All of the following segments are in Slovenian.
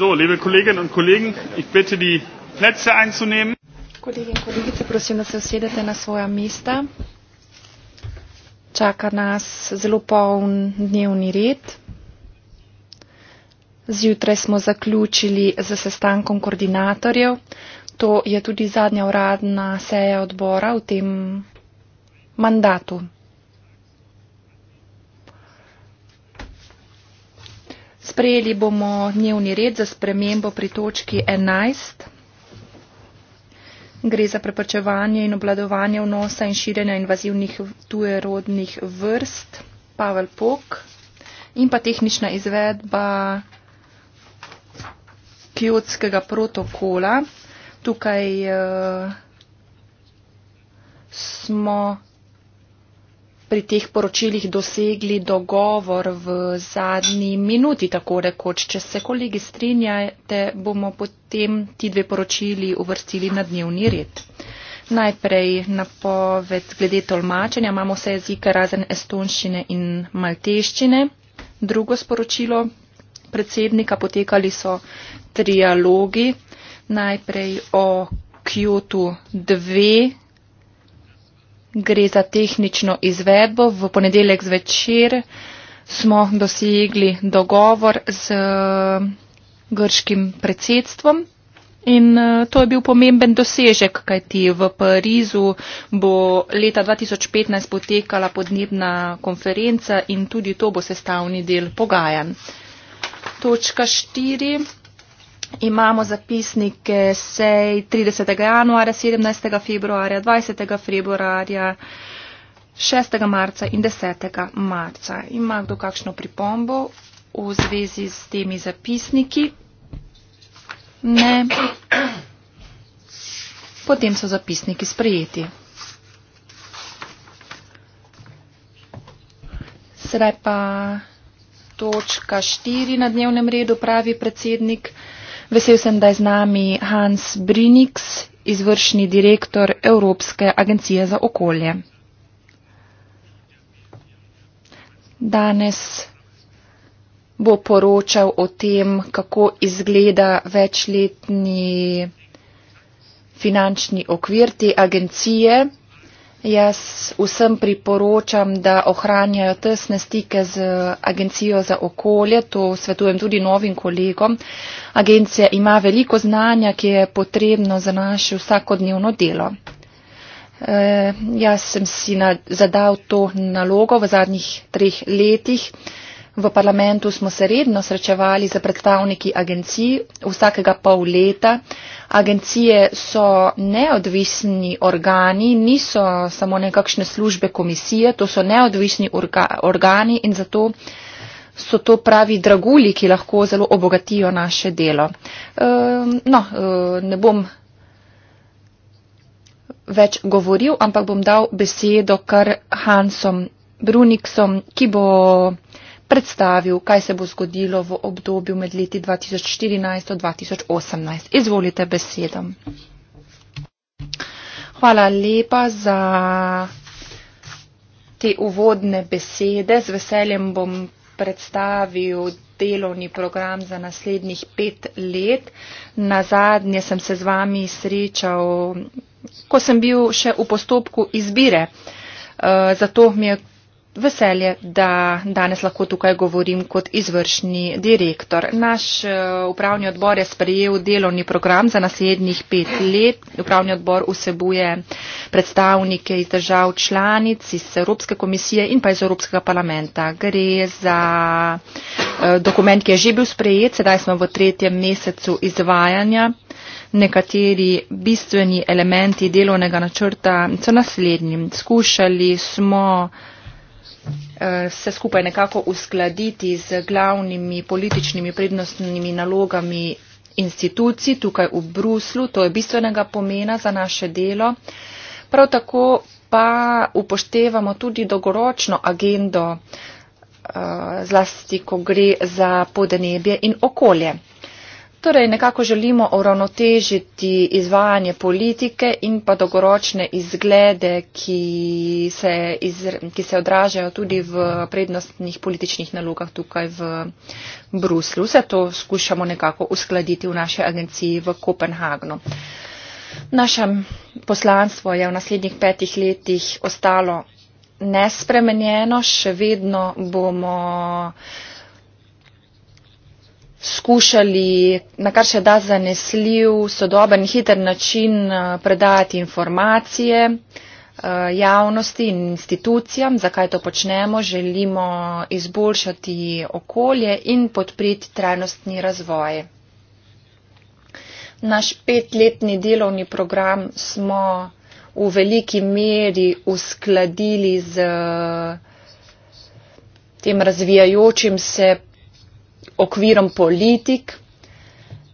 So, liebe Kolleginnen und Kollegen, ich bitte die Plätze einzunehmen. Kolleginnen und Kollegen, prosim, da se usedete na svoja mesta. Čaka nas zelo poln dnevni red. Zjutraj smo zaključili z sestankom koordinatorjev. To je tudi zadnja uradna seja odbora v tem mandatu. Sprejeli bomo dnevni red za spremembo pri točki 11. Gre za preprečevanje in obladovanje vnosa in širjenja invazivnih tujerodnih vrst. Pavel Pok in pa tehnična izvedba kjotskega protokola. Tukaj uh, smo pri teh poročilih dosegli dogovor v zadnji minuti, tako rekoč. Če se kolegi strinjate, bomo potem ti dve poročili uvrstili na dnevni red. Najprej napoved glede tolmačenja. Imamo vse jezike razen estonščine in malteščine. Drugo sporočilo predsednika potekali so trialogi. Najprej o Kyoto 2 gre za tehnično izvedbo. V ponedeljek zvečer smo dosegli dogovor z eh, grškim predsedstvom. In eh, to je bil pomemben dosežek, kajti v Parizu bo leta 2015 potekala podnebna konferenca in tudi to bo sestavni del pogajanj. Točka 4. Imamo zapisnike sej 30. januarja, 17. februarja, 20. februarja, 6. marca in 10. marca. Ima kdo kakšno pripombo v zvezi s temi zapisniki? Ne. Potem so zapisniki sprejeti. Sedaj pa točka 4 na dnevnem redu pravi predsednik. Vesel sem, da je z nami Hans Briniks, izvršni direktor Evropske agencije za okolje. Danes bo poročal o tem, kako izgleda večletni finančni okvir te agencije. Jaz vsem priporočam, da ohranjajo tesne stike z Agencijo za okolje, to svetujem tudi novim kolegom. Agencija ima veliko znanja, ki je potrebno za naše vsakodnevno delo. E, jaz sem si na, zadal to nalogo v zadnjih treh letih. V parlamentu smo se redno srečevali z predstavniki agencij vsakega pol leta. Agencije so neodvisni organi, niso samo nekakšne službe komisije, to so neodvisni orga, organi in zato so to pravi dragulji, ki lahko zelo obogatijo naše delo. E, no, eh, ne bom več govoril, ampak bom dal besedo kar Hansom Bruniksom, ki bo predstavil, kaj se bo zgodilo v obdobju med leti 2014 in 2018. Izvolite besedo. Hvala lepa za te uvodne besede. Z veseljem bom predstavil delovni program za naslednjih pet let. Na zadnje sem se z vami srečal, ko sem bil še v postopku izbire. Eh, zato mi je veselje, da danes lahko tukaj govorim kot izvršni direktor. Naš eh, upravni odbor je sprejel delovni program za naslednjih pet let. Upravni odbor vsebuje predstavnike iz držav članic, iz Evropske komisije in pa iz Evropskega parlamenta. Gre za eh, dokument, ki je že bil sprejet, sedaj smo v tretjem mesecu izvajanja. Nekateri bistveni elementi delovnega načrta so naslednji. Skušali smo Eh, se skupaj nekako uskladiti z glavnimi političnimi prednostnimi nalogami institucij tukaj v Bruslu. To je bistvenega pomena za naše delo. Prav tako pa upoštevamo tudi dolgoročno agendo, eh, zlasti ko gre za podnebje in okolje. Torej, nekako želimo uravnotežiti izvajanje politike in pa dolgoročne izglede, ki se, iz, ki se odražajo tudi v prednostnih političnih nalogah tukaj v Bruslu. Vse to skušamo nekako uskladiti v naši agenciji v Kopenhagnu. Naše poslanstvo je v naslednjih petih letih ostalo nespremenjeno, še vedno bomo skušali na kar še da zanesljiv, sodoben, hiter način eh, predati informacije eh, javnosti in institucijam, zakaj to počnemo, želimo izboljšati okolje in podpriti trajnostni razvoj. Naš petletni delovni program smo v veliki meri uskladili z eh, tem razvijajočim se okvirom politik.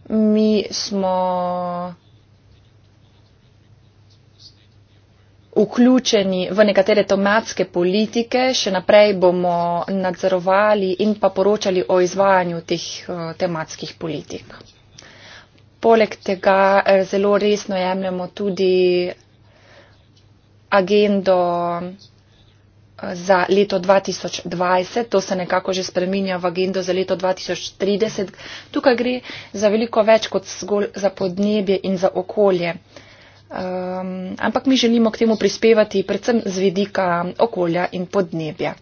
Mi smo vključeni v nekatere tematske politike, še naprej bomo nadzorovali in pa poročali o izvajanju teh eh, tematskih politik. Poleg tega eh, zelo resno jemljamo tudi agendo za leto 2020, to se nekako že spreminja v agendo za leto 2030. Tukaj gre za veliko več kot zgolj za podnebje in za okolje. Um, ampak mi želimo k temu prispevati predvsem z vidika okolja in podnebja.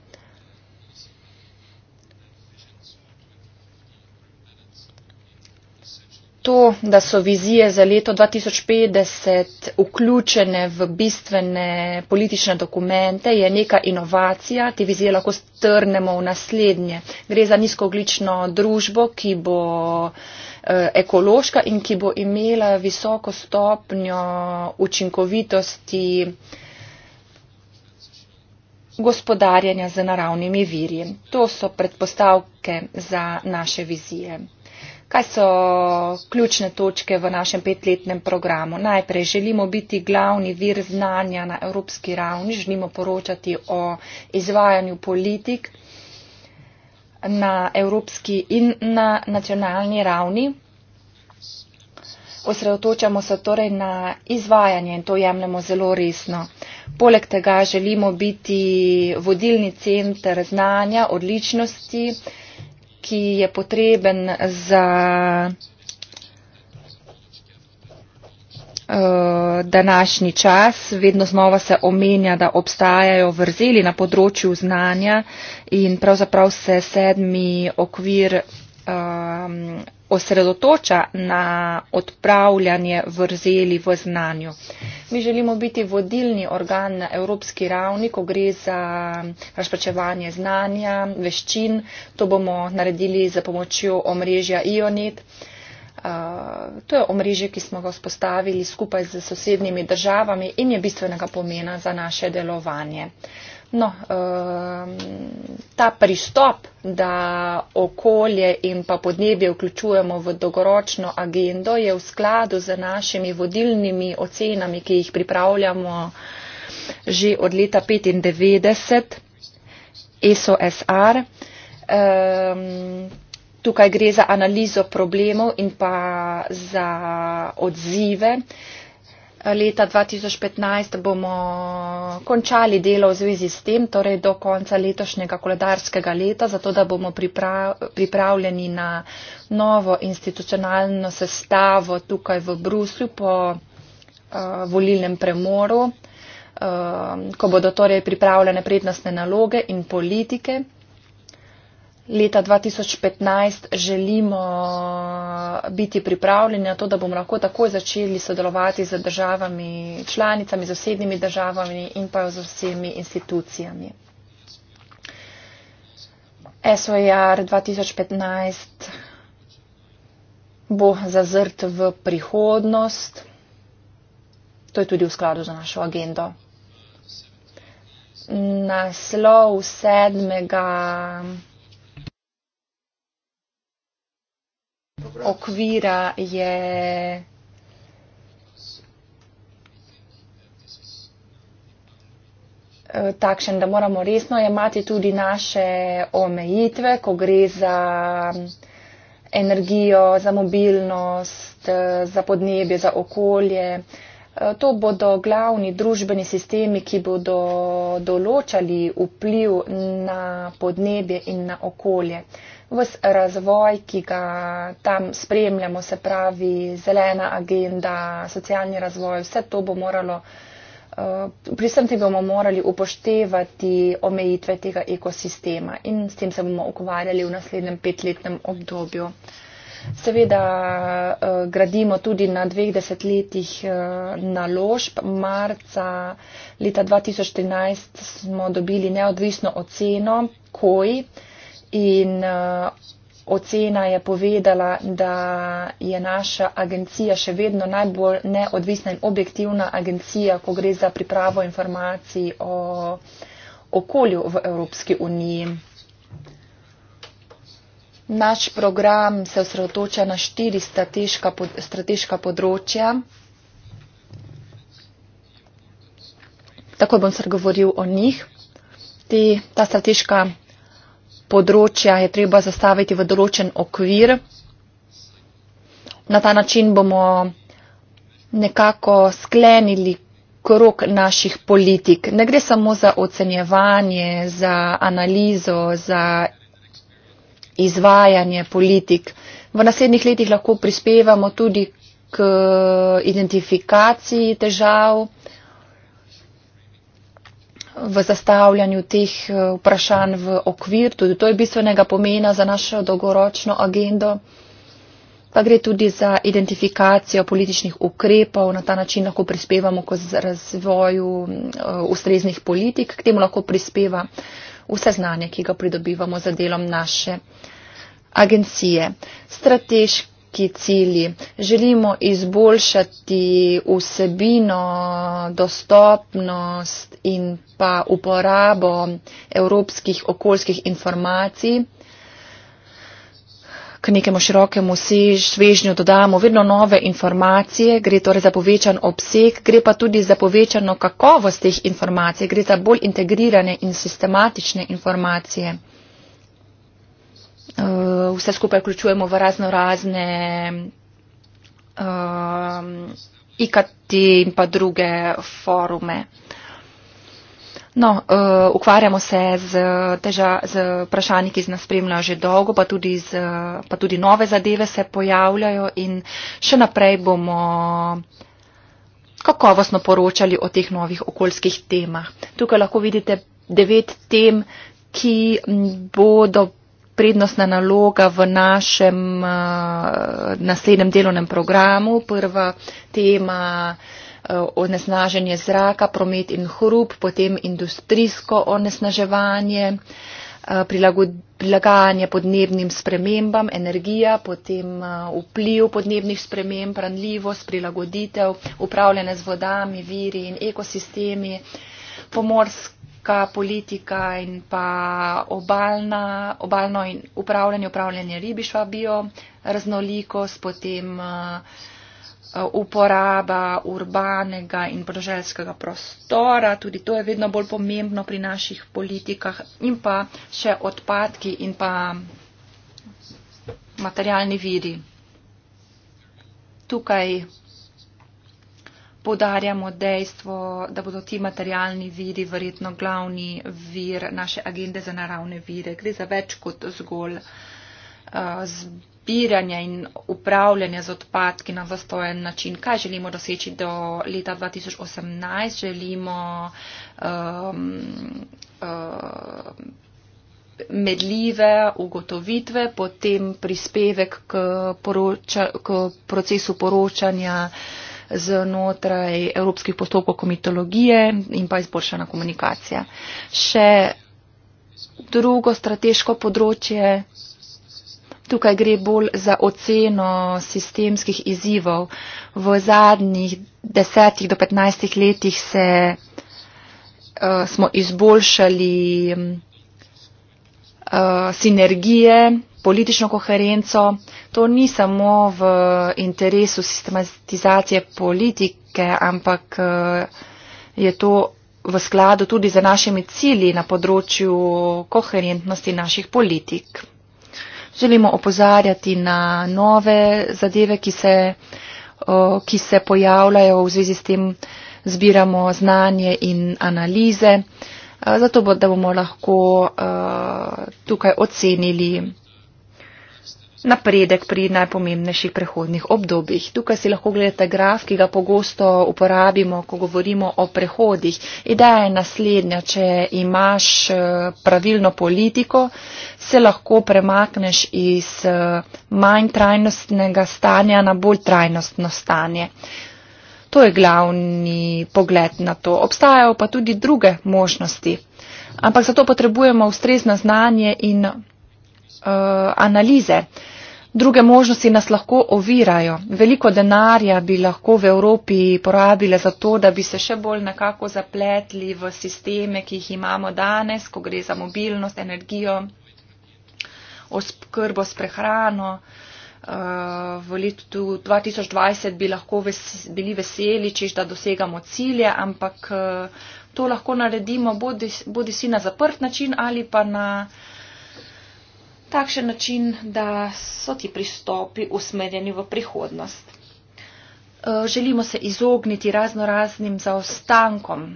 to, da so vizije za leto 2050 vključene v bistvene politične dokumente, je neka inovacija. Te vizije lahko strnemo v naslednje. Gre za nizkooglično družbo, ki bo eh, ekološka in ki bo imela visoko stopnjo učinkovitosti gospodarjanja z naravnimi virji. To so predpostavke za naše vizije. Kaj so ključne točke v našem petletnem programu? Najprej želimo biti glavni vir znanja na evropski ravni, želimo poročati o izvajanju politik na evropski in na nacionalni ravni. Osredotočamo se torej na izvajanje in to jemljemo zelo resno. Poleg tega želimo biti vodilni center znanja, odličnosti, ki je potreben za eh, današnji čas. Vedno znova se omenja, da obstajajo vrzeli na področju znanja in pravzaprav se sedmi okvir um, osredotoča na odpravljanje vrzeli v znanju. Mi želimo biti vodilni organ na evropski ravni, ko gre za razpračevanje znanja, veščin. To bomo naredili za pomočjo omrežja IONET. Uh, to je omrežje, ki smo ga vzpostavili skupaj z sosednjimi državami in je bistvenega pomena za naše delovanje. Uh, No, ehm, ta pristop, da okolje in pa podnebje vključujemo v dolgoročno agendo, je v skladu z našimi vodilnimi ocenami, ki jih pripravljamo že od leta 1995, e SOSR. Ehm, tukaj gre za analizo problemov in pa za odzive leta 2015 bomo končali delo v zvezi s tem, torej do konca letošnjega koledarskega leta, zato da bomo pripravljeni na novo institucionalno sestavo tukaj v Bruslju po uh, volilnem premoru, uh, ko bodo torej pripravljene prednostne naloge in politike leta 2015 želimo uh, biti pripravljeni na to, da bomo lahko takoj začeli sodelovati z državami, članicami, z osednjimi državami in pa z vsemi institucijami. E SOR 2015 bo zazrt v prihodnost. To je tudi v skladu za našo agendo. Naslov sedmega okvira je takšen, da moramo resno jemati tudi naše omejitve, ko gre za energijo, za mobilnost, za podnebje, za okolje. To bodo glavni družbeni sistemi, ki bodo določali vpliv na podnebje in na okolje vse razvoj, ki ga tam spremljamo, se pravi zelena agenda, socialni razvoj, vse to bo moralo, eh, pri vsem tem bomo morali upoštevati omejitve tega ekosistema in s tem se bomo ukvarjali v naslednjem petletnem obdobju. Seveda eh, gradimo tudi na dveh desetletjih eh, naložb. Marca leta 2013 smo dobili neodvisno oceno, koji. In uh, ocena je povedala, da je naša agencija še vedno najbolj neodvisna in objektivna agencija, ko gre za pripravo informacij o okolju v Evropski uniji. Naš program se osredotoča na štiri strateška, pod, strateška področja. Tako bom se govoril o njih. Te, ta strateška področja področja je treba zastaviti v določen okvir. Na ta način bomo nekako sklenili krok naših politik. Ne gre samo za ocenjevanje, za analizo, za izvajanje politik. V naslednjih letih lahko prispevamo tudi k identifikaciji težav v zastavljanju teh eh, vprašanj v okvir. Tudi to je bistvenega pomena za našo dolgoročno agendo. Pa gre tudi za identifikacijo političnih ukrepov, na ta način lahko prispevamo k razvoju eh, ustreznih politik, k temu lahko prispeva vse znanje, ki ga pridobivamo za delom naše agencije. Strateški cilji. Želimo izboljšati vsebino, dostopnost in pa uporabo evropskih okoljskih informacij k nekemu širokemu svežnju dodamo vedno nove informacije, gre torej za povečan obseg, gre pa tudi za povečano kakovost teh informacij, gre za bolj integrirane in sistematične informacije. Eh, vse skupaj vključujemo v razno razne um, eh, IKT in pa druge forume. No, uh, ukvarjamo se z, teža, z vprašanji, ki nas spremljajo že dolgo, pa tudi, z, pa tudi nove zadeve se pojavljajo in še naprej bomo kakovostno poročali o teh novih okoljskih temah. Tukaj lahko vidite devet tem, ki bodo prednostna naloga v našem uh, naslednjem delovnem programu. Prva tema. Eh, onesnaženje zraka, promet in hrup, potem industrijsko onesnaževanje, eh, prilagajanje podnebnim spremembam, energija, potem eh, vpliv podnebnih sprememb, ranljivost, prilagoditev, upravljanje z vodami, viri in ekosistemi, pomorsk politika in pa obalna, obalno in upravljanje, upravljanje ribištva, bio raznolikost, potem uh, uporaba urbanega in podeželskega prostora, tudi to je vedno bolj pomembno pri naših politikah in pa še odpadki in pa materialni viri. Tukaj podarjamo dejstvo, da bodo ti materialni viri verjetno glavni vir naše agende za naravne vire. Gre za več kot zgolj uh, zbiranja in upravljanja z odpadki na zastojen način. Kaj želimo doseči do leta 2018? Želimo um, um, medljive ugotovitve, potem prispevek k, poroča, k procesu poročanja znotraj evropskih postopkov komitologije in pa izboljšana komunikacija. Še drugo strateško področje Tukaj gre bolj za oceno sistemskih izzivov. V zadnjih desetih do petnajstih letih se, uh, smo izboljšali uh, sinergije, politično koherenco. To ni samo v interesu sistematizacije politike, ampak uh, je to v skladu tudi z našimi cilji na področju koherentnosti naših politik želimo opozarjati na nove zadeve, ki se, ki se pojavljajo v zvezi s tem, zbiramo znanje in analize, zato bo, da bomo lahko tukaj ocenili napredek pri najpomembnejših prehodnih obdobjih. Tukaj si lahko gledate graf, ki ga pogosto uporabimo, ko govorimo o prehodih. Ideja je naslednja, če imaš eh, pravilno politiko, se lahko premakneš iz eh, manj trajnostnega stanja na bolj trajnostno stanje. To je glavni pogled na to. Obstajajo pa tudi druge možnosti. Ampak zato potrebujemo ustrezno znanje in uh, analize. Uh, Druge možnosti nas lahko ovirajo. Veliko denarja bi lahko v Evropi porabile za to, da bi se še bolj nekako zapletli v sisteme, ki jih imamo danes, ko gre za mobilnost, energijo, oskrbo s prehrano. Eh, v letu 2020 bi lahko bili veseli, češ da dosegamo cilje, ampak eh, to lahko naredimo bodi, bodi si na zaprt način ali pa na takšen način, da so ti pristopi usmerjeni v prihodnost. E, želimo se izogniti razno raznim zaostankom,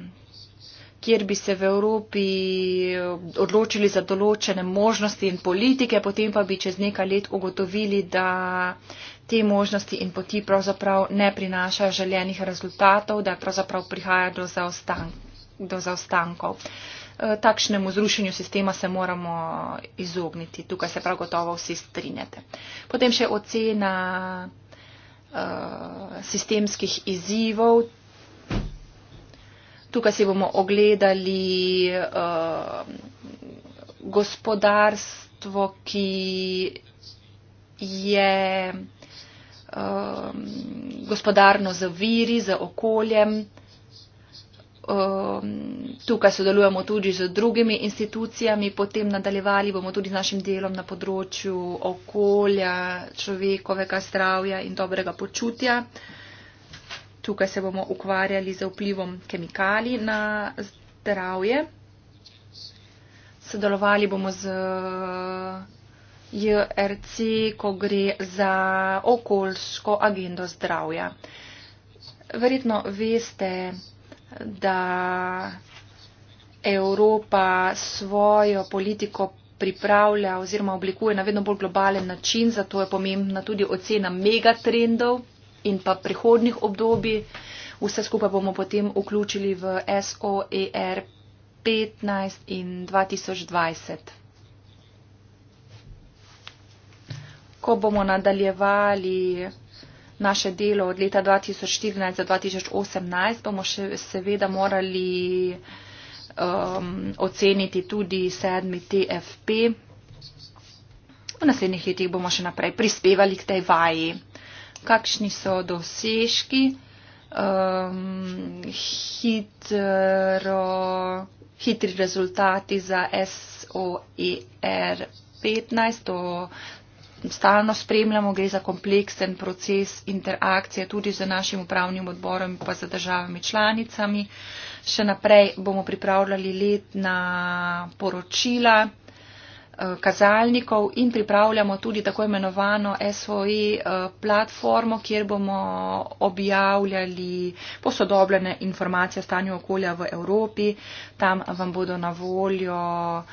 kjer bi se v Evropi odločili za določene možnosti in politike, potem pa bi čez nekaj let ugotovili, da te možnosti in poti pravzaprav ne prinašajo željenih rezultatov, da pravzaprav prihaja do, zaostank, do zaostankov. Eh, takšnemu zrušenju sistema se moramo izogniti. Tukaj se prav gotovo vsi strinjate. Potem še ocena eh, sistemskih izzivov. Tukaj si bomo ogledali eh, gospodarstvo, ki je gospodarno z viri, z okoljem. Ehm, tukaj sodelujemo tudi z drugimi institucijami, potem nadaljevali bomo tudi z našim delom na področju okolja, človekovega zdravja in dobrega počutja. Tukaj se bomo ukvarjali z vplivom kemikalij na zdravje. Sodelovali bomo z JRC, ko gre za okoljsko agendo zdravja. Verjetno veste, da Evropa svojo politiko pripravlja oziroma oblikuje na vedno bolj globalen način, zato je pomembna tudi ocena megatrendov in pa prihodnih obdobij. Vse skupaj bomo potem vključili v SOER 15 in 2020. Ko bomo nadaljevali naše delo od leta 2014 do 2018, bomo še, seveda morali um, oceniti tudi sedmi TFP. V naslednjih letih bomo še naprej prispevali k tej vaji. Kakšni so dosežki? Um, hitro, hitri rezultati za SOER 15, to stalno spremljamo, gre za kompleksen proces interakcije tudi z našim upravnim odborom in pa z državami članicami. Še naprej bomo pripravljali letna poročila eh, kazalnikov in pripravljamo tudi tako imenovano SOE eh, platformo, kjer bomo objavljali posodobljene informacije o stanju okolja v Evropi. Tam vam bodo na voljo uh,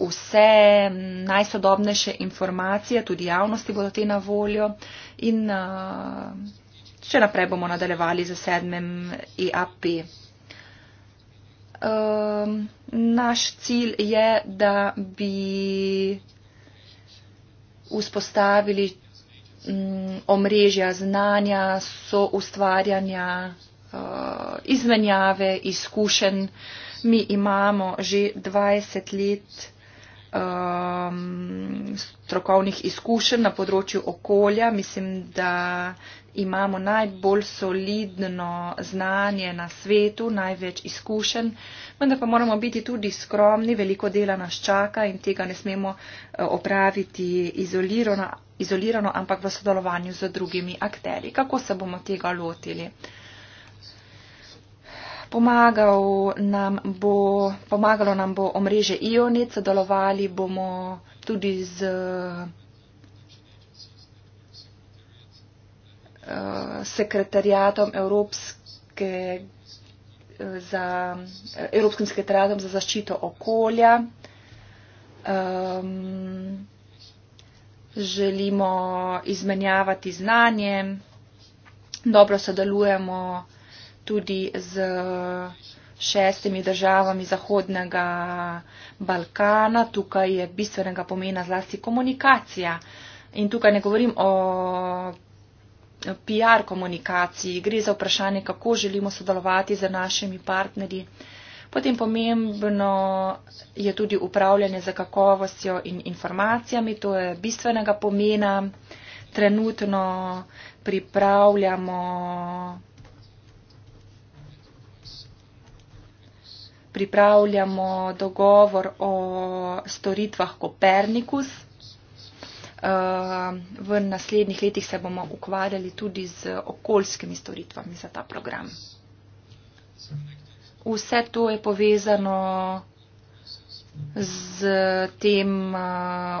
vse najsodobnejše informacije, tudi javnosti bodo te na voljo in eh, še naprej bomo nadaljevali z sedmem EAP. Ehm, naš cilj je, da bi vzpostavili mm, omrežja znanja, so ustvarjanja, eh, izmenjave, izkušenj, mi imamo že 20 let um, strokovnih izkušenj na področju okolja. Mislim, da imamo najbolj solidno znanje na svetu, največ izkušenj, vendar pa moramo biti tudi skromni, veliko dela nas čaka in tega ne smemo eh, opraviti izolirano, izolirano ampak v sodelovanju z drugimi akteri. Kako se bomo tega lotili? Uh, Pomagal nam bo, pomagalo nam bo omrežje Ionit, sodelovali bomo tudi z uh, eh, sekretarjatom Evropske, uh, za, eh, Evropskim sekretarjatom za zaščito okolja. Um, želimo izmenjavati znanje, dobro sodelujemo tudi z šestimi državami Zahodnega Balkana. Tukaj je bistvenega pomena zlasti komunikacija. In tukaj ne govorim o PR komunikaciji, gre za vprašanje, kako želimo sodelovati z našimi partnerji. Potem pomembno je tudi upravljanje za kakovostjo in informacijami, to je bistvenega pomena. Trenutno pripravljamo pripravljamo dogovor o storitvah Kopernikus. Eh, v naslednjih letih se bomo ukvarjali tudi z okoljskimi storitvami za ta program. Vse to je povezano z tem eh,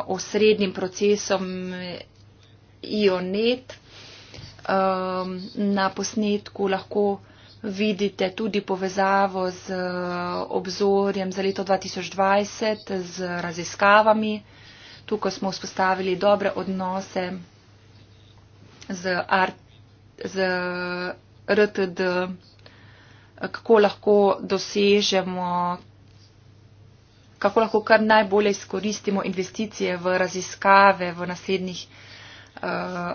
osrednjim procesom IONET. Eh, na posnetku lahko vidite tudi povezavo z eh, obzorjem za leto 2020, z raziskavami. Tukaj smo vzpostavili dobre odnose z, z RTD, kako lahko dosežemo, kako lahko kar najbolje izkoristimo investicije v raziskave v naslednjih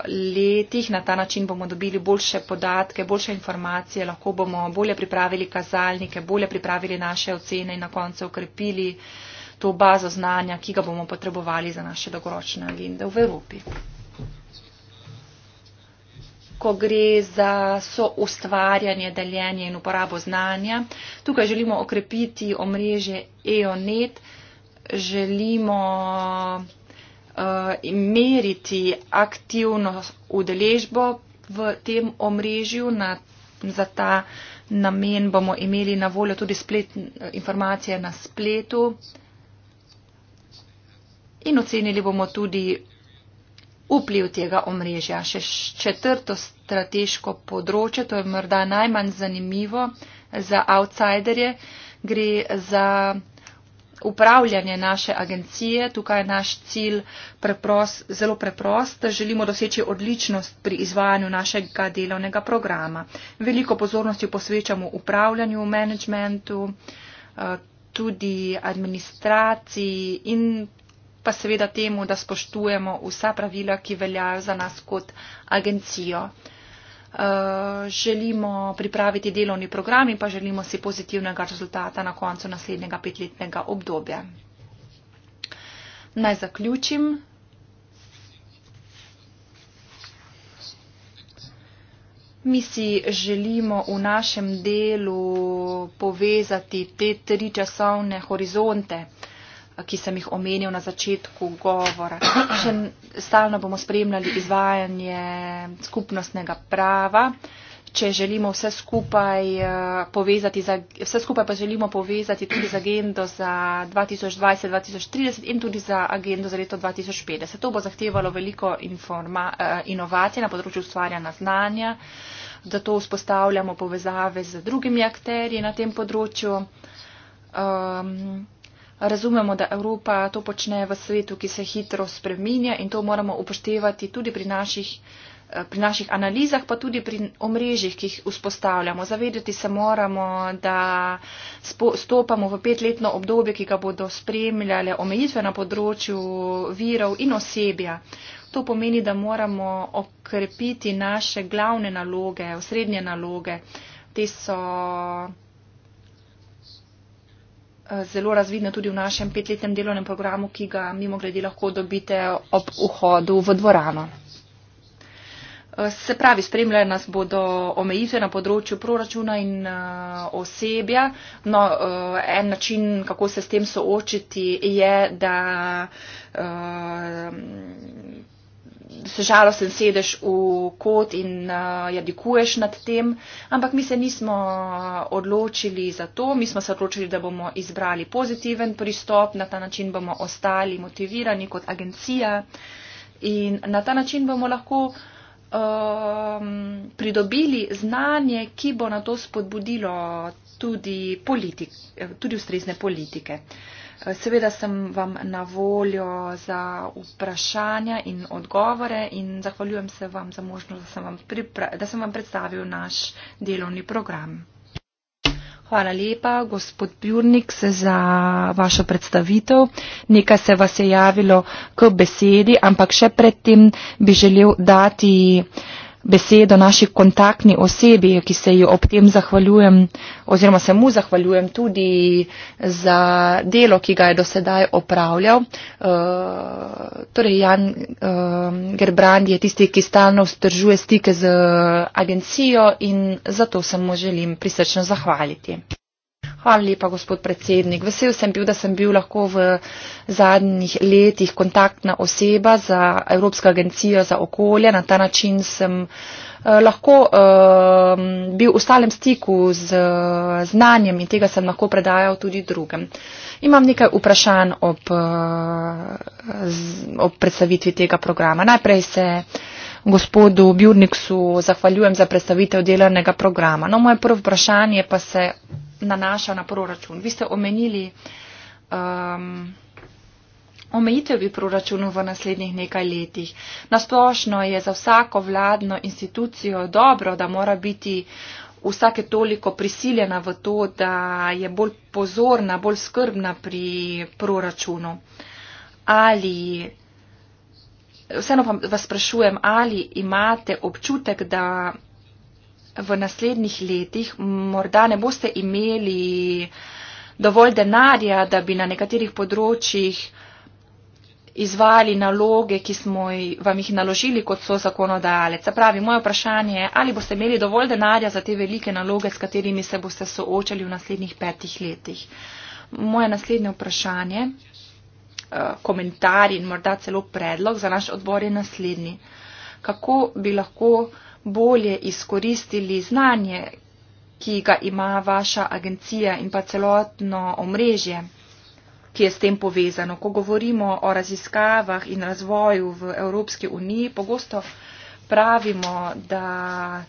letih. Na ta način bomo dobili boljše podatke, boljše informacije, lahko bomo bolje pripravili kazalnike, bolje pripravili naše ocene in na koncu ukrepili to bazo znanja, ki ga bomo potrebovali za naše dolgoročne agende v Evropi. Ko gre za soustvarjanje, deljenje in uporabo znanja, tukaj želimo okrepiti omrežje EONET, želimo Eh, meriti aktivno udeležbo v tem omrežju. Na, za ta namen bomo imeli na voljo tudi splet, informacije na spletu in ocenili bomo tudi vpliv tega omrežja. Še četrto strateško področje, to je morda najmanj zanimivo za outsiderje, gre za upravljanje naše agencije. Tukaj je naš cilj preprost, zelo preprost. Želimo doseči odličnost pri izvajanju našega delovnega programa. Veliko pozornosti posvečamo upravljanju, managementu, eh, tudi administraciji in pa seveda temu, da spoštujemo vsa pravila, ki veljajo za nas kot agencijo. Eh, želimo pripraviti delovni program in pa želimo si pozitivnega rezultata na koncu naslednjega petletnega obdobja. Naj zaključim. Mi si želimo v našem delu povezati te tri časovne horizonte ki sem jih omenil na začetku govora. Še stalno bomo spremljali izvajanje skupnostnega prava. Če želimo vse skupaj eh, povezati, vse skupaj pa želimo povezati tudi z agendo za 2020-2030 in tudi za agendo za leto 2050. To bo zahtevalo veliko eh, inovacij na področju ustvarjanja znanja, zato vzpostavljamo povezave z drugimi akterji na tem področju. Um, Razumemo, da Evropa to počne v svetu, ki se hitro spreminja in to moramo upoštevati tudi pri naših, eh, pri naših analizah, pa tudi pri omrežjih, ki jih vzpostavljamo. Zavedati se moramo, da stopamo v petletno obdobje, ki ga bodo spremljale omejitve na področju virov in osebja. To pomeni, da moramo okrepiti naše glavne naloge, osrednje naloge. Te so zelo razvidno tudi v našem petletnem delovnem programu, ki ga mimo grede lahko dobite ob vhodu v dvorano. Eh, se pravi, spremljajo nas bodo omejitve na področju proračuna in uh, osebja. No, uh, en način, kako se s tem soočiti, je, da. Uh, se žalosten sedeš v kot in uh, jadikuješ nad tem, ampak mi se nismo uh, odločili za to, mi smo se odločili, da bomo izbrali pozitiven pristop, na ta način bomo ostali motivirani kot agencija in na ta način bomo lahko um, pridobili znanje, ki bo na to spodbudilo tudi, politik, tudi ustrezne politike. Uh, Seveda sem vam na voljo za vprašanja in odgovore in zahvaljujem se vam za možnost, da sem vam, da sem vam predstavil naš delovni program. Hvala lepa, gospod Bjurnik, za vašo predstavitev. Nekaj se vas je javilo k besedi, ampak še predtem bi želel dati. Uh, besedo naši kontaktni osebi, ki se ji ob tem zahvaljujem oziroma se mu zahvaljujem tudi za delo, ki ga je dosedaj opravljal. Uh, torej Jan uh, eh, Gerbrandi je tisti, ki stalno vzdržuje stike z agencijo in zato se mu želim prisrčno zahvaliti. Hvala lepa, gospod predsednik. Vesel sem bil, da sem bil lahko v zadnjih letih kontaktna oseba za Evropsko agencijo za okolje. Na ta način sem eh, lahko eh, bil v stalem stiku z eh, znanjem in tega sem lahko predajal tudi drugem. Imam nekaj vprašanj ob, ob predstavitvi tega programa. Najprej se gospodu Bjurniksu zahvaljujem za predstavitev delovnega programa. No, moje prvo vprašanje pa se nanaša na proračun. Vi ste omenili um, omejitev bi proračunu v naslednjih nekaj letih. Nasplošno je za vsako vladno institucijo dobro, da mora biti vsake toliko prisiljena v to, da je bolj pozorna, bolj skrbna pri proračunu. Ali, vseeno pa vas sprašujem, ali imate občutek, da v naslednjih letih morda ne boste imeli dovolj denarja, da bi na nekaterih področjih izvali naloge, ki smo vam jih naložili kot so zakonodajalec. Pravi, moje vprašanje je, ali boste imeli dovolj denarja za te velike naloge, s katerimi se boste soočali v naslednjih petih letih. Moje naslednje vprašanje, eh, komentar in morda celo predlog za naš odbor je naslednji. Kako bi lahko bolje izkoristili znanje, ki ga ima vaša agencija in pa celotno omrežje, ki je s tem povezano. Ko govorimo o raziskavah in razvoju v Evropski uniji, pogosto pravimo, da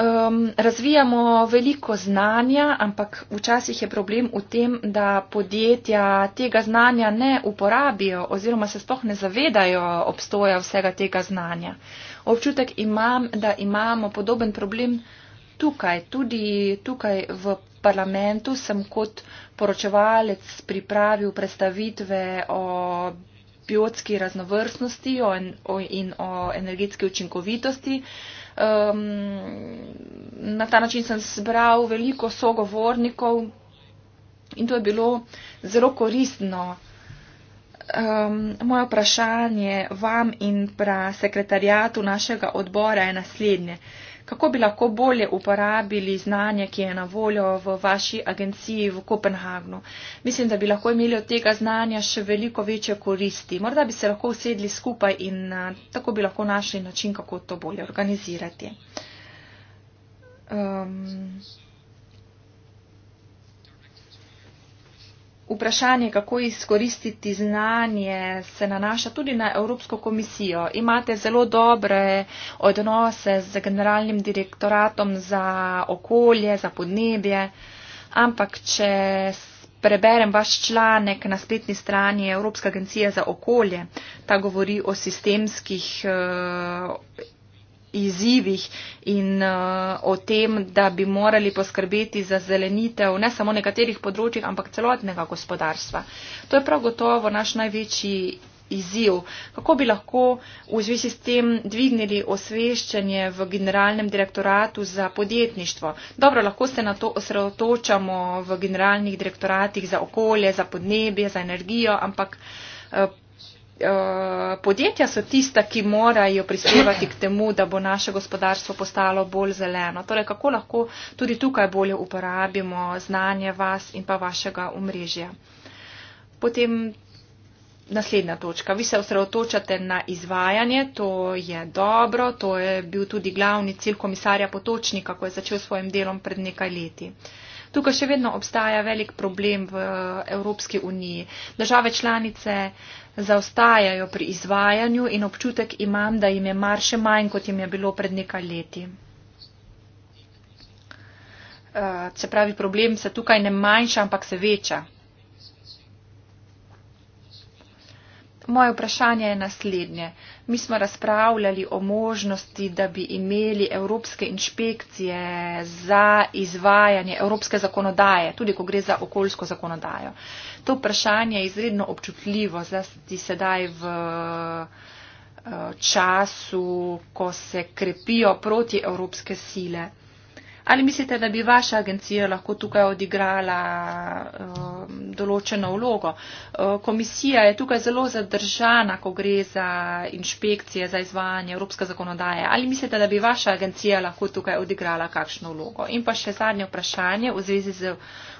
um, razvijamo veliko znanja, ampak včasih je problem v tem, da podjetja tega znanja ne uporabijo oziroma se sploh ne zavedajo obstoja vsega tega znanja. Uh, občutek imam, da imamo podoben problem tukaj, tudi tukaj v parlamentu sem kot poročevalec pripravil predstavitve o biotski raznovrstnosti in o energetski učinkovitosti. Na ta način sem zbral veliko sogovornikov in to je bilo zelo koristno um, moje vprašanje vam in pra sekretarjatu našega odbora je naslednje. Kako bi lahko bolje uporabili znanje, ki je na voljo v vaši agenciji v Kopenhagnu? Mislim, da bi lahko imeli od tega znanja še veliko večje koristi. Morda bi se lahko usedli skupaj in uh, tako bi lahko našli način, kako to bolje organizirati. Um, vprašanje, kako izkoristiti znanje, se nanaša tudi na Evropsko komisijo. Imate zelo dobre odnose z generalnim direktoratom za okolje, za podnebje, ampak če preberem vaš članek na spletni strani Evropske agencije za okolje, ta govori o sistemskih. Uh, izzivih in uh, o tem, da bi morali poskrbeti za zelenitev ne samo nekaterih področjih, ampak celotnega gospodarstva. To je prav gotovo naš največji izziv. Kako bi lahko v zvezi s tem dvignili osveščanje v generalnem direktoratu za podjetništvo? Dobro, lahko se na to osredotočamo v generalnih direktoratih za okolje, za podnebje, za energijo, ampak uh, Eh, podjetja so tista, ki morajo prispevati k temu, da bo naše gospodarstvo postalo bolj zeleno. Torej, kako lahko tudi tukaj bolje uporabimo znanje vas in pa vašega omrežja. Potem naslednja točka. Vi se osredotočate na izvajanje, to je dobro, to je bil tudi glavni cilj komisarja Potočnika, ko je začel s svojim delom pred nekaj leti. Tukaj še vedno obstaja velik problem v Evropski uniji. Države članice uh, zaostajajo pri izvajanju in občutek imam, da jim je mar še manj, kot jim je bilo pred nekaj leti. Uh, se pravi, problem se tukaj ne manjša, ampak se veča. Moje vprašanje je naslednje. Mi smo razpravljali o možnosti, da bi imeli evropske inšpekcije za izvajanje evropske zakonodaje, tudi ko gre za okoljsko zakonodajo. Uh, to vprašanje je izredno občutljivo, zlasti sedaj v eh, času, ko se krepijo proti evropske sile. Ali mislite, da bi vaša agencija lahko tukaj odigrala uh, določeno vlogo? Uh, komisija je tukaj zelo zadržana, ko gre za inšpekcije za izvajanje evropske zakonodaje. Ali mislite, da bi vaša agencija lahko tukaj odigrala kakšno vlogo? In pa še zadnje vprašanje v zvezi z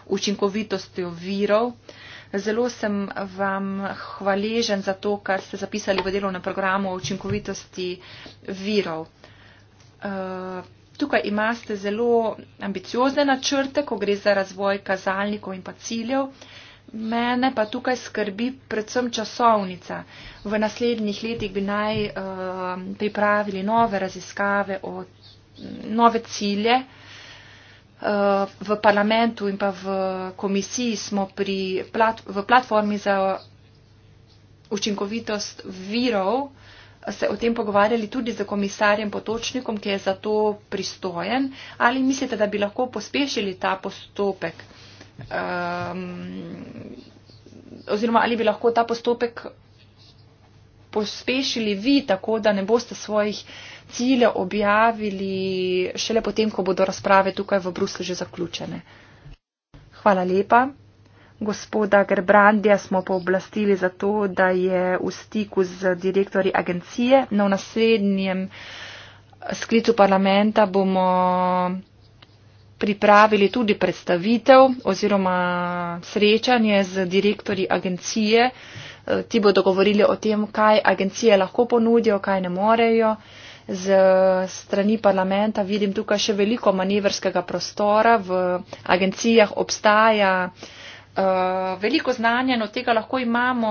učinkovitostjo virov. Uh, Zelo sem vam hvaležen za to, kar ste zapisali v delovnem programu o učinkovitosti virov. Eh, tukaj imate zelo ambiciozne načrte, ko gre za razvoj kazalnikov in pa ciljev. Mene pa tukaj skrbi predvsem časovnica. V naslednjih letih bi naj uh, pripravili nove raziskave, o, nove cilje uh, v parlamentu in pa v komisiji smo pri, plat, v platformi za učinkovitost virov se o tem pogovarjali tudi z komisarjem Potočnikom, ki je za to pristojen. Ali mislite, da bi lahko pospešili ta postopek? Um, oziroma, ali bi lahko ta postopek pospešili vi tako, da ne boste svojih uh, cilje objavili šele potem, ko bodo razprave tukaj v Bruslu že zaključene. Hvala lepa. Gospoda Gerbrandija smo pooblastili za to, da je v stiku z direktori agencije. Na no, naslednjem eh, sklicu parlamenta bomo pripravili tudi predstavitev oziroma srečanje z direktori agencije. Eh, ti bodo govorili o tem, kaj agencije lahko ponudijo, kaj ne morejo z strani parlamenta vidim tukaj še veliko manevrskega prostora, v agencijah obstaja uh, veliko znanja in no, od tega lahko imamo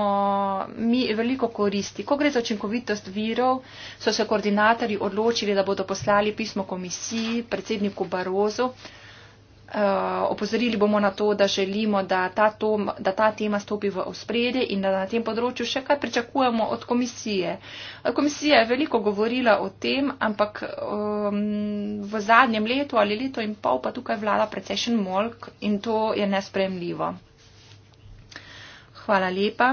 mi veliko koristi. Ko gre za učinkovitost virov, so se koordinatorji odločili, da bodo poslali pismo komisiji, predsedniku Barozu, Eh, opozorili bomo na to, da želimo, da ta, tom, da ta tema stopi v ospredje in da na tem področju še kaj pričakujemo od komisije. Komisija je veliko govorila o tem, ampak um, v zadnjem letu ali leto in pol pa tukaj vlada precejšen molk in to je nespremljivo. Hvala lepa.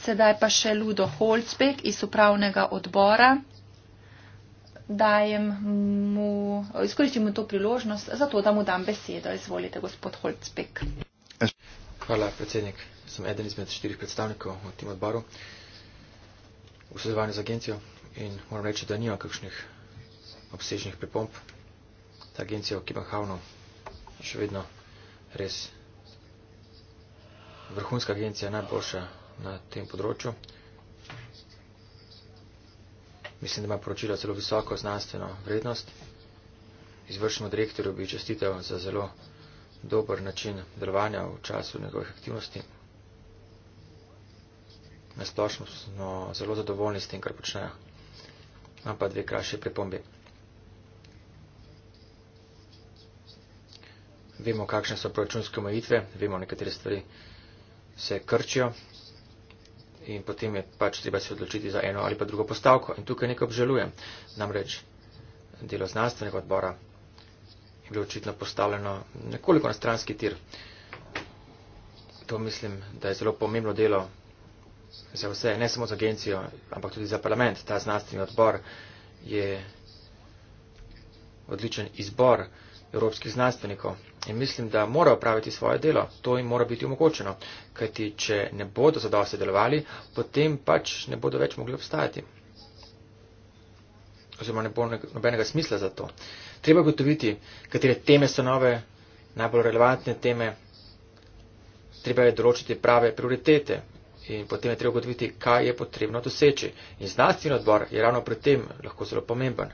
Sedaj pa še Ludo Holzbeck iz upravnega odbora dajem mu, izkoristim mu to priložnost, zato da mu dam besedo. Izvolite, gospod Holcbek. Hvala, predsednik. Sem eden izmed štirih predstavnikov v tem odboru v sodelovanju z agencijo in moram reči, da nima kakšnih obsežnih pripomp. Ta agencija v Kibahavnu je še vedno res vrhunska agencija, najboljša na tem področju mislim, da ima poročilo zelo visoko znanstveno vrednost. Izvršnemu direktorju bi čestitev za zelo dober način delovanja v času njegove aktivnosti. Na splošno smo zelo zadovoljni s tem, kar počnejo. Imam pa dve krajše pripombe. Vemo, kakšne so proračunske omejitve, vemo, nekatere stvari se krčijo, in potem je pač treba se odločiti za eno ali pa drugo postavko. In tukaj nekaj obžalujem. Namreč delo znanstvenega odbora je bilo očitno postavljeno nekoliko na stranski tir. To mislim, da je zelo pomembno delo za vse, ne samo za agencijo, ampak tudi za parlament. Ta znanstveni odbor je odličen izbor evropskih znanstvenikov. In mislim, da morajo praviti svoje delo, to jim mora biti omogočeno, kajti če ne bodo zadosti delovali, potem pač ne bodo več mogli obstajati. Oziroma ne bo nobenega smisla za to. Treba gotoviti, katere teme so nove, najbolj relevantne teme. Treba je določiti prave prioritete in potem je treba gotoviti, kaj je potrebno doseči. In znanstveni odbor je ravno pri tem lahko zelo pomemben.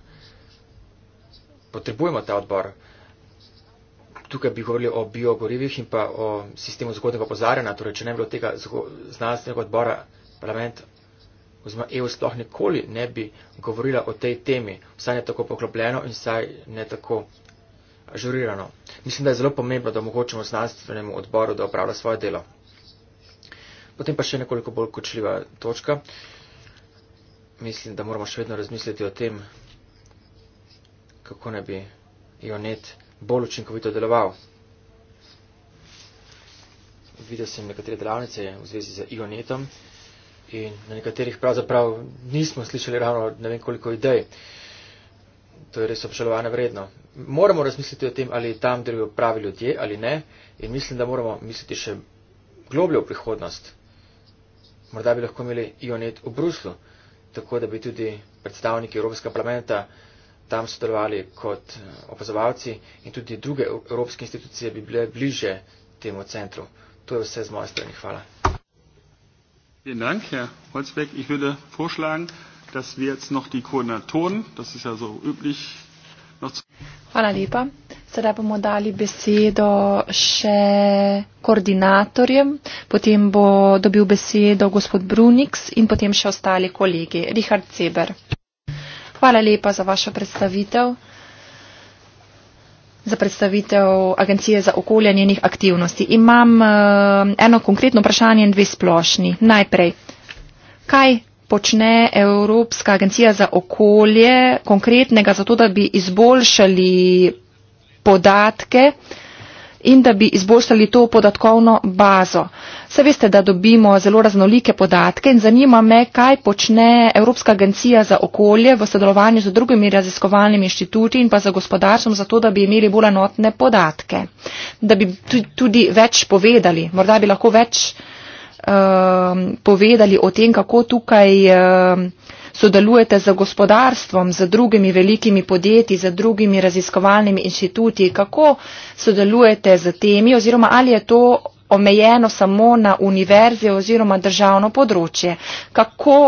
Potrebujemo ta odbor tukaj bi govorili o biogorivih in pa o sistemu zgodnega opozarjanja, torej če ne bi bilo tega znanstvenega odbora, parlament oziroma EU sploh nikoli ne bi govorila o tej temi, vsaj ne tako poklopljeno in vsaj ne tako žurirano. Mislim, da je zelo pomembno, da omogočimo znanstvenemu odboru, da opravlja svoje delo. Potem pa še nekoliko bolj kočljiva točka. Mislim, da moramo še vedno razmisliti o tem, kako ne bi Ionet bolj učinkovito deloval. Videl sem nekatere delavnice v zvezi z ionetom in na nekaterih pravzaprav nismo slišali ravno ne vem koliko idej. To je res obšalovane vredno. Moramo razmisliti o tem, ali tam delujo pravi ljudje ali ne in mislim, da moramo misliti še globljo v prihodnost. Morda bi lahko imeli ionet v Bruslu, tako da bi tudi predstavniki Evropskega parlamenta tam sodelovali kot eh, opazovalci in tudi druge evropske institucije bi bile bliže temu centru. To je vse z moje strani. Hvala. Vielen Dank, Herr Holzbeck. Ich würde vorschlagen, dass wir jetzt noch die Koordinatoren, das ist ja so üblich, noch zu. Hvala lepa. Sedaj bomo dali besedo še koordinatorjem, potem bo dobil besedo gospod Bruniks in potem še ostali kolegi. Richard Zeber. Hvala lepa za vašo predstavitev, za predstavitev Agencije za okolje njenih aktivnosti. Imam eh, eno konkretno vprašanje in dve splošni. Najprej, kaj počne Evropska agencija za okolje konkretnega za to, da bi izboljšali podatke, in da bi izboljšali to podatkovno bazo. Se veste, da dobimo zelo raznolike podatke in zanima me, kaj počne Evropska agencija za okolje v sodelovanju z drugimi raziskovalnimi inštituti in pa za gospodarstvom, zato da bi imeli bolj enotne podatke. Da bi tudi več povedali, morda bi lahko več uh, povedali o tem, kako tukaj. Uh, sodelujete z gospodarstvom, z drugimi velikimi podjetji, z drugimi raziskovalnimi inštituti. Kako sodelujete z temi oziroma ali je to omejeno samo na univerze oziroma državno področje? Kako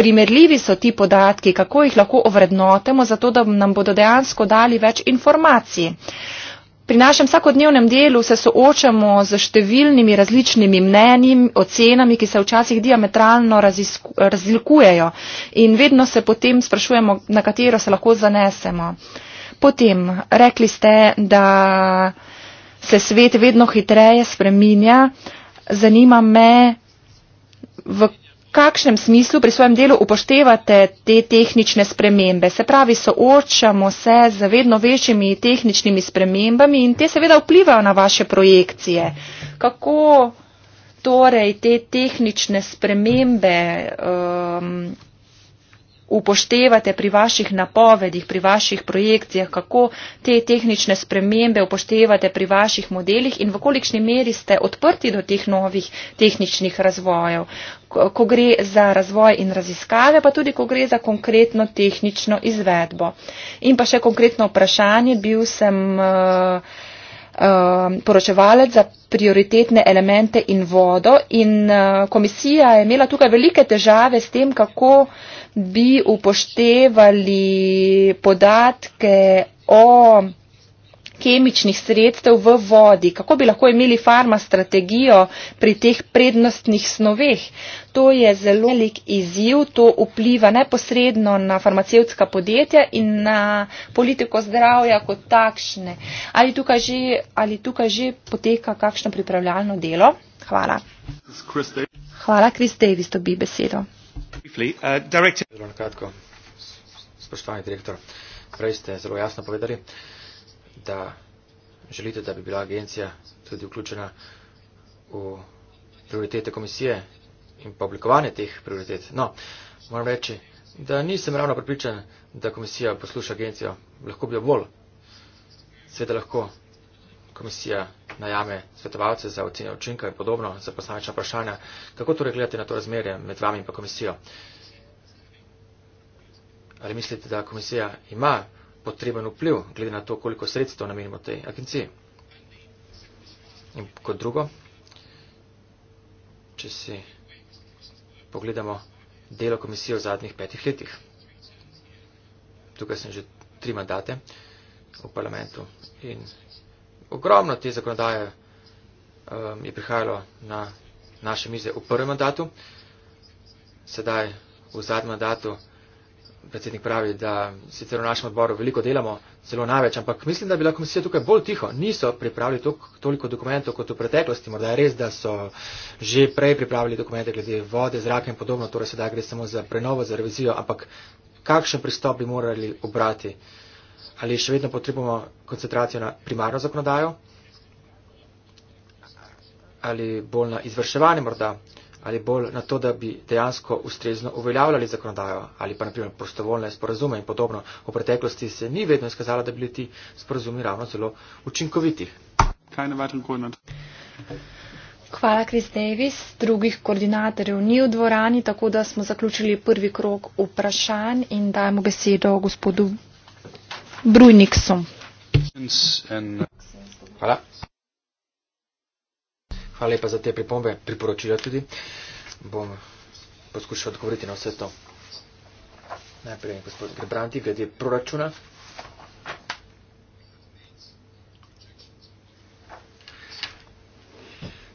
primerljivi so ti podatki, kako jih lahko ovrednotemo, zato da nam bodo dejansko dali več informacij? Uh, Pri našem vsakodnevnem delu se soočamo z številnimi različnimi mnenji, ocenami, ki se včasih diametralno razlikujejo in vedno se potem sprašujemo, na katero se lahko zanesemo. Potem, rekli ste, da se svet vedno hitreje spreminja. Zanima me, v kakšnem smislu pri svojem delu upoštevate te tehnične spremembe? Se pravi, soočamo se z vedno večjimi tehničnimi spremembami in te seveda vplivajo na vaše projekcije. Kako torej te tehnične spremembe um, upoštevate pri vaših napovedih, pri vaših projekcijah, kako te tehnične spremembe upoštevate pri vaših modelih in v kolikšni meri ste odprti do teh novih tehničnih razvojev, ko gre za razvoj in raziskave, pa tudi, ko gre za konkretno tehnično izvedbo. In pa še konkretno vprašanje, bil sem uh, uh, poročevalec za prioritetne elemente in vodo in uh, komisija je imela tukaj velike težave s tem, kako uh, bi upoštevali podatke o kemičnih sredstev v vodi, kako bi lahko imeli farma strategijo pri teh prednostnih snoveh. To je zelo velik izziv, to vpliva neposredno na farmacevtska podjetja in na politiko zdravja kot takšne. Ali tukaj že, ali tukaj že poteka kakšno pripravljalno delo? Hvala. Hvala, Kris Davis, dobi besedo. Uh, zelo na kratko, spoštovani direktor, prej ste zelo jasno povedali, da želite, da bi bila agencija tudi vključena v prioritete komisije in pa oblikovanje teh prioritet. No, moram reči, da nisem ravno pripričan, da komisija posluša agencijo. Lahko bi jo bolj. Sveda lahko komisija najame svetovalce za ocenje učinka in podobno, za posamečna vprašanja. Kako torej gledate na to razmerje med vami in pa komisijo? Ali mislite, da komisija ima potreben vpliv, glede na to, koliko sredstev namenimo tej agenciji? In kot drugo, če si pogledamo delo komisije v zadnjih petih letih. Tukaj sem že tri mandate v parlamentu in ogromno te zakonodaje um, je prihajalo na naše mize v prvem mandatu. Sedaj v zadnjem mandatu predsednik pravi, da sicer v našem odboru veliko delamo, zelo največ, ampak mislim, da je bila komisija tukaj bolj tiho. Niso pripravili tok, toliko dokumentov kot v preteklosti. Morda je res, da so že prej pripravili dokumente glede vode, zraka in podobno, torej sedaj gre samo za prenovo, za revizijo, ampak kakšen pristop bi morali obrati? Uh, ali še vedno potrebujemo koncentracijo na primarno zakonodajo, ali bolj na izvrševanje morda, ali bolj na to, da bi dejansko ustrezno uveljavljali zakonodajo, ali pa naprimer prostovoljne sporazume in podobno. V preteklosti se ni vedno izkazalo, da bi bili ti sporazumi ravno zelo učinkoviti. Hvala, Kris Davis. Drugih koordinatorjev ni v dvorani, tako da smo zaključili prvi krok vprašanj in dajemo besedo gospodu Bruj Nixon. Hvala. Hvala lepa za te pripombe, priporočila tudi. Bom poskušal odgovoriti na vse to. Najprej gospod Grebranti, glede proračuna.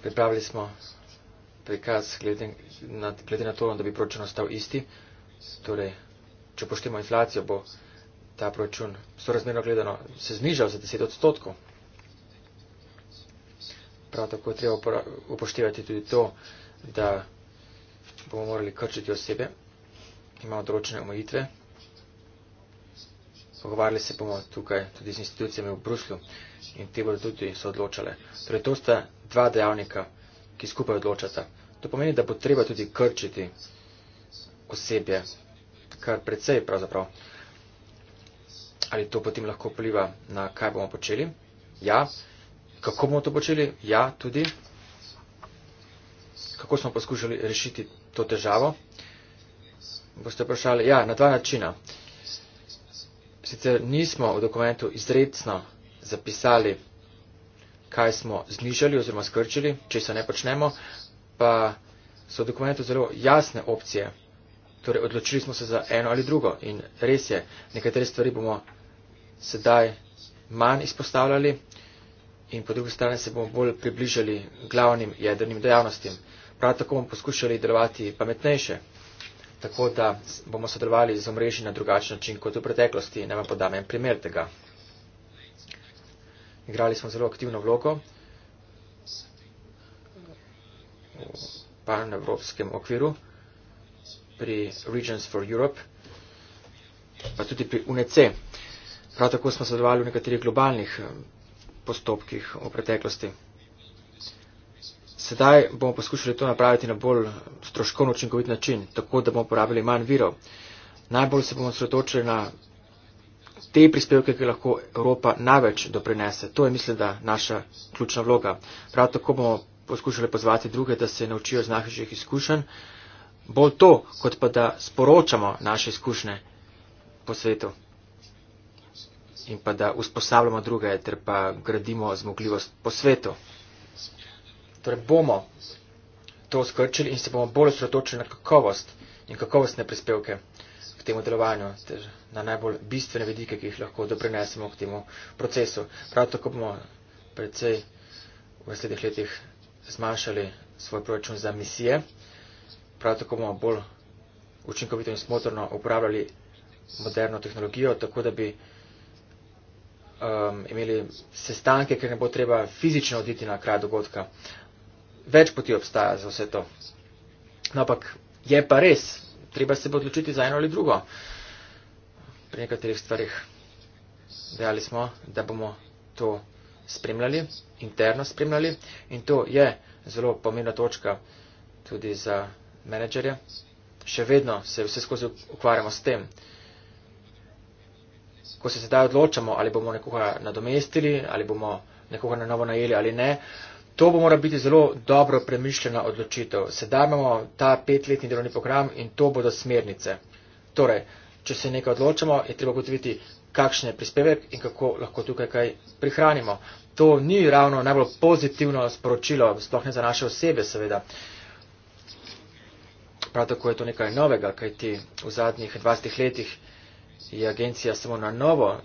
Pripravili smo prikaz glede na, glede na to, da bi proračun ostal isti. Torej, če poštemo inflacijo, bo ta proračun, sorazmerno gledano, se znižal za 10 odstotkov. Prav tako je treba upoštevati tudi to, da bomo morali krčiti osebe, imamo določene omejitve. Pogovarjali se bomo tukaj tudi z institucijami v Bruslju in te bodo tudi se odločale. Torej, to sta dva dejavnika, ki skupaj odločata. To pomeni, da bo treba tudi krčiti osebje, kar precej pravzaprav ali to potem lahko pliva na kaj bomo počeli? Ja. Kako bomo to počeli? Ja, tudi. Kako smo poskušali rešiti to težavo? Boste vprašali, ja, na dva načina. Sicer nismo v dokumentu izredno zapisali, kaj smo znižali oziroma skrčili, če se ne počnemo, pa so v dokumentu zelo jasne opcije. Torej, odločili smo se za eno ali drugo in res je, nekatere stvari bomo sedaj manj izpostavljali in po drugi strani se bomo bolj približali glavnim jedrnim dejavnostim. Prav tako bomo poskušali delovati pametnejše, tako da bomo sodelovali z omrežji na drugačen način kot v preteklosti. Naj vam podam en primer tega. Igrali smo zelo aktivno vlogo v panevropskem okviru pri Regions for Europe, pa tudi pri UNEC. Prav tako smo sodelovali v nekaterih globalnih eh, postopkih v preteklosti. Sedaj bomo poskušali to napraviti na bolj eh, stroškovno učinkovit način, tako da bomo porabili manj virov. Najbolj se bomo sredočili na te prispevke, ki lahko Evropa največ doprinese. To je, mislim, da naša ključna vloga. Prav tako bomo poskušali pozvati druge, da se naučijo iz naših izkušenj. Bolj to, kot pa da sporočamo naše izkušnje po svetu in pa da usposabljamo druge ter pa gradimo zmogljivost po svetu. Torej bomo to skrčili in se bomo bolj osredotočili na kakovost in kakovostne prispevke k temu delovanju, ter na najbolj bistvene vedike, ki jih lahko doprinesemo k temu procesu. Prav tako bomo predvsej v naslednjih letih zmanjšali svoj proračun za misije, prav tako bomo bolj učinkovito in smotrno uporabljali moderno tehnologijo, tako da bi um, imeli sestanke, ker ne bo treba fizično oditi na kraj dogodka. Več poti obstaja za vse to. No, ampak je pa res, treba se bo odločiti za eno ali drugo. Pri nekaterih stvarih dejali smo, da bomo to spremljali, interno spremljali in to je zelo pomembna točka tudi za menedžerje. Še vedno se vse skozi ukvarjamo s tem. Uh, ko se sedaj odločamo, ali bomo nekoga nadomestili, ali bomo nekoga na novo najeli ali ne, to bo mora biti zelo dobro premišljena odločitev. Sedaj imamo ta petletni delovni program in to bodo smernice. Torej, če se nekaj odločamo, je treba gotoviti, kakšen je prispevek in kako lahko tukaj kaj prihranimo. To ni ravno najbolj pozitivno sporočilo, sploh ne za naše osebe, seveda. Prav tako je to nekaj novega, kaj ti v zadnjih 20 letih je agencija samo na novo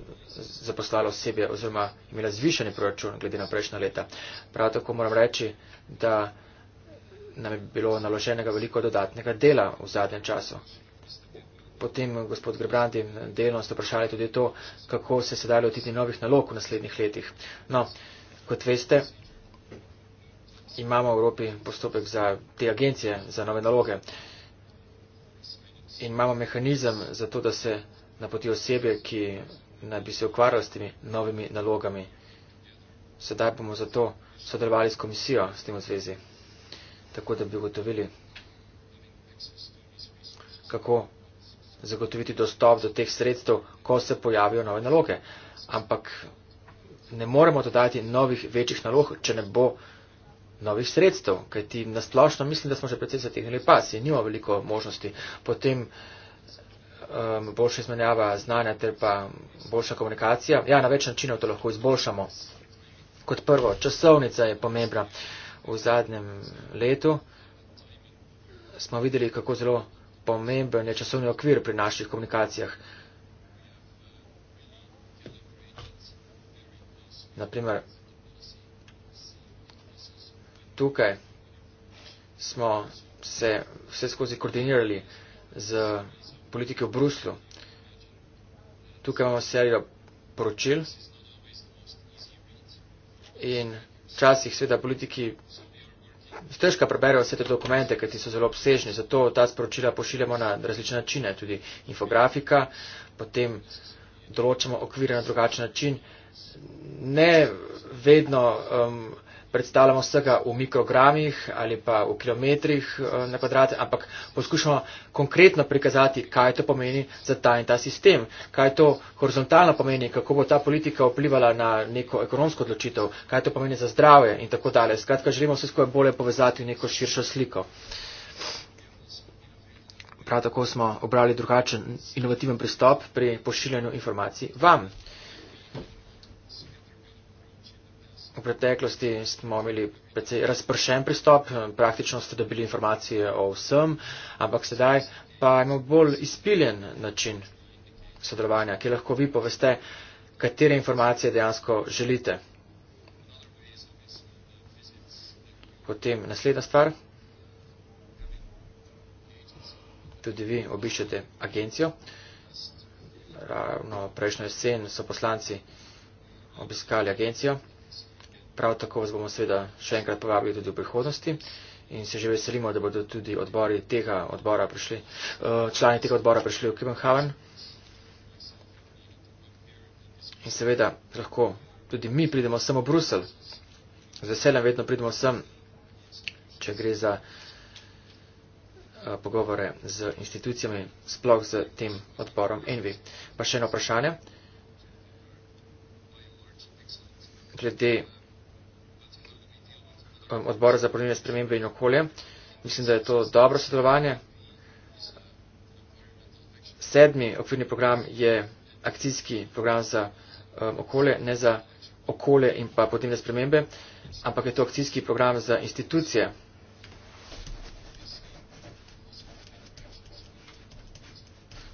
zaposlala osebje oziroma imela zvišanje proračun glede na prejšnja leta. Prav tako moram reči, da nam je bilo naloženega veliko dodatnega dela v zadnjem času. Potem gospod Grebrandi delno ste vprašali tudi to, kako se sedaj lotiti novih nalog v naslednjih letih. No, kot veste, imamo v Evropi postopek za te agencije, za nove naloge. In imamo mehanizem za to, da se na poti osebe, ki naj bi se ukvarjala s temi novimi nalogami. Sedaj bomo zato sodelovali s komisijo s tem v zvezi, tako da bi ugotovili, kako zagotoviti dostop do teh sredstev, ko se pojavijo nove naloge. Ampak ne moremo dodati novih, večjih nalog, če ne bo novih sredstev, kajti nasplošno mislim, da smo že precej zategnili pas in nima veliko možnosti. Potem um, boljša izmenjava znanja ter pa boljša komunikacija. Ja, na več načinov to lahko izboljšamo. Kot prvo, časovnica je pomembna. V zadnjem letu smo videli, kako zelo pomemben je časovni okvir pri naših komunikacijah. Naprimer, tukaj smo se vse skozi koordinirali z politike v Bruslu. Tukaj imamo serijo poročil in včasih sveda politiki težko preberejo vse te dokumente, ker ti so zelo obsežni, zato ta sporočila pošiljamo na različne načine, tudi infografika, potem določamo okvire na drugačen način. Ne vedno um, predstavljamo vsega v mikrogramih ali pa v kilometrih eh, na kvadrat, ampak poskušamo konkretno prikazati, kaj to pomeni za ta in ta sistem, kaj to horizontalno pomeni, kako bo ta politika vplivala na neko ekonomsko odločitev, kaj to pomeni za zdravje in tako dalje. Skratka, želimo vse skupaj bolje povezati v neko širšo sliko. Prav tako smo obrali drugačen inovativen pristop pri pošiljanju informacij vam. V preteklosti smo imeli precej razpršen pristop, praktično ste dobili informacije o vsem, ampak sedaj pa imamo bolj izpiljen način sodelovanja, ki lahko vi poveste, katere informacije dejansko želite. Potem naslednja stvar. Tudi vi obiščete agencijo. Ravno prejšnjo jesen so poslanci obiskali agencijo. Prav tako vas bomo seveda še enkrat povabili tudi v prihodnosti in se že veselimo, da bodo tudi odbori tega odbora prišli, eh, člani tega odbora prišli v Kibenhaven. In seveda lahko tudi mi pridemo sem v Brusel. Z veseljem vedno pridemo sem, če gre za eh, pogovore z institucijami, sploh z tem odborom Envi. Pa še eno vprašanje. Glede Um, odbora za podnebne spremembe in okolje. Mislim, da je to dobro sodelovanje. Sedmi okvirni program je akcijski program za um, okolje, ne za okolje in pa podnebne spremembe, ampak je to akcijski program za institucije.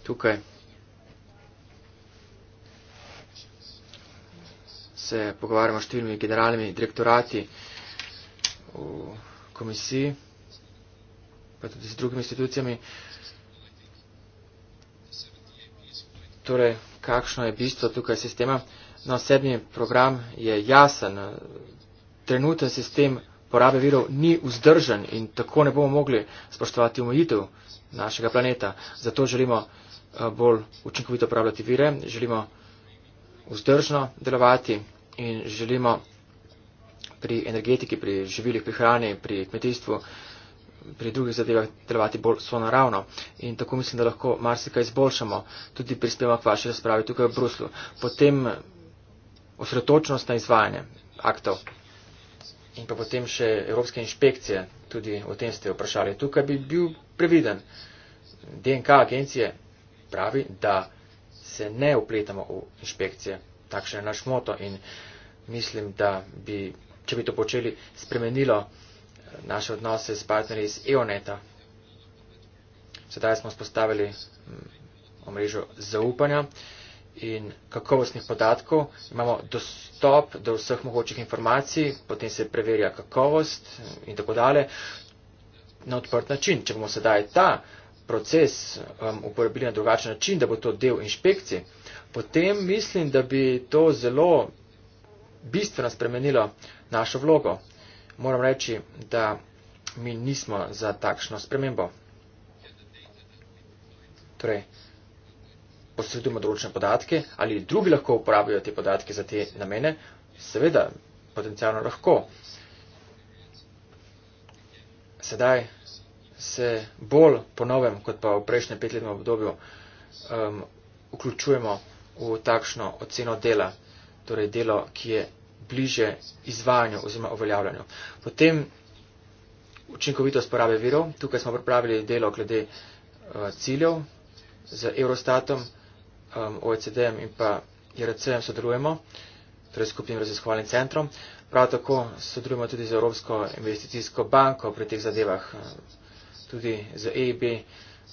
Tukaj se pogovarjamo s številnimi generalnimi direktorati v komisiji, pa tudi z drugimi institucijami. Torej, kakšno je bistvo tukaj sistema? No, sedmi program je jasen. Trenuten sistem porabe virov ni vzdržen in tako ne bomo mogli spoštovati omejitev našega planeta. Zato želimo eh, bolj učinkovito uporabljati vire, želimo vzdržno delovati in želimo pri energetiki, pri živilih, pri hrani, pri kmetijstvu, pri drugih zadevah delovati bolj sonaravno. In tako mislim, da lahko marsikaj izboljšamo, tudi prispeva k vaši razpravi tukaj v Bruslu. Potem osredotočnost na izvajanje aktov in pa potem še evropske inšpekcije, tudi o tem ste vprašali. Tukaj bi bil previden. DNK agencije pravi, da se ne upletamo v inšpekcije. Takšen je naš moto in mislim, da bi če bi to počeli, spremenilo eh, naše odnose s partnerji iz EONETA. Sedaj smo spostavili mm, omrežo zaupanja in kakovostnih podatkov. Imamo dostop do vseh mogočih informacij, potem se preverja kakovost in tako dalje na odprt način. Če bomo sedaj ta proces um, uporabili na drugačen način, da bo to del inšpekcije, potem mislim, da bi to zelo bistveno spremenilo našo vlogo. Moram reči, da mi nismo za takšno spremembo. Torej, posredujemo določene podatke ali drugi lahko uporabljajo te podatke za te namene. Seveda, potencijalno lahko. Sedaj se bolj ponovem, kot pa v prejšnjem petletnem obdobju, um, vključujemo v takšno oceno dela torej delo, ki je bliže izvajanju oziroma uveljavljanju. Potem učinkovitost porabe virov. Tukaj smo pripravili delo glede uh, ciljev z Eurostatom, um, OECD-em in pa IRC-em sodelujemo, torej skupnim raziskovalnim centrom. Prav tako sodelujemo tudi z Evropsko investicijsko banko pri teh zadevah, eh, tudi z EIB.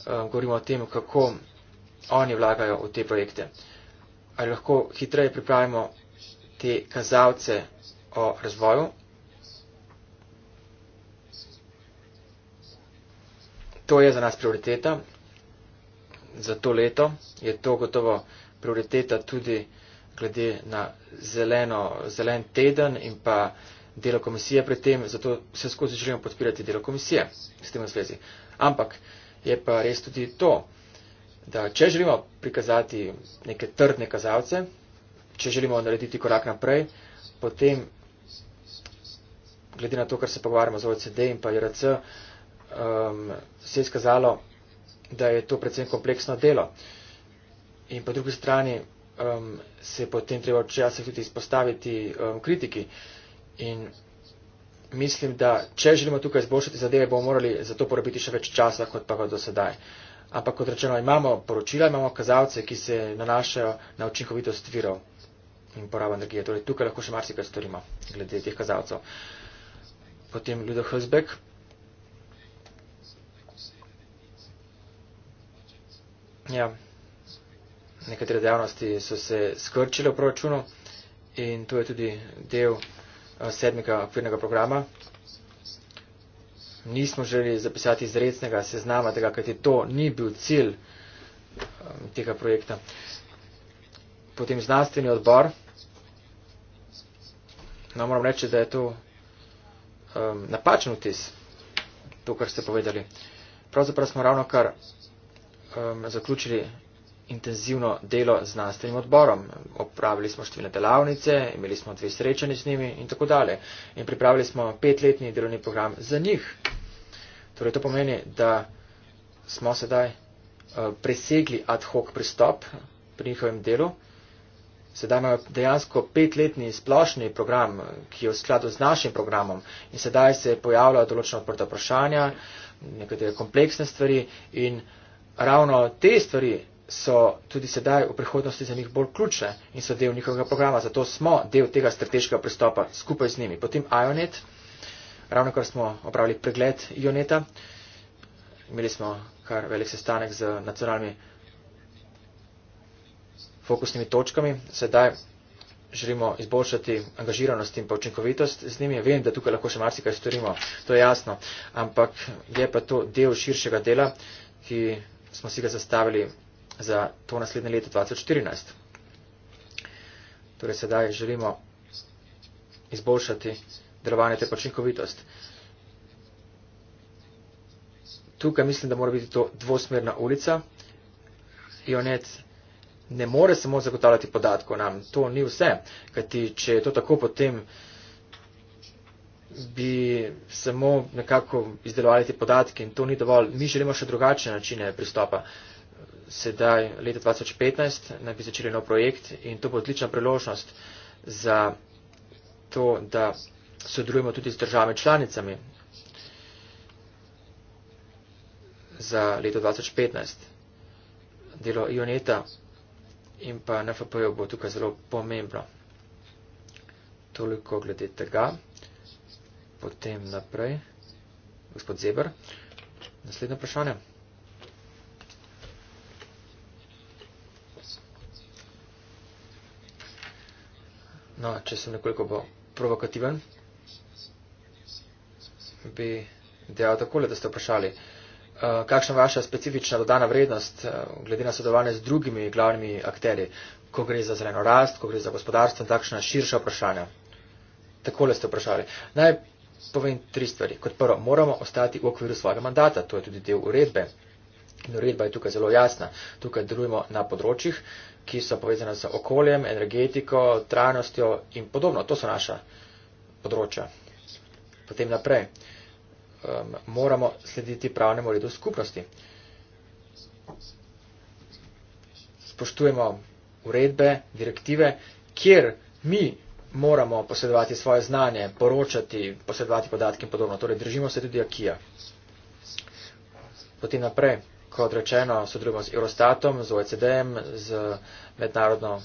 Um, govorimo o tem, kako oni vlagajo v te projekte. Ali lahko hitreje pripravimo te kazalce o razvoju. To je za nas prioriteta. Za to leto je to gotovo prioriteta tudi glede na zeleno, zelen teden in pa delo komisije pred tem, zato vse skozi želimo podpirati delo komisije s tem v zvezi. Ampak je pa res tudi to, da če želimo prikazati neke trdne kazalce, če želimo narediti korak naprej, potem glede na to, kar se pogovarjamo z OECD in pa IRC, um, se je skazalo, da je to predvsem kompleksno delo. In po drugi strani um, se je potem treba včasih tudi izpostaviti um, kritiki. In mislim, da če želimo tukaj izboljšati zadeve, bomo morali za to porabiti še več časa, kot pa ga do sedaj. Uh, Ampak kot rečeno, imamo poročila, imamo kazalce, ki se nanašajo na učinkovitost virov in porabo energije. Torej, tukaj lahko še marsikaj storimo glede teh kazalcev. Potem Ludo Hlsbek. Ja, nekatere dejavnosti so se skrčile v proračunu in to je tudi del eh, sedmega okvirnega programa, nismo želeli zapisati izrednega seznama tega, kajti to ni bil cilj um, tega projekta. Potem znanstveni odbor. No, moram reči, da je to um, napačen vtis, to, kar ste povedali. Pravzaprav smo ravno kar um, zaključili intenzivno delo z znanstvenim odborom. Opravili smo številne delavnice, imeli smo dve srečanje z njimi in tako dalje. In pripravili smo petletni delovni program za njih. Torej, to pomeni, da smo sedaj uh, presegli ad hoc pristop pri njihovem delu. Sedaj imajo dejansko petletni splošni program, ki je v skladu z našim programom in sedaj se pojavljajo določena odprta vprašanja, nekatere kompleksne stvari in ravno te stvari so tudi sedaj v prihodnosti za njih bolj ključne in so del njihovega programa. Zato smo del tega strateškega pristopa skupaj z njimi. Potem IONET, ravno kar smo opravili pregled IONETA, imeli smo kar velik sestanek z nacionalnimi fokusnimi točkami. Sedaj želimo izboljšati angažiranost in pa učinkovitost z njimi. Vem, da tukaj lahko še marsikaj storimo, to je jasno, ampak je pa to del širšega dela, ki smo si ga zastavili za to naslednje leto 2014. Torej sedaj želimo izboljšati delovanje te počinkovitost. Tukaj mislim, da mora biti to dvosmerna ulica. Ionet ne more samo zagotavljati podatkov nam. To ni vse. Kajti, če je to tako, potem bi samo nekako izdelovali te podatke in to ni dovolj. Mi želimo še drugačne načine pristopa. Uh, sedaj leta 2015 naj bi začeli nov projekt in to bo odlična priložnost za to, da sodelujemo tudi z državami članicami za leto 2015. Delo Ioneta in pa NFP-jo bo tukaj zelo pomembno. Toliko glede tega. Potem naprej. Gospod Zeber, naslednje vprašanje. No, če sem nekoliko bo provokativen, bi dejal takole, da ste vprašali. Eh, kakšna vaša specifična dodana vrednost eh, glede na sodelovanje z drugimi glavnimi akteri, ko gre za zeleno rast, ko gre za gospodarstvo in takšna širša vprašanja? Takole ste vprašali. Naj povem tri stvari. Kot prvo, moramo ostati v okviru svojega mandata, to je tudi del uredbe. In uredba je tukaj zelo jasna. Tukaj delujemo na področjih, ki so povezane z okoljem, energetiko, trajnostjo in podobno. To so naša področja. Potem naprej. Um, moramo slediti pravnemu redu skupnosti. Spoštujemo uredbe, direktive, kjer mi moramo posedovati svoje znanje, poročati, posedovati podatke in podobno. Torej držimo se tudi akija. Potem naprej kot rečeno, sodelujemo z Eurostatom, z OECD-em, z Mednarodno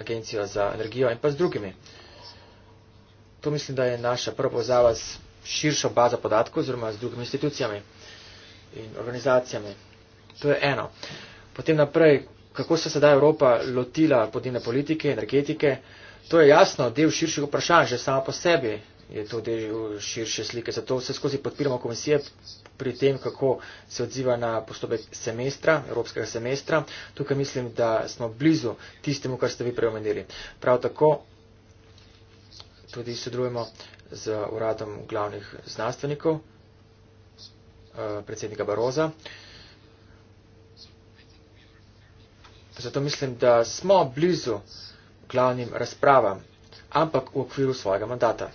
agencijo za energijo in pa z drugimi. To mislim, da je naša prva povzava s širšo bazo podatkov oziroma z drugimi institucijami in organizacijami. To je eno. Potem naprej, kako se sedaj Evropa lotila podnebne politike, energetike, to je jasno del širših vprašanj, že samo po sebi, je to del širše slike. Zato vse skozi podpiramo komisije pri tem, kako se odziva na postopek semestra, evropskega semestra. Tukaj mislim, da smo blizu tistemu, kar ste vi preomenili. Prav tako tudi sodelujemo z uradom glavnih znanstvenikov, eh, predsednika Baroza. Zato mislim, da smo blizu glavnim razpravam, ampak v okviru svojega mandata.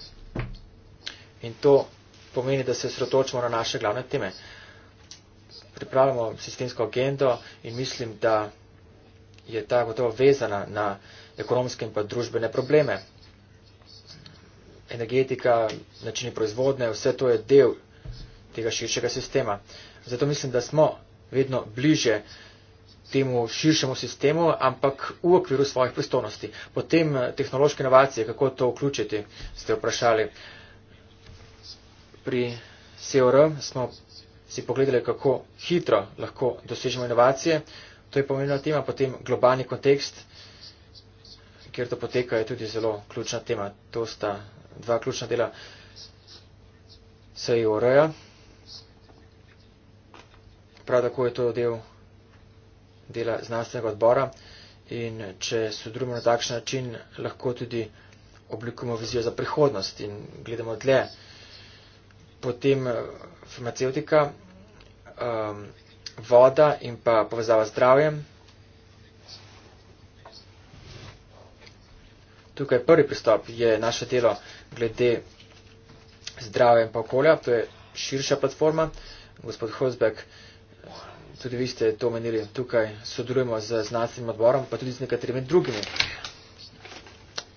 In to pomeni, da se osredotočimo na naše glavne teme. Pripravljamo sistemsko agendo in mislim, da je ta gotovo vezana na ekonomske in pa družbene probleme. Energetika, načini proizvodne, vse to je del tega širšega sistema. Zato mislim, da smo vedno bliže temu širšemu sistemu, ampak v okviru svojih pristojnosti. Potem eh, tehnološke inovacije, kako to vključiti, ste vprašali. Uh, pri CR smo si pogledali, kako hitro lahko dosežemo inovacije. To je pomembna tema, potem globalni kontekst, kjer to poteka, je tudi zelo ključna tema. To sta dva ključna dela CR-ja. Prav tako je to del dela znanstvenega odbora in če sodelujemo na takšen način, lahko tudi oblikujemo vizijo za prihodnost in gledamo dlje potem eh, farmacevtika, um, voda in pa povezava z zdravjem. Tukaj prvi pristop je naše delo glede zdravja in pa okolja, to je širša platforma. Gospod Hosbek, tudi vi ste to omenili, tukaj sodelujemo z znanstvenim odborom, pa tudi z nekaterimi drugimi.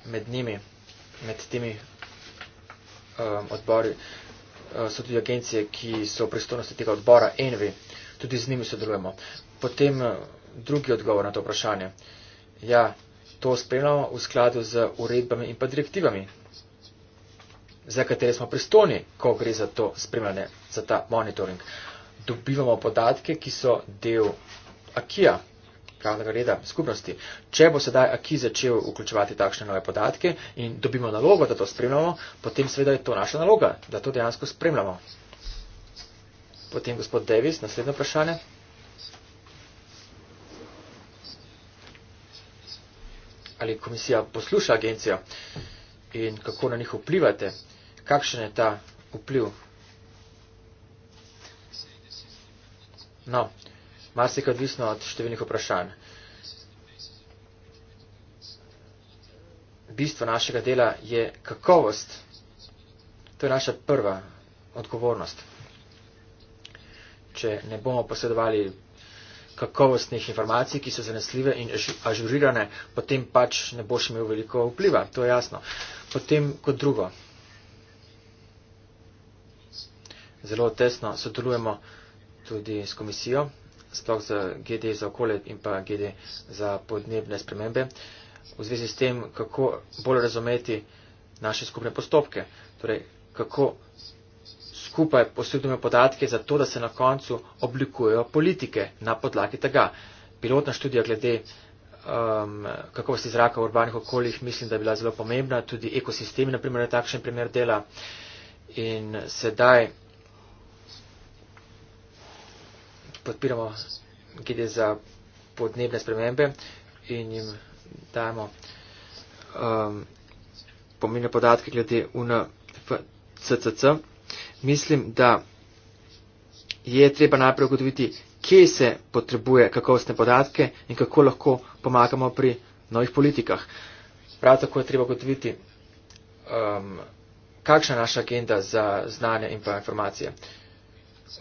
Med njimi, med temi um, odbori, uh, Eh, so tudi agencije, ki so v pristojnosti tega odbora, Envi, tudi z njimi sodelujemo. Potem eh, drugi odgovor na to vprašanje. Ja, to spremljamo v skladu z uredbami in pa direktivami, za katere smo pristojni, ko gre za to spremljanje, za ta monitoring. Dobivamo podatke, ki so del Akija pravnega reda skupnosti. Če bo sedaj AKI začel vključevati takšne nove podatke in dobimo nalogo, da to spremljamo, potem seveda je to naša naloga, da to dejansko spremljamo. Potem gospod Davis, naslednje vprašanje. Ali komisija posluša agencijo in kako na njih vplivate? Kakšen je ta vpliv? No marsik odvisno od številnih vprašanj. Bistvo našega dela je kakovost. To je naša prva odgovornost. Če ne bomo posedovali kakovostnih informacij, ki so zanesljive in ažurirane, potem pač ne boš imel veliko vpliva. To je jasno. Potem kot drugo. Zelo tesno sodelujemo tudi s komisijo sploh za GD za okolje in pa GD za podnebne spremembe, v zvezi s tem, kako bolj razumeti naše skupne postopke, torej kako skupaj posredujemo podatke za to, da se na koncu oblikujejo politike na podlagi tega. Pilotna študija glede um, kakovosti zraka v urbanih okoljih mislim, da je bila zelo pomembna, tudi ekosistemi, naprimer, takšen primer dela. In sedaj podpiramo, gde za podnebne spremembe in jim dajemo um, pomembne podatke glede UNFCCC. Mislim, da je treba najprej ugotoviti, kje se potrebuje kakovostne podatke in kako lahko pomagamo pri novih politikah. Prav tako je treba ugotoviti, um, kakšna je naša agenda za znanje in pa informacije. Uh,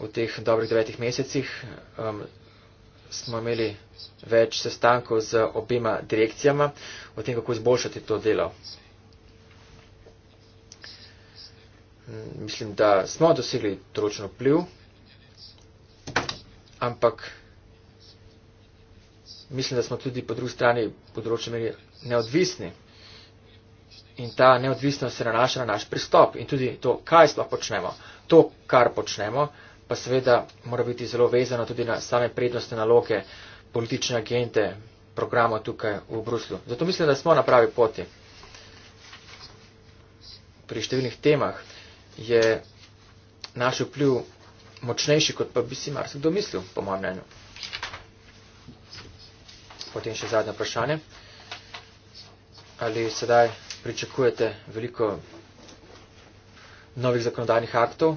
v teh dobrih devetih mesecih um, smo imeli več sestankov z obima direkcijama o tem, kako izboljšati to delo. Mislim, da smo dosegli določen vpliv, ampak mislim, da smo tudi po drugi strani področje imeli neodvisni. In ta neodvisnost se nanaša na naš pristop in tudi to, kaj sploh počnemo. To, kar počnemo, pa seveda mora biti zelo vezano tudi na same prednostne naloge, politične agente, programa tukaj v Bruslu. Zato mislim, da smo na pravi poti. Pri številnih temah je naš vpliv močnejši, kot pa bi si marsikdo mislil, po mojem mnenju. Potem še zadnje vprašanje. Ali sedaj pričakujete veliko novih zakonodajnih aktov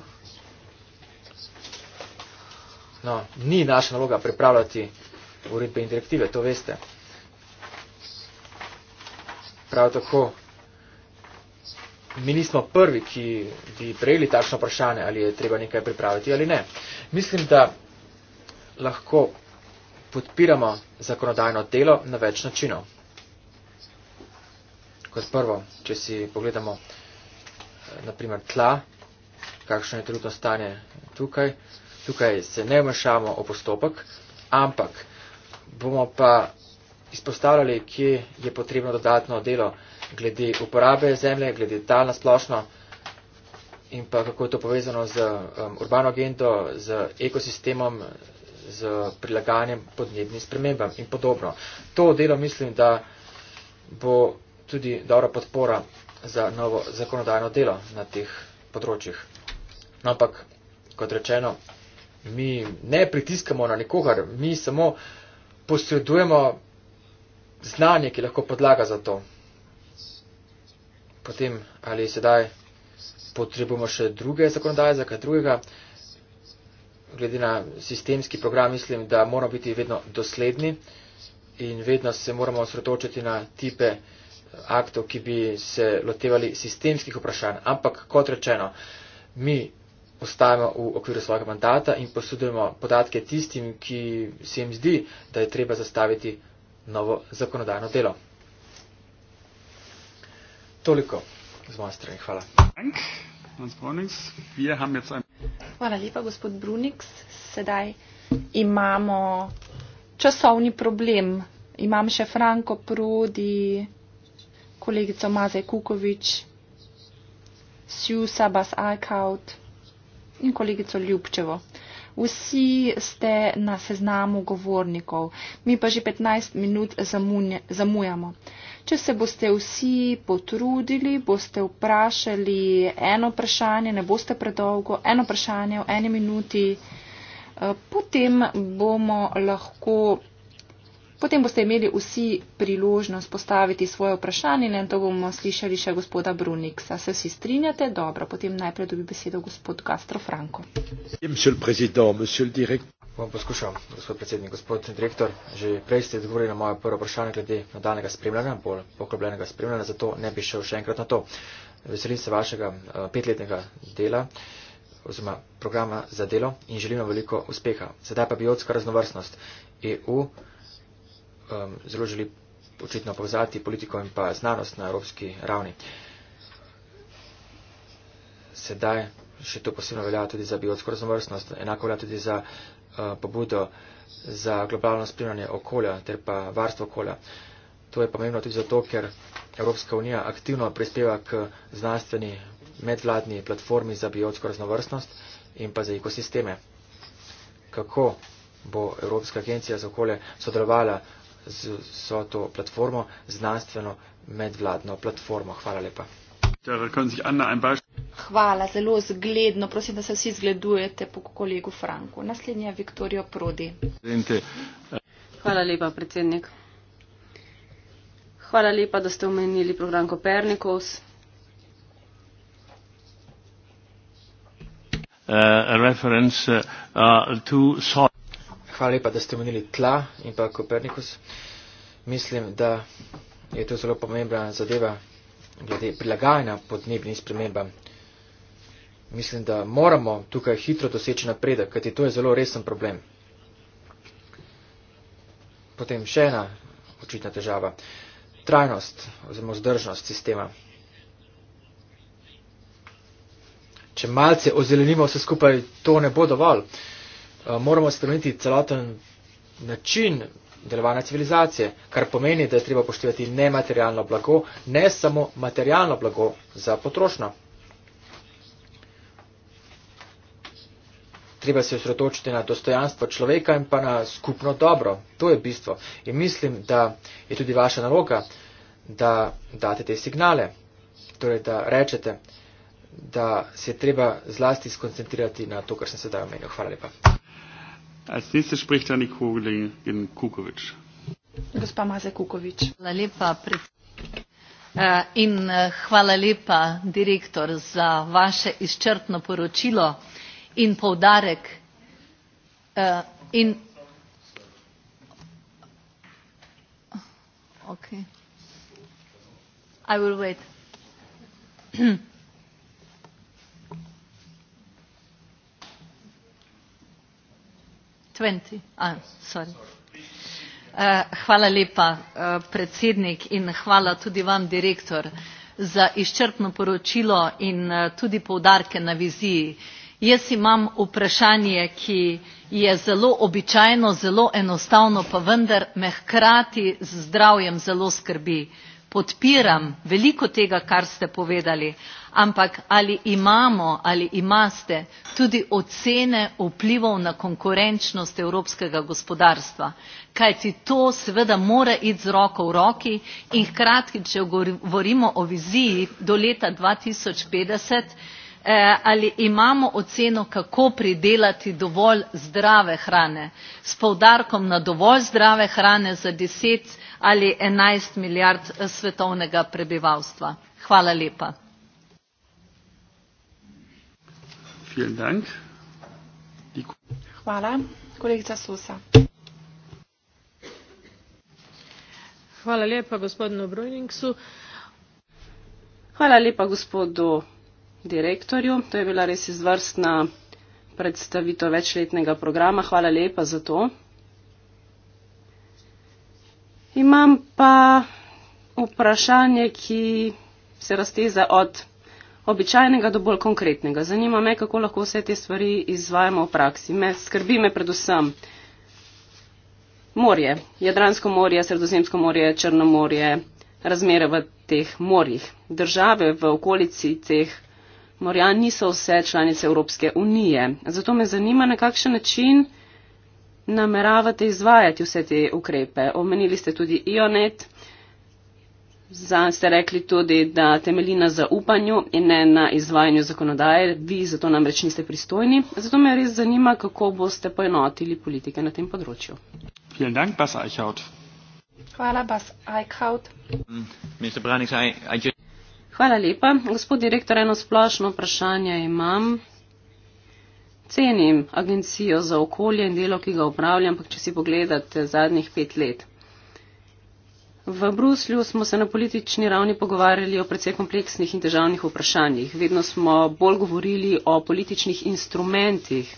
No, ni naša naloga pripravljati uredbe in direktive, to veste. Prav tako, mi nismo prvi, ki bi prejeli takšno vprašanje, ali je treba nekaj pripraviti ali ne. Mislim, da lahko podpiramo zakonodajno delo na več načinov. Kot prvo, če si pogledamo eh, naprimer tla, kakšno je trenutno stanje tukaj, tukaj se ne vmešamo o postopek, ampak bomo pa izpostavljali, kje je potrebno dodatno delo glede uporabe zemlje, glede tal na splošno in pa kako je to povezano z um, urbano agendo, z ekosistemom, z prilaganjem podnebnim spremembam in podobno. To delo mislim, da bo tudi dobra podpora za novo zakonodajno delo na teh področjih. No, ampak, kot rečeno, mi ne pritiskamo na nikogar, mi samo posredujemo znanje, ki lahko podlaga za to. Potem ali sedaj potrebujemo še druge zakonodaje, za kaj drugega. Glede na sistemski program mislim, da moramo biti vedno dosledni in vedno se moramo osredotočiti na tipe eh, aktov, ki bi se lotevali sistemskih vprašanj. Ampak kot rečeno, mi ostajamo v okviru svojega mandata in posudujemo podatke tistim, ki se jim zdi, da je treba zastaviti novo zakonodajno delo. Toliko z moje strani. Hvala. Hvala lepa, gospod Bruniks. Sedaj imamo časovni problem. Imam še Franko Prodi, kolegico Mazej Kukovič, Sjusa Bas Alkaut in kolegico Ljubčevo. Vsi ste na seznamu govornikov, mi pa že 15 minut zamunje, zamujamo. Če se boste vsi potrudili, boste vprašali eno vprašanje, ne boste predolgo, eno vprašanje v eni minuti, eh, potem bomo lahko Potem boste imeli vsi priložnost postaviti svoje vprašanje in to bomo slišali še gospoda Bruniksa. Se vsi strinjate? Dobro, potem najprej dobi besedo gospod Castro Franco. Bom poskušal, gospod predsednik, gospod direktor, že prej ste odgovorili na moje prvo vprašanje glede nadaljnega spremljanja, bolj poklopljenega spremljanja, zato ne bi šel še enkrat na to. Veselim se vašega eh, petletnega dela oziroma programa za delo in želim vam veliko uspeha. Sedaj pa biotska raznovrstnost. EU um, zelo želi očitno povzati politiko in pa znanost na evropski ravni. Sedaj še to posebno velja tudi za biotsko raznovrstnost, enako velja tudi za uh, pobudo za globalno spremljanje okolja ter pa varstvo okolja. To je pomembno tudi zato, ker Evropska unija aktivno prispeva k znanstveni medvladni platformi za biotsko raznovrstnost in pa za ekosisteme. Kako bo Evropska agencija za okolje sodelovala z vso to platformo, znanstveno medvladno platformo. Hvala lepa. Hvala, zelo zgledno. Prosim, da se vsi zgledujete po kolegu Franku. Naslednja je Viktorijo Prodi. Hvala lepa, predsednik. Hvala lepa, da ste omenili program Kopernikus. Uh, a reference uh, uh, to solid. Hvala lepa, da ste omenili tla in pa Kopernikus. Mislim, da je to zelo pomembna zadeva glede prilagajanja podnebnim spremembam. Mislim, da moramo tukaj hitro doseči napredek, kajti to je zelo resen problem. Potem še ena očitna težava. Trajnost oziroma zdržnost sistema. Če malce ozelenimo vse skupaj, to ne bo dovolj. Eh, moramo spremeniti celoten način delovanja civilizacije, kar pomeni, da je treba poštevati nematerialno blago, ne samo materialno blago za potrošnjo. Treba se osredotočiti na dostojanstvo človeka in pa na skupno dobro. To je bistvo. In mislim, da je tudi vaša naloga, da date te signale. Torej, da rečete, da se treba zlasti skoncentrirati na to, kar sem sedaj omenil. Hvala lepa. Als nächstes spricht dann die Kollegin Kukovic. Eh, in eh, hvala lepa, direktor, za vaše izčrpno poročilo in povdarek. Eh, in okay. Eh, hvala lepa eh, predsednik in hvala tudi vam direktor za izčrpno poročilo in eh, tudi poudarke na viziji. jaz imam vprašanje ki je zelo običajno zelo enostavno pa vendar me hkrati z zdravjem zelo skrbi podpiram veliko tega, kar ste povedali, ampak ali imamo ali imate tudi ocene vplivov na konkurenčnost evropskega gospodarstva? Kajti to seveda mora iti z roko v roki in hkrati, če govorimo o viziji do leta 2050, eh, ali imamo oceno, kako pridelati dovolj zdrave hrane, s poudarkom na dovolj zdrave hrane za deset 10 ali enajst milijard eh, svetovnega prebivalstva. Hvala lepa. Hvala. Kolegica Susa. Hvala lepa gospodinu Brojningsu. Hvala lepa gospodu direktorju. To je bila res izvrstna predstavitev večletnega programa. Hvala lepa za to. Imam pa vprašanje, ki se razteza od običajnega do bolj konkretnega. Zanima me, kako lahko vse te stvari izvajamo v praksi. Me skrbi me predvsem morje, Jadransko morje, Sredozemsko morje, Črno morje, razmere v teh morjih. Države v okolici teh morja niso vse članice Evropske unije. Zato me zanima, na kakšen način nameravate izvajati vse te ukrepe? Omenili ste tudi IONET, zdaj ste rekli tudi, da temelji na zaupanju in ne na izvajanju zakonodaje, vi zato namreč niste pristojni. Zato me res zanima, kako boste poenotili politike na tem področju. Dank, Bas Hvala, Bas Eichhout. Mm, Hvala lepa. Gospod direktor, eno splošno vprašanje imam cenim agencijo za okolje in delo, ki ga upravljam, ampak če si pogledate zadnjih pet let. V Bruslju smo se na politični ravni pogovarjali o precej kompleksnih in težavnih vprašanjih. Vedno smo bolj govorili o političnih instrumentih.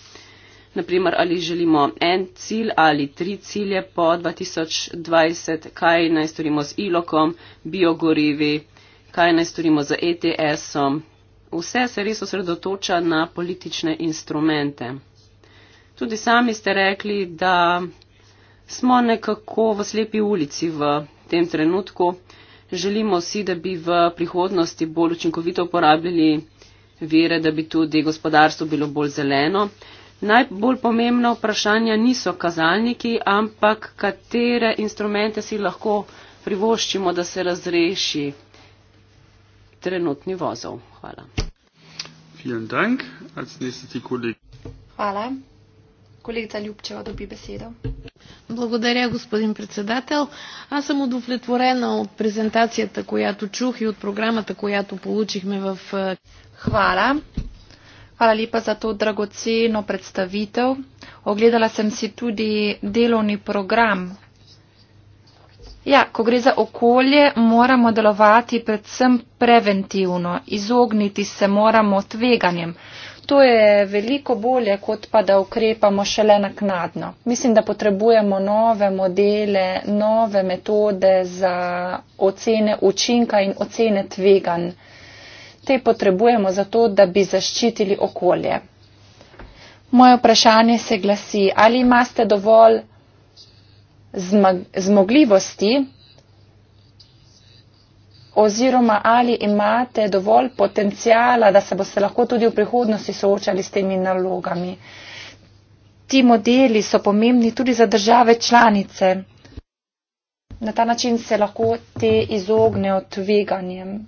Naprimer, ali želimo en cilj ali tri cilje po 2020, kaj naj storimo z ilokom, biogorivi, kaj naj storimo z ETS-om, vse se res osredotoča na politične instrumente. Tudi sami ste rekli, da smo nekako v slepi ulici v tem trenutku. Želimo si, da bi v prihodnosti bolj učinkovito uporabljali vire, da bi tudi gospodarstvo bilo bolj zeleno. Najbolj pomembna vprašanja niso kazalniki, ampak katere instrumente si lahko privoščimo, da se razreši trenutni vozov. Hvala. Hvala. Kolegica Ljubčeva dobi besedo. Благодаря, господин председател. Аз съм удовлетворена от презентацията, която чух и от програмата, която получихме в... Хвала. Hvala lepa za to dragoceno predstavitev. Ogledala sem si tudi delovni program Ja, ko gre za okolje, moramo delovati predvsem preventivno, izogniti se moramo tveganjem. To je veliko bolje, kot pa da ukrepamo šele naknadno. Mislim, da potrebujemo nove modele, nove metode za ocene učinka in ocene tvegan. Te potrebujemo zato, da bi zaščitili okolje. Moje vprašanje se glasi, ali imate dovolj zmogljivosti oziroma ali imate dovolj potencijala, da se boste lahko tudi v prihodnosti soočali s temi nalogami. Ti modeli so pomembni tudi za države članice. Na ta način se lahko te izogne od veganjem.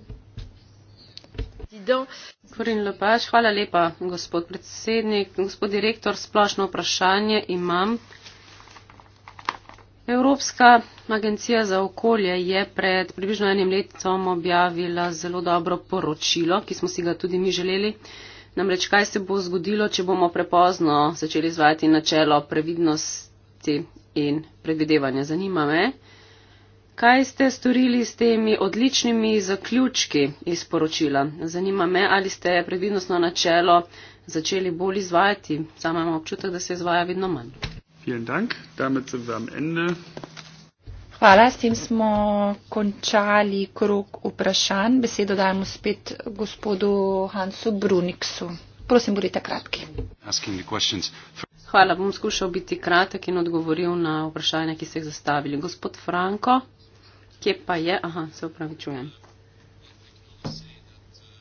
Hvala lepa, gospod predsednik. Gospod direktor, splošno vprašanje imam. Evropska agencija za okolje je pred približno enim letom objavila zelo dobro poročilo, ki smo si ga tudi mi želeli. Namreč, kaj se bo zgodilo, če bomo prepozno začeli izvajati načelo previdnosti in predvidevanja. Zanima me, kaj ste storili s temi odličnimi zaključki iz poročila. Zanima me, ali ste previdnostno načelo začeli bolj izvajati. Sama imam občutek, da se izvaja vedno manj. Vielen Dank. Damit sind wir am Ende. Hvala, s tem smo končali krok vprašanj. Besedo dajemo spet gospodu Hansu Bruniksu. Prosim, budite kratki. Hvala, bom skušal biti kratek in odgovoril na vprašanja, ki ste jih zastavili. Gospod Franko, kje pa je? Aha, se upravičujem.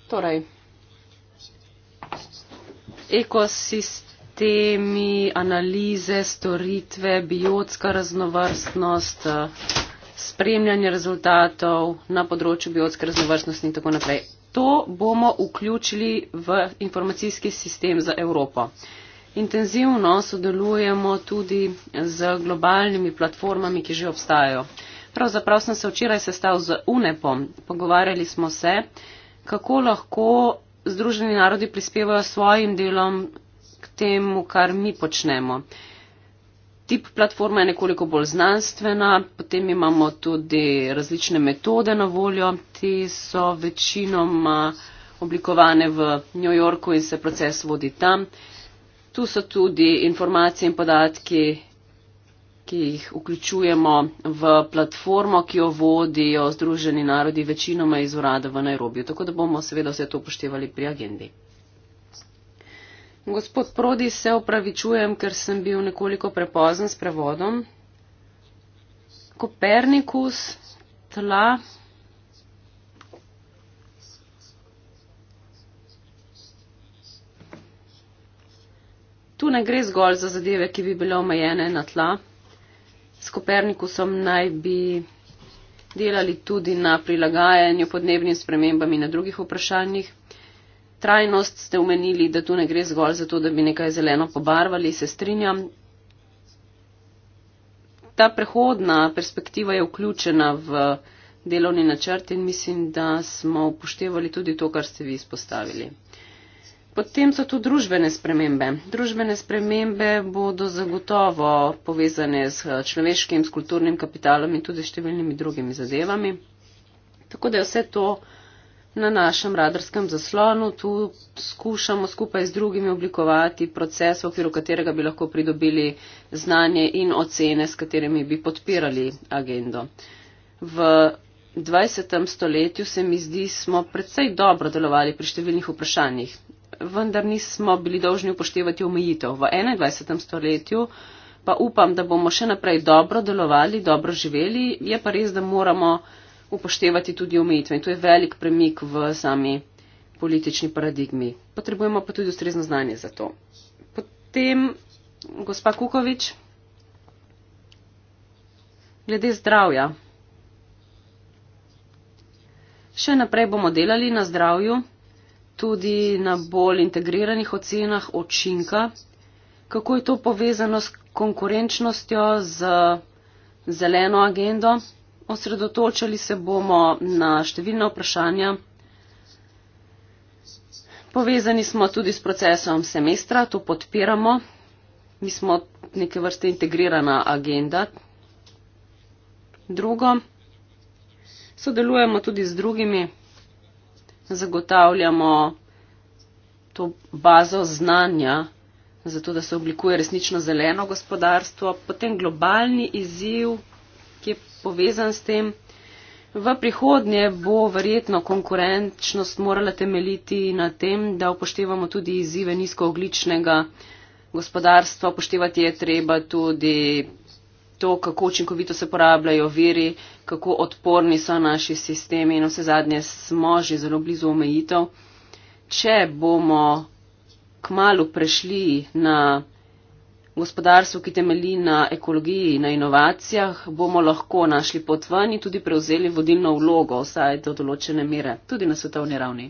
Torej, ekosistem sistemi, analize, storitve, biotska raznovrstnost, spremljanje rezultatov na področju biotske raznovrstnosti in tako naprej. To bomo vključili v informacijski sistem za Evropo. Intenzivno sodelujemo tudi z globalnimi platformami, ki že obstajajo. Pravzaprav sem se včeraj sestal z UNEP-om. Pogovarjali smo se, kako lahko Združeni narodi prispevajo svojim delom temu, kar mi počnemo. Tip platforma je nekoliko bolj znanstvena, potem imamo tudi različne metode na voljo, ti so večinoma oblikovane v New Yorku in se proces vodi tam. Tu so tudi informacije in podatki, ki jih vključujemo v platformo, ki jo vodijo Združeni narodi večinoma iz urada v Nairobi. Tako da bomo seveda vse to upoštevali pri agendi. Gospod Prodi, se opravičujem, ker sem bil nekoliko prepozen s prevodom. Kopernikus, tla. Tu ne gre zgolj za zadeve, ki bi bile omejene na tla. S Kopernikusom naj bi delali tudi na prilagajanju podnebnim spremembami in na drugih vprašanjih trajnost ste omenili, da tu ne gre zgolj za to, da bi nekaj zeleno pobarvali, se strinjam. Ta prehodna perspektiva je vključena v delovni načrt in mislim, da smo upoštevali tudi to, kar ste vi izpostavili. Potem so tu družbene spremembe. Družbene spremembe bodo zagotovo povezane z človeškim, s kulturnim kapitalom in tudi številnimi drugimi zadevami. Tako da je vse to na našem radarskem zaslonu. Tu skušamo skupaj z drugimi oblikovati proces, v okviru katerega bi lahko pridobili znanje in ocene, s katerimi bi podpirali agendo. V 20. stoletju se mi zdi, smo predvsej dobro delovali pri številnih vprašanjih, vendar nismo bili dolžni upoštevati omejitev. V 21. stoletju pa upam, da bomo še naprej dobro delovali, dobro živeli, je pa res, da moramo upoštevati tudi omejitve. In to je velik premik v sami politični paradigmi. Potrebujemo pa tudi ustrezno znanje za to. Potem, gospa Kukovič, glede zdravja. Še naprej bomo delali na zdravju, tudi na bolj integriranih ocenah očinka, kako je to povezano s konkurenčnostjo, z zeleno agendo. Osredotočali se bomo na številna vprašanja. Povezani smo tudi s procesom semestra, to podpiramo. Mi smo neke vrste integrirana agenda. Drugo, sodelujemo tudi z drugimi, zagotavljamo to bazo znanja, zato da se oblikuje resnično zeleno gospodarstvo. Potem globalni izziv, ki je povezan s tem. V prihodnje bo verjetno konkurenčnost morala temeljiti na tem, da upoštevamo tudi izzive nizkoogličnega gospodarstva. Upoštevati je treba tudi to, kako učinkovito se porabljajo viri, kako odporni so naši sistemi in vse zadnje smo že zelo blizu omejitev. Če bomo k malu prešli na gospodarstvu, ki temelji na ekologiji in na inovacijah, bomo lahko našli pot ven in tudi prevzeli vodilno vlogo, vsaj do določene mere, tudi na svetovni ravni.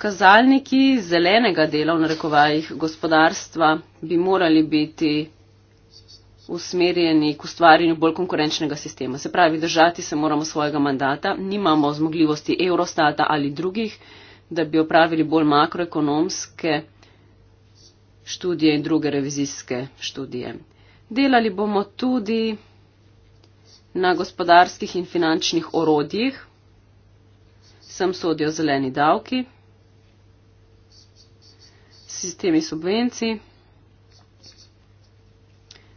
Kazalniki zelenega dela v narekovajih gospodarstva bi morali biti usmerjeni k ustvarjanju bolj konkurenčnega sistema. Se pravi, držati se moramo svojega mandata, nimamo zmogljivosti Eurostata ali drugih, da bi opravili bolj makroekonomske študije in druge revizijske študije. Delali bomo tudi na gospodarskih in finančnih orodjih, sem sodijo zeleni davki, sistemi subvencij.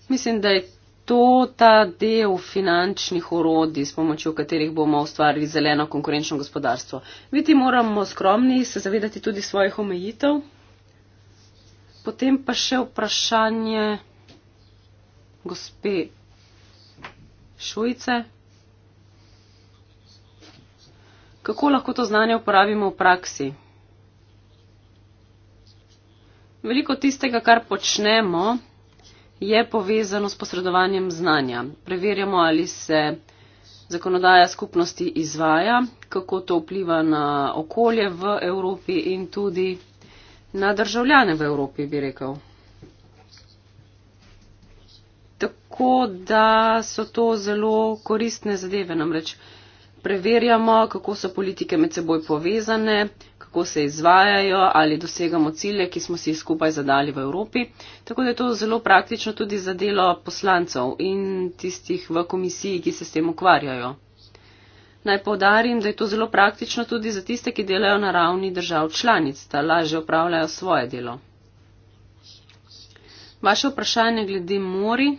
Mislim, da je to ta del finančnih orodij, s pomočjo katerih bomo ustvarili zeleno konkurenčno gospodarstvo. Biti moramo skromni, se zavedati tudi svojih omejitev. Potem pa še vprašanje gospe Šujce. Kako lahko to znanje uporabimo v praksi? Veliko tistega, kar počnemo, je povezano s posredovanjem znanja. Preverjamo, ali se zakonodaja skupnosti izvaja, kako to vpliva na okolje v Evropi in tudi na državljane v Evropi, bi rekel. Tako da so to zelo koristne zadeve. Namreč preverjamo, kako so politike med seboj povezane, kako se izvajajo, ali dosegamo cilje, ki smo si jih skupaj zadali v Evropi. Tako da je to zelo praktično tudi za delo poslancev in tistih v komisiji, ki se s tem ukvarjajo. Naj povdarim, da je to zelo praktično tudi za tiste, ki delajo na ravni držav članic, da lažje upravljajo svoje delo. Vaše vprašanje glede mori.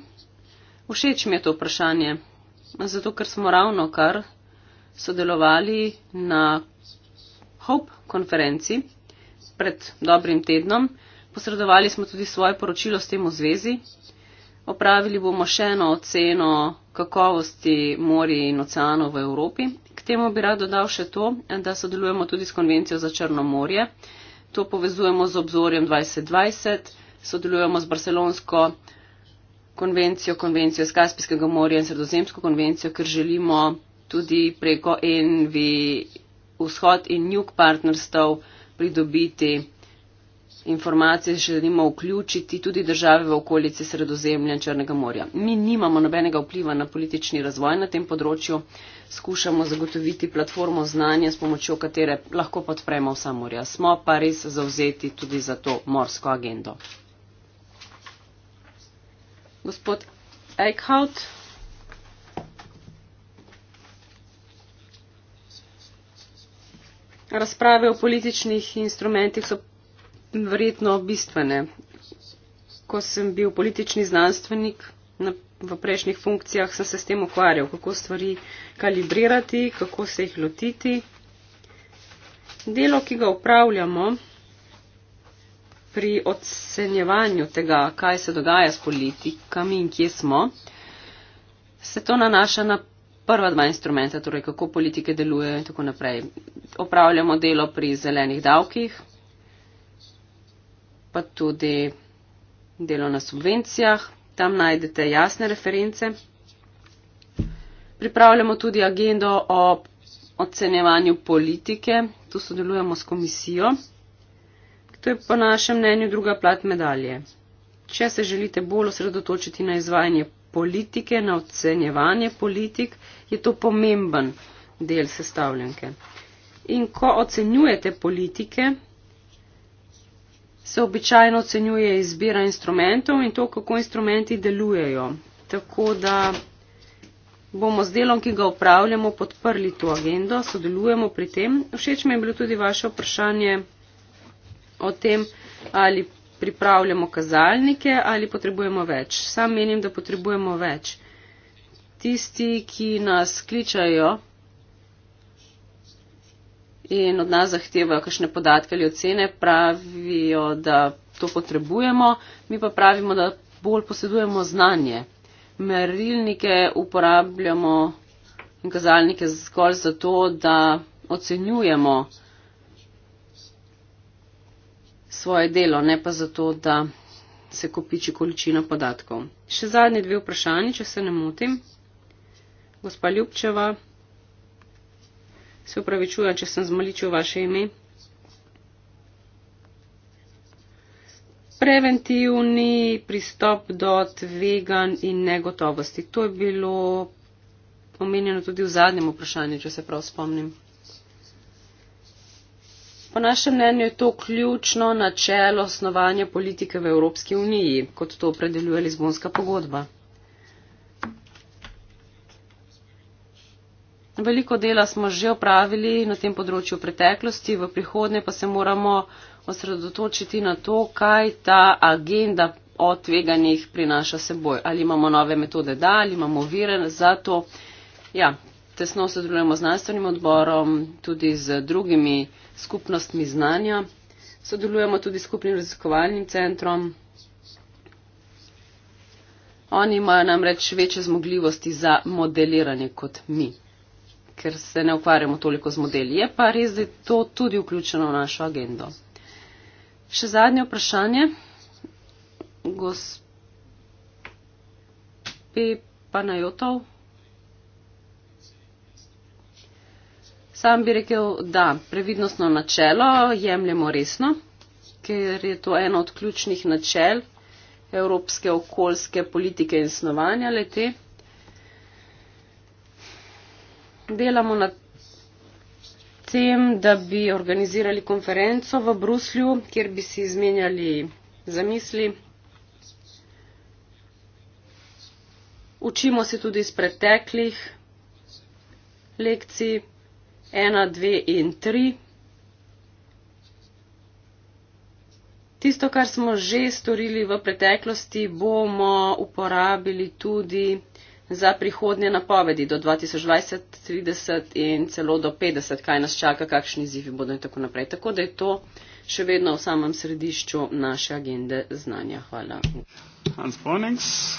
Všeč mi je to vprašanje, zato ker smo ravno kar sodelovali na HOP konferenci pred dobrim tednom. Posredovali smo tudi svoje poročilo s tem v zvezi, Opravili bomo še eno oceno kakovosti morij in oceanov v Evropi. K temu bi rad dodal še to, da sodelujemo tudi s Konvencijo za Črno morje. To povezujemo z obzorjem 2020, sodelujemo z Barcelonsko konvencijo, konvencijo iz Kaspijskega morja in Sredozemsko konvencijo, ker želimo tudi preko NV vzhod in jug partnerstv pridobiti informacije želimo vključiti tudi države v okolici Sredozemlja in Črnega morja. Mi nimamo nobenega vpliva na politični razvoj na tem področju, skušamo zagotoviti platformo znanja, s pomočjo katere lahko podpremo vsa morja. Smo pa res zauzeti tudi za to morsko agendo. Gospod Eichhout. Razprave o političnih instrumentih so verjetno bistvene. Ko sem bil politični znanstvenik na, v prejšnjih funkcijah, sem se s tem ukvarjal, kako stvari kalibrirati, kako se jih lotiti. Delo, ki ga upravljamo pri ocenjevanju tega, kaj se dogaja s politikami in kje smo, se to nanaša na prva dva instrumenta, torej kako politike delujejo in tako naprej. Opravljamo delo pri zelenih davkih, pa tudi delo na subvencijah. Tam najdete jasne reference. Pripravljamo tudi agendo o ocenjevanju politike. Tu sodelujemo s komisijo. To je po našem mnenju druga plat medalje. Če se želite bolj osredotočiti na izvajanje politike, na ocenjevanje politik, je to pomemben del sestavljanke. In ko ocenjujete politike, se običajno ocenjuje izbira instrumentov in to, kako instrumenti delujejo. Tako da bomo z delom, ki ga upravljamo, podprli to agendo, sodelujemo pri tem. Všeč mi je bilo tudi vaše vprašanje o tem, ali pripravljamo kazalnike ali potrebujemo več. Sam menim, da potrebujemo več. Tisti, ki nas kličajo, in od nas zahtevajo kakšne podatke ali ocene, pravijo, da to potrebujemo, mi pa pravimo, da bolj posedujemo znanje. Merilnike uporabljamo in kazalnike zgolj zato, da ocenjujemo svoje delo, ne pa zato, da se kopiči količina podatkov. Še zadnje dve vprašanje, če se ne motim. Gospa Ljubčeva. Se upravičujem, če sem zmaličil vaše ime. Preventivni pristop do tvegan in negotovosti. To je bilo omenjeno tudi v zadnjem vprašanju, če se prav spomnim. Po našem mnenju je to ključno načelo osnovanja politike v Evropski uniji, kot to opredeljuje Lizbonska pogodba. Veliko dela smo že opravili na tem področju v preteklosti, v prihodnje pa se moramo osredotočiti na to, kaj ta agenda o tveganjih prinaša seboj. Ali imamo nove metode, da, ali imamo vire za to. Ja, tesno sodelujemo z znanstvenim odborom, tudi z drugimi skupnostmi znanja. Sodelujemo tudi s skupnim raziskovalnim centrom. Oni imajo namreč večje zmogljivosti za modeliranje kot mi ker se ne ukvarjamo toliko z modeli. Je pa res, da je to tudi vključeno v našo agendo. Še zadnje vprašanje. Gospe Panajotov. Sam bi rekel, da previdnostno načelo jemljemo resno, ker je to eno od ključnih načel evropske okoljske politike in snovanja lete delamo na tem, da bi organizirali konferenco v Bruslju, kjer bi si izmenjali zamisli. Učimo se tudi iz preteklih lekcij 1, 2 in 3. Tisto, kar smo že storili v preteklosti, bomo uporabili tudi za prihodnje napovedi do 2020, 30 in celo do 50, kaj nas čaka, kakšni izzivi bodo in tako naprej. Tako da je to še vedno v samem središču naše agende znanja. Hvala. Hans Bonings,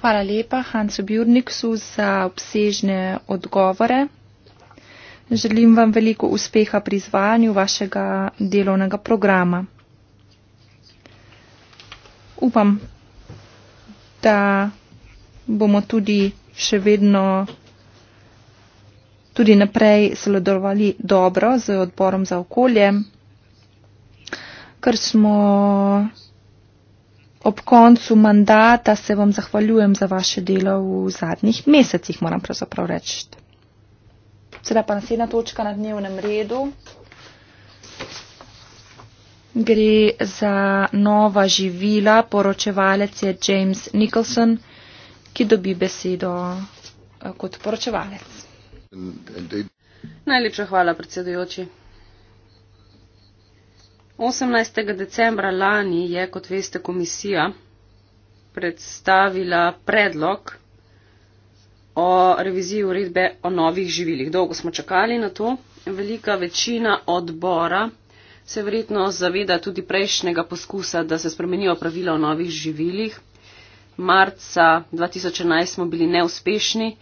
Hvala lepa Hansu Bjurniksu za obsežne odgovore. Želim vam veliko uspeha pri izvajanju vašega delovnega programa. Upam, da bomo tudi še vedno tudi naprej sodelovali dobro z odborom za okolje, ker smo ob koncu mandata, se vam zahvaljujem za vaše delo v zadnjih mesecih, moram pravzaprav reči. Sedaj pa naslednja točka na dnevnem redu gre za nova živila, poročevalec je James Nicholson, ki dobi besedo eh, kot poročevalec. Najlepša hvala, predsedujoči. 18. decembra lani je, kot veste, komisija predstavila predlog o reviziji uredbe o novih živilih. Dolgo smo čakali na to. Velika večina odbora se verjetno zaveda tudi prejšnjega poskusa, da se spremenijo pravila o novih živilih. Marca 2011 smo bili neuspešni,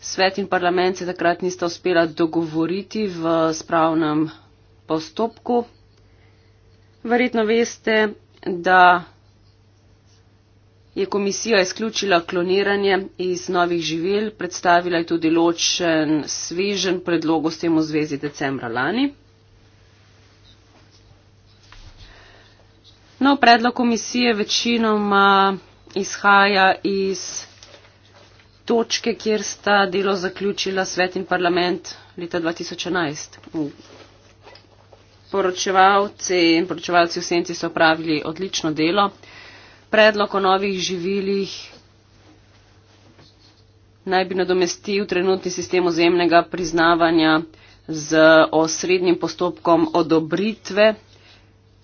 svet in parlament se takrat nista uspela dogovoriti v spravnem postopku. Verjetno veste, da je komisija izključila kloniranje iz novih živil, predstavila je tudi ločen svežen predlog s tem v zvezi decembra lani. No, predlog komisije večinoma izhaja iz točke, kjer sta delo zaključila svet in parlament leta 2011. Poročevalci in poročevalci v senci so opravili odlično delo. Predlog o novih živilih naj bi nadomestil trenutni sistem ozemnega priznavanja z osrednjim postopkom odobritve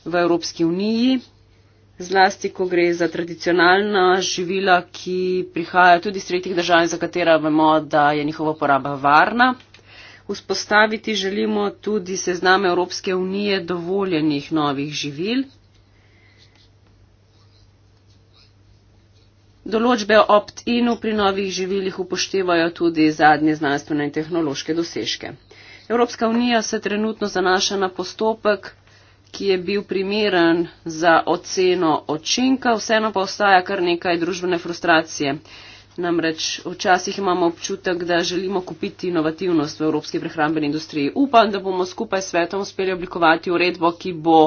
v Evropski uniji, zlasti, ko gre za tradicionalna živila, ki prihajajo tudi iz tretjih držav, za katera vemo, da je njihova poraba varna. Vzpostaviti želimo tudi sezname Evropske unije dovoljenih novih živil. Določbe o opt-inu pri novih živilih upoštevajo tudi zadnje znanstvene in tehnološke dosežke. Evropska unija se trenutno zanaša na postopek ki je bil primeren za oceno očinka, vseeno pa ostaja kar nekaj družbene frustracije. Namreč včasih imamo občutek, da želimo kupiti inovativnost v evropski prehrambeni industriji. Upam, da bomo skupaj s svetom uspeli oblikovati uredbo, ki bo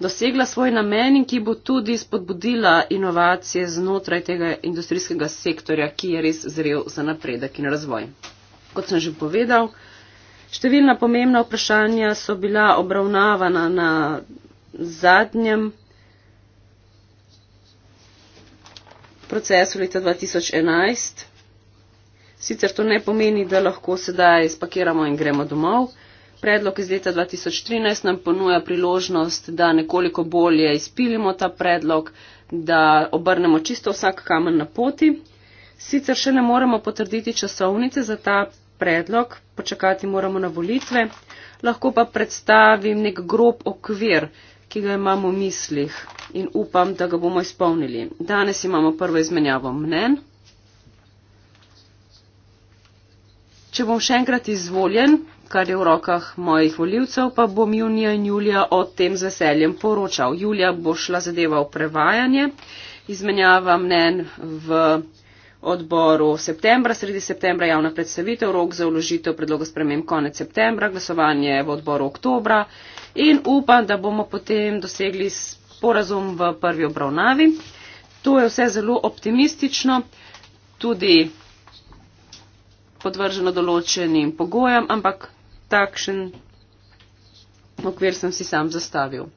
dosegla svoj namen in ki bo tudi spodbudila inovacije znotraj tega industrijskega sektorja, ki je res zrel za napredek in razvoj. Kot sem že povedal, Številna pomembna vprašanja so bila obravnavana na zadnjem procesu leta 2011. Sicer to ne pomeni, da lahko sedaj spakiramo in gremo domov. Predlog iz leta 2013 nam ponuja priložnost, da nekoliko bolje izpilimo ta predlog, da obrnemo čisto vsak kamen na poti. Sicer še ne moremo potrditi časovnice za ta predlog, počakati moramo na volitve, lahko pa predstavim nek grob okvir, ki ga imamo v mislih in upam, da ga bomo izpolnili. Danes imamo prvo izmenjavo mnen. Če bom še enkrat izvoljen, kar je v rokah mojih voljivcev, pa bom junija in julija o tem z veseljem poročal. Julija bo šla zadeva v prevajanje, izmenjava mnen v odboru septembra, sredi septembra javna predstavitev, rok za uložitev predloga sprememb konec septembra, glasovanje v odboru oktobra in upam, da bomo potem dosegli sporazum v prvi obravnavi. To je vse zelo optimistično, tudi podvrženo določenim pogojem, ampak takšen okvir sem si sam zastavil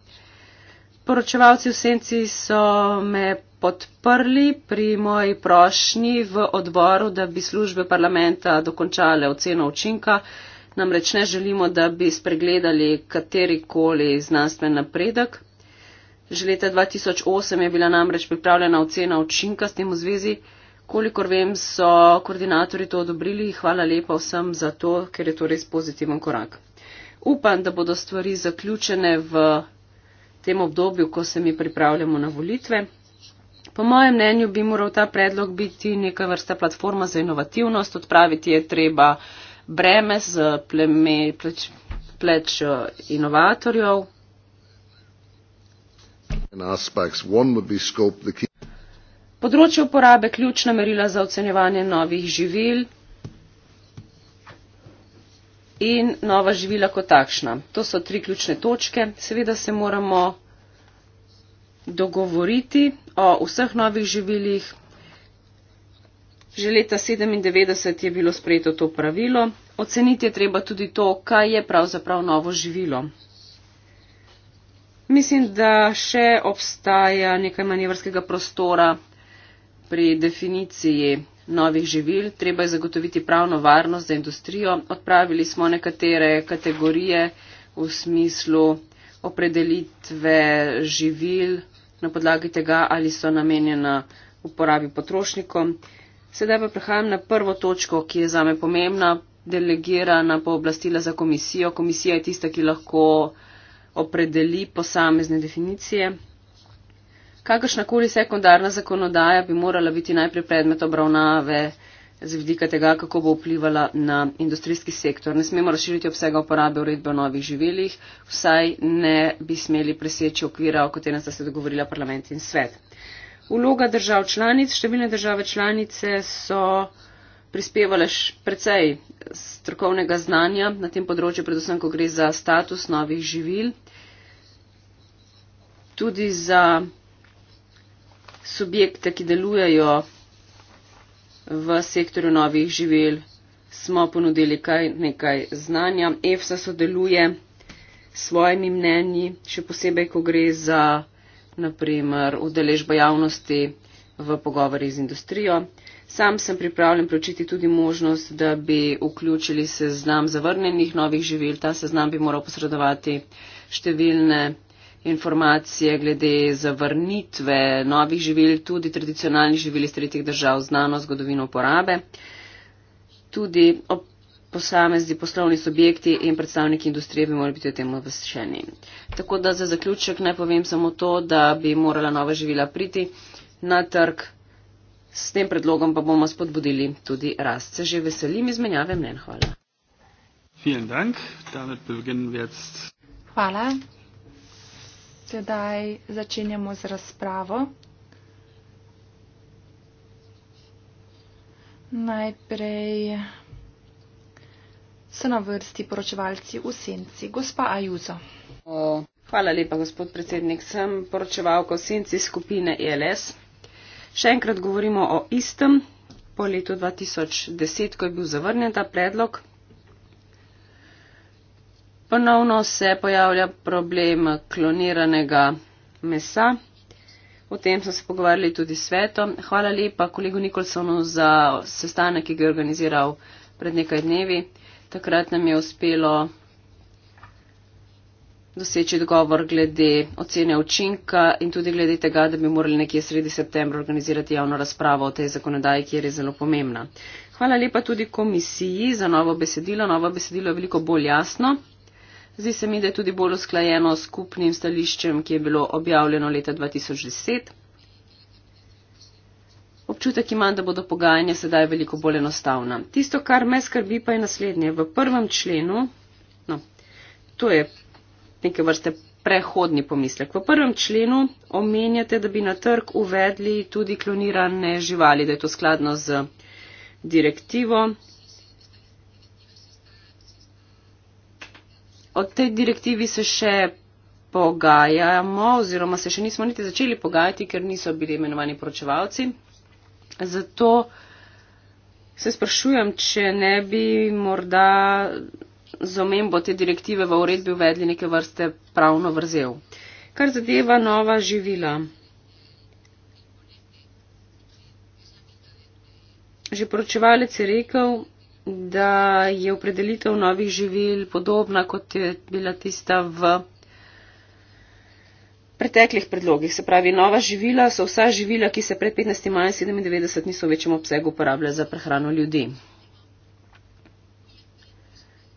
poročevalci v senci so me podprli pri moji prošnji v odboru, da bi službe parlamenta dokončale oceno učinka. Namreč ne želimo, da bi spregledali katerikoli znanstven napredek. Že leta 2008 je bila namreč pripravljena ocena učinka s tem v zvezi. Kolikor vem, so koordinatori to odobrili. Hvala lepa vsem za to, ker je to res pozitiven korak. Upam, da bodo stvari zaključene v tem obdobju, ko se mi pripravljamo na volitve. Po mojem mnenju bi moral ta predlog biti neka vrsta platforma za inovativnost, odpraviti je treba breme z pleme, pleč, pleč eh, inovatorjev. In aspects, scope, key... Področje uporabe ključna merila za ocenjevanje novih živil in nova živila kot takšna. To so tri ključne točke. Seveda se moramo dogovoriti o vseh novih živilih. Že leta 1997 je bilo sprejeto to pravilo. Oceniti je treba tudi to, kaj je pravzaprav novo živilo. Mislim, da še obstaja nekaj manjevrskega prostora pri definiciji novih živil, treba je zagotoviti pravno varnost za industrijo. Odpravili smo nekatere kategorije v smislu opredelitve živil na podlagi tega, ali so namenjena uporabi potrošnikom. Sedaj pa prehajam na prvo točko, ki je zame pomembna, delegirana pooblastila za komisijo. Komisija je tista, ki lahko opredeli posamezne definicije kakršnakoli sekundarna zakonodaja bi morala biti najprej predmet obravnave z vidika tega, kako bo vplivala na industrijski sektor. Ne smemo razširiti obsega uporabe uredbe o novih živelih, vsaj ne bi smeli preseči okvira, o katerem sta se dogovorila parlament in svet. Uloga držav članic. Številne države članice so prispevale precej strokovnega znanja na tem področju, predvsem, ko gre za status novih živil. Tudi za subjekte, ki delujejo v sektorju novih živel, smo ponudili kaj, nekaj znanja. EFSA sodeluje s svojimi mnenji, še posebej, ko gre za naprimer udeležbo javnosti v pogovori z industrijo. Sam sem pripravljen pročiti tudi možnost, da bi vključili seznam zavrnenih novih živil. Ta seznam bi moral posredovati številne informacije glede zavrnitve novih živil, tudi tradicionalnih živil iz tretjih držav, znano zgodovino uporabe. Tudi posamezni poslovni subjekti in predstavniki industrije bi morali biti o tem obveščeni. Tako da za zaključek naj povem samo to, da bi morala nova živila priti na trg. S tem predlogom pa bomo spodbudili tudi rast. Se že veselim izmenjave mnen. Hvala. Vielen Dank. Damit beginnen wir jetzt. Hvala. Sedaj začenjamo z razpravo. Najprej so na vrsti poročevalci v senci. Gospa Ajuzo. Hvala lepa, gospod predsednik. Sem poročevalka v senci skupine ELS. Še enkrat govorimo o istem. Po letu 2010, ko je bil zavrnjen ta predlog, Ponovno se pojavlja problem kloniranega mesa. O tem so se pogovarjali tudi s svetom. Hvala lepa kolegu Nikolsonu za sestanek, ki ga je organiziral pred nekaj dnevi. Takrat nam je uspelo doseči dogovor glede ocene učinka in tudi glede tega, da bi morali nekje sredi septembra organizirati javno razpravo o tej zakonodaji, ki je res zelo pomembna. Hvala lepa tudi komisiji za novo besedilo. Novo besedilo je veliko bolj jasno. Zdi se mi, da je tudi bolj usklajeno s skupnim stališčem, ki je bilo objavljeno leta 2010. Občutek imam, da bodo pogajanja sedaj veliko bolj enostavna. Tisto, kar me skrbi, pa je naslednje. V prvem členu, no, to je neke vrste prehodni pomislek, v prvem členu omenjate, da bi na trg uvedli tudi klonirane živali, da je to skladno z direktivo O tej direktivi se še pogajamo oziroma se še nismo niti začeli pogajati, ker niso bili imenovani poročevalci. Zato se sprašujem, če ne bi morda z omembo te direktive v uredbi uvedli neke vrste pravno vrzel. Kar zadeva nova živila. Že poročevalec je rekel, da je opredelitev novih živil podobna, kot je bila tista v preteklih predlogih. Se pravi, nova živila so vsa živila, ki se pred 15. maj 1997 niso v večjem obsegu uporabljala za prehrano ljudi.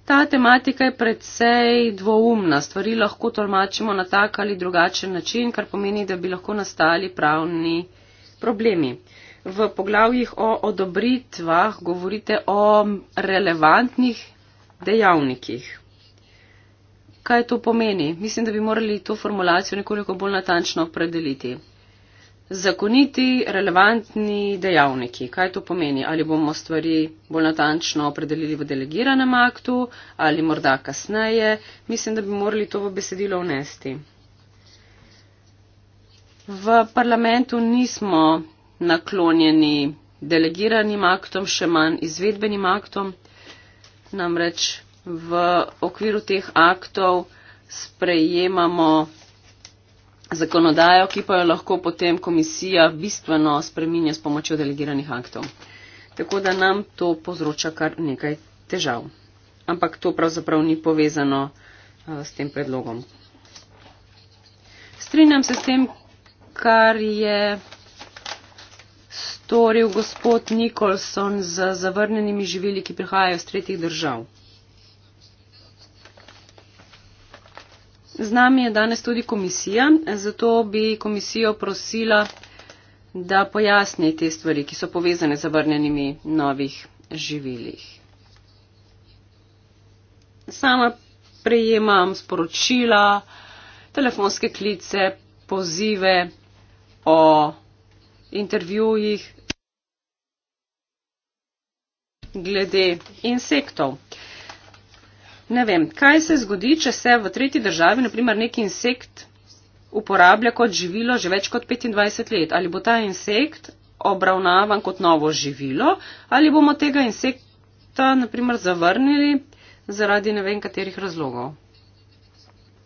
Ta tematika je predvsej dvoumna. Stvari lahko tolmačimo na tak ali drugačen način, kar pomeni, da bi lahko nastali pravni problemi v poglavjih o odobritvah govorite o relevantnih dejavnikih. Kaj to pomeni? Mislim, da bi morali to formulacijo nekoliko bolj natančno opredeliti. Zakoniti relevantni dejavniki. Kaj to pomeni? Ali bomo stvari bolj natančno opredelili v delegiranem aktu ali morda kasneje? Mislim, da bi morali to v besedilo vnesti. V parlamentu nismo naklonjeni delegiranim aktom, še manj izvedbenim aktom. Namreč v okviru teh aktov sprejemamo zakonodajo, ki pa jo lahko potem komisija bistveno spreminja s pomočjo delegiranih aktov. Tako da nam to povzroča kar nekaj težav. Ampak to pravzaprav ni povezano eh, s tem predlogom. Strinjam se s tem, kar je storil gospod Nikolson z zavrnenimi živili, ki prihajajo iz tretjih držav. Z nami je danes tudi komisija, zato bi komisijo prosila, da pojasni te stvari, ki so povezane z zavrnenimi novih živilih. Sama prejemam sporočila, telefonske klice, pozive o intervjujih glede insektov. Ne vem, kaj se zgodi, če se v tretji državi, naprimer, nek insekt uporablja kot živilo že več kot 25 let. Ali bo ta insekt obravnavan kot novo živilo, ali bomo tega insekta, naprimer, zavrnili zaradi ne vem katerih razlogov.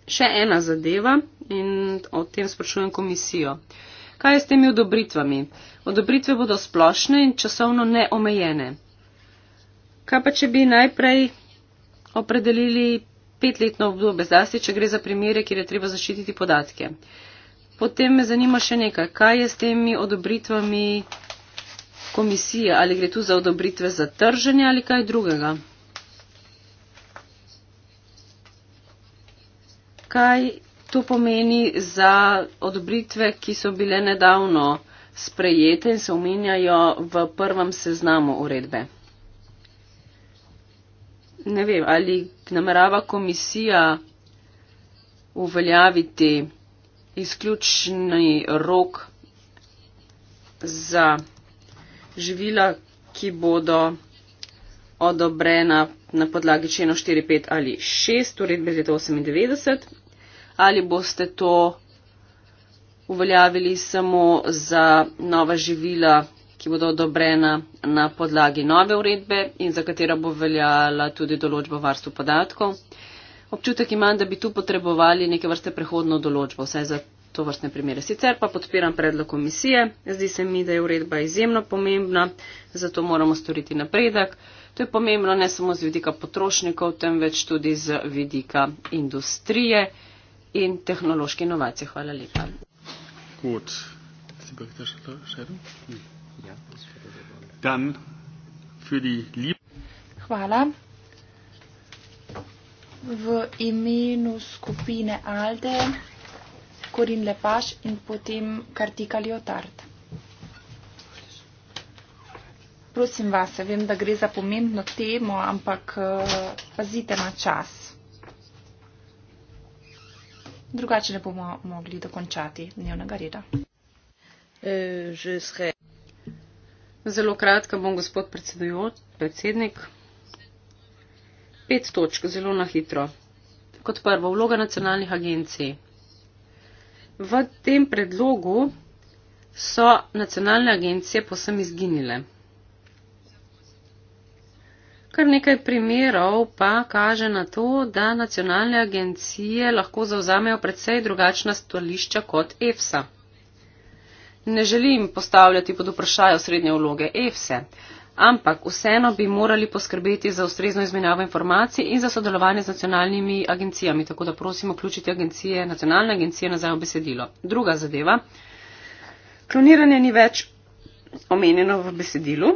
Še ena zadeva in o tem sprašujem komisijo. Uh, Kaj je s temi odobritvami? Odobritve bodo splošne in časovno neomejene. Kaj pa, če bi najprej opredelili petletno obdobje, zlasti, če gre za primere, kjer je treba zaščititi podatke. Potem me zanima še nekaj, kaj je s temi odobritvami komisije, ali gre tu za odobritve za trženje ali kaj drugega. Kaj to pomeni za odobritve, ki so bile nedavno sprejete in se omenjajo v prvem seznamu uredbe? Ne vem, ali namerava komisija uveljaviti izključni rok za živila, ki bodo odobrena na podlagi čeno 4, 5 ali 6 uredbe z leta 98 ali boste to uveljavili samo za nova živila, ki bodo odobrena na podlagi nove uredbe in za katera bo veljala tudi določba varstva podatkov. Občutek imam, da bi tu potrebovali neke vrste prehodno določbo, vsaj za to vrstne primere. Sicer pa podpiram predlog komisije, zdi se mi, da je uredba izjemno pomembna, zato moramo storiti napredek. To je pomembno ne samo z vidika potrošnikov, temveč tudi z vidika industrije in tehnološke inovacije. Hvala lepa. Gut. Si bi hotel še to? Še eno? Ja. Dan. Fudi Lib. Hvala. V imenu skupine Alde, Korin Lepaš in potem Kartika Liotard. Prosim vas, vem, da gre za pomembno temo, ampak eh, pazite na čas drugače ne bomo mogli dokončati dnevnega reda. E, zelo kratka bom, gospod predsednik. Pet točk, zelo na hitro. Kot prvo, vloga nacionalnih agencij. V tem predlogu so nacionalne agencije posem izginile. Kar nekaj primerov pa kaže na to, da nacionalne agencije lahko zauzamejo predvsej drugačna stolišča kot EFSA. Ne želim postavljati pod vprašaj osrednje vloge EFSE, ampak vseeno bi morali poskrbeti za ustrezno izmenjavo informacij in za sodelovanje z nacionalnimi agencijami, tako da prosim vključiti agencije, nacionalne agencije nazaj v besedilo. Druga zadeva. Kloniranje ni več omenjeno v besedilu.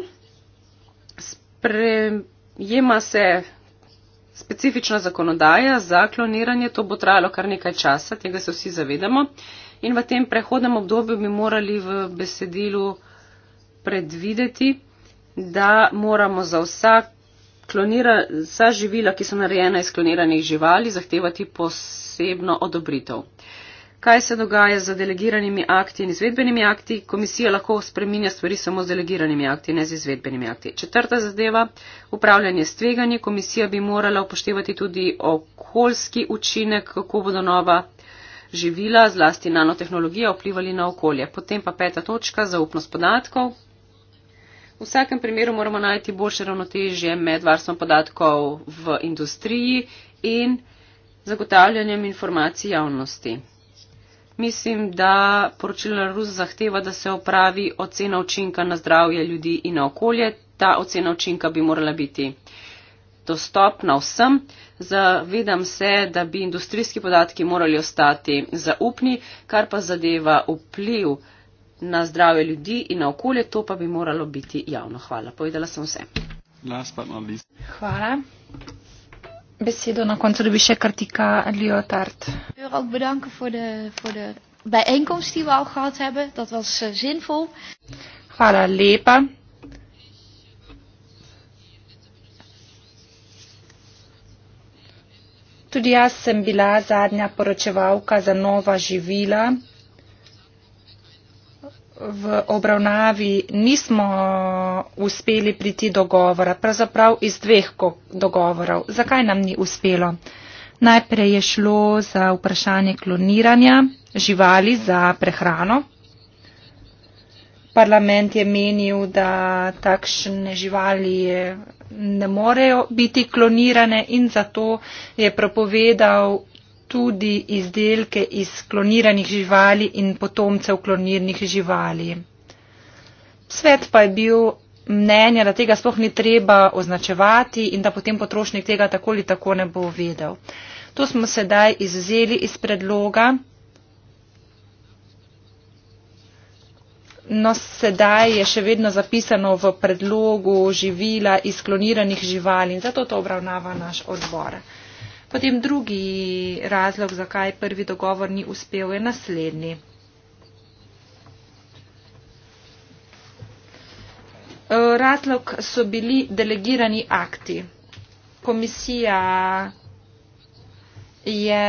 Sprem jima se specifična zakonodaja za kloniranje, to bo trajalo kar nekaj časa, tega se vsi zavedamo. In v tem prehodnem obdobju bi morali v besedilu predvideti, da moramo za vsa, klonira, vsa živila, ki so narejena iz kloniranih živali, zahtevati posebno odobritev. Uh, kaj se dogaja z delegiranimi akti in izvedbenimi akti. Komisija lahko spreminja stvari samo z delegiranimi akti, ne z izvedbenimi akti. Četrta zadeva, upravljanje s tveganji. Komisija bi morala upoštevati tudi okoljski učinek, kako bodo nova živila, zlasti nanotehnologija, vplivali na okolje. Potem pa peta točka, zaupnost podatkov. V vsakem primeru moramo najti boljše ravnotežje med varstvom podatkov v industriji in zagotavljanjem informacij javnosti. Mislim, da poročilo RUS zahteva, da se opravi ocena učinka na zdravje ljudi in na okolje. Ta ocena učinka bi morala biti dostopna vsem. Zavedam se, da bi industrijski podatki morali ostati zaupni, kar pa zadeva vpliv na zdravje ljudi in na okolje, to pa bi moralo biti javno. Hvala. Povedala sem vse. Hvala besedo na koncu dobi še kartika Liotard. Ik wil ook bedanken voor de, voor de bijeenkomst die we al gehad hebben. Dat was uh, zinvol. Hvala lepa. Tudi jaz sem bila zadnja poročevalka za nova živila v obravnavi nismo uspeli priti dogovora, pravzaprav iz dveh dogovorov. Zakaj nam ni uspelo? Najprej je šlo za vprašanje kloniranja živali za prehrano. Parlament je menil, da takšne živali ne morejo biti klonirane in zato je prepovedal tudi izdelke iz kloniranih živali in potomcev kloniranih živali. Svet pa je bil mnenja, da tega sploh ni treba označevati in da potem potrošnik tega tako ali tako ne bo vedel. To smo sedaj izvzeli iz predloga. No, sedaj je še vedno zapisano v predlogu živila iz kloniranih živali in zato to obravnava naš odbor. Potem drugi razlog, zakaj prvi dogovor ni uspel, je naslednji. E, razlog so bili delegirani akti. Komisija je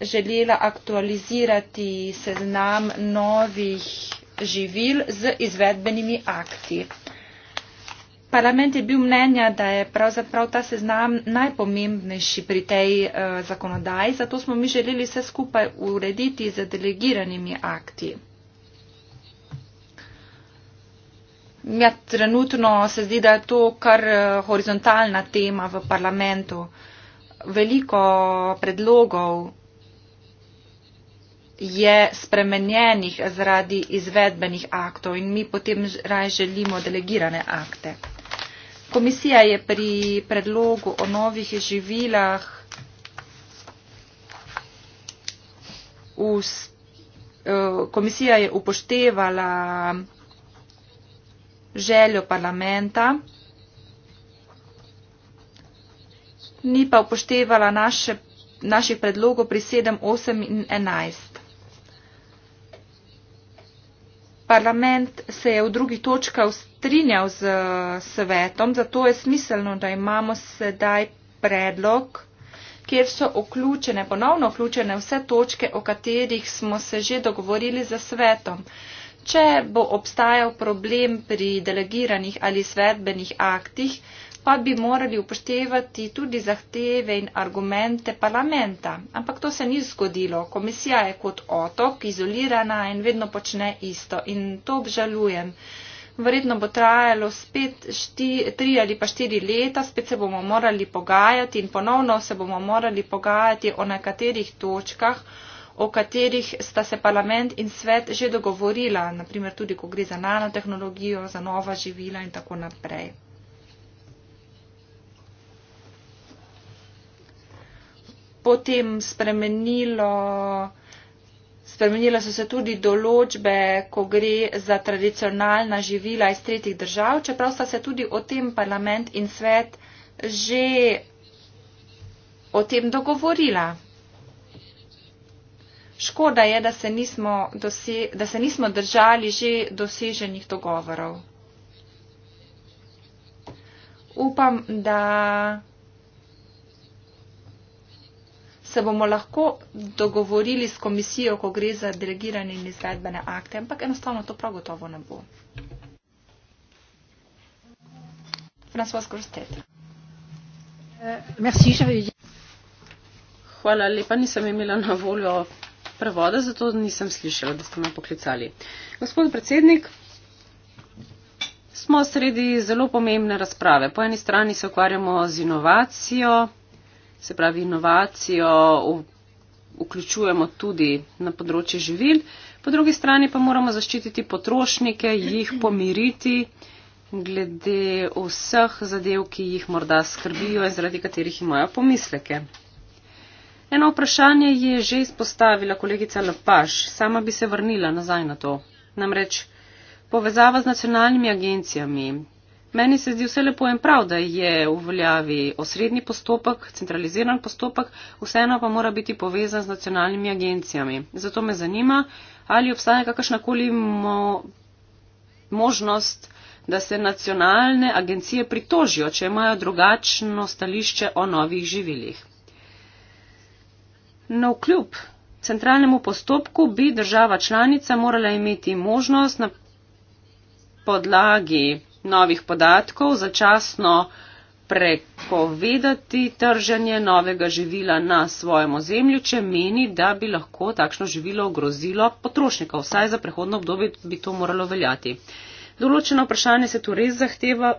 želela aktualizirati seznam novih živil z izvedbenimi akti. Parlament je bil mnenja, da je pravzaprav ta seznam najpomembnejši pri tej uh, zakonodaji, zato smo mi želeli vse skupaj urediti z delegiranimi akti. Ja, trenutno se zdi, da je to kar eh, horizontalna tema v parlamentu. Veliko predlogov je spremenjenih zaradi izvedbenih aktov in mi potem raje želimo delegirane akte. Komisija je pri predlogu o novih živilah us, eh, komisija je upoštevala željo parlamenta, ni pa upoštevala naše, naših predlogov pri 7, 8 in 11. Parlament se je v drugi točki strinjal z eh, svetom, zato je smiselno, da imamo sedaj predlog, kjer so vključene, ponovno vključene vse točke, o katerih smo se že dogovorili z svetom. Če bo obstajal problem pri delegiranih ali svetbenih aktih, pa bi morali upoštevati tudi zahteve in argumente parlamenta. Ampak to se ni zgodilo. Komisija je kot otok, izolirana in vedno počne isto. In to obžalujem. Verjetno bo trajalo spet šti, tri ali pa štiri leta, spet se bomo morali pogajati in ponovno se bomo morali pogajati o nekaterih točkah, o katerih sta se parlament in svet že dogovorila, naprimer tudi, ko gre za nanotehnologijo, za nova živila in tako naprej. potem spremenilo. Spremenile so se tudi določbe, ko gre za tradicionalna živila iz tretjih držav, čeprav sta se tudi o tem parlament in svet že o tem dogovorila. Škoda je, da se nismo, dose, da se nismo držali že doseženih dogovorov. Upam, da se bomo lahko dogovorili s komisijo, ko gre za delegirane in izvedbene akte, ampak enostavno to prav gotovo ne bo. Eh, Hvala lepa, nisem imela na voljo prevoda, zato nisem slišala, da ste me poklicali. Gospod predsednik, smo sredi zelo pomembne razprave. Po eni strani se ukvarjamo z inovacijo, se pravi inovacijo vključujemo tudi na področje živil, po drugi strani pa moramo zaščititi potrošnike, jih pomiriti glede vseh zadev, ki jih morda skrbijo in zaradi katerih imajo pomisleke. Eno vprašanje je že izpostavila kolegica Lepaš, sama bi se vrnila nazaj na to. Namreč povezava z nacionalnimi agencijami, Meni se zdi vse lepo in prav, da je v veljavi osrednji postopek, centraliziran postopek, vseeno pa mora biti povezan z nacionalnimi agencijami. Zato me zanima, ali obstaja kakršnakoli mo možnost, da se nacionalne agencije pritožijo, če imajo drugačno stališče o novih živilih. No, kljub centralnemu postopku bi država članica morala imeti možnost na podlagi novih podatkov, začasno prepovedati trženje novega živila na svojem ozemlju, če meni, da bi lahko takšno živilo ogrozilo potrošnika. Vsaj za prehodno obdobje bi to moralo veljati. Določeno vprašanje se tu res zahteva,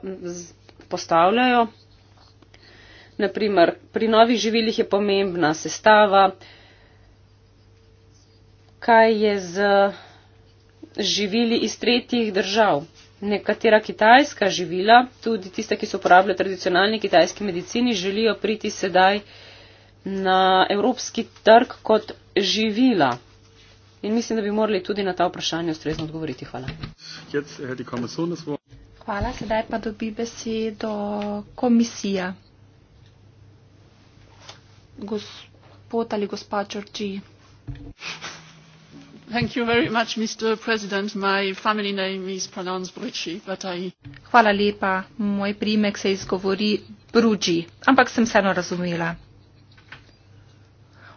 postavljajo. Naprimer, pri novih živilih je pomembna sestava, kaj je z živili iz tretjih držav. Nekatera kitajska živila, tudi tiste, ki so uporabljali tradicionalni kitajski medicini, želijo priti sedaj na evropski trg kot živila. In mislim, da bi morali tudi na ta vprašanja ustrezno odgovoriti. Hvala. Hvala, sedaj pa dobi besedo komisija. Gospod ali gospa Čorči. Hvala lepa, moj primek se izgovori Bruđi, ampak sem vseeno razumela.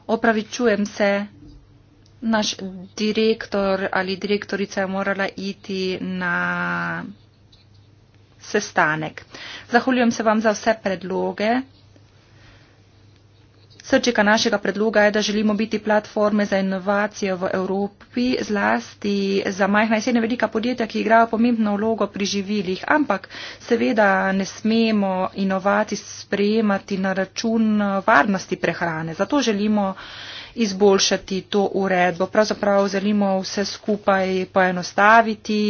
Opravičujem se, naš direktor ali direktorica je morala iti na sestanek. Zahvaljujem se vam za vse predloge. Srčika našega predloga je, da želimo biti platforme za inovacije v Evropi, zlasti za majhna in srednja velika podjetja, ki igrajo pomembno vlogo pri živilih. Ampak seveda ne smemo inovati sprejemati na račun eh, varnosti prehrane. Zato želimo izboljšati to uredbo. Pravzaprav želimo vse skupaj poenostaviti.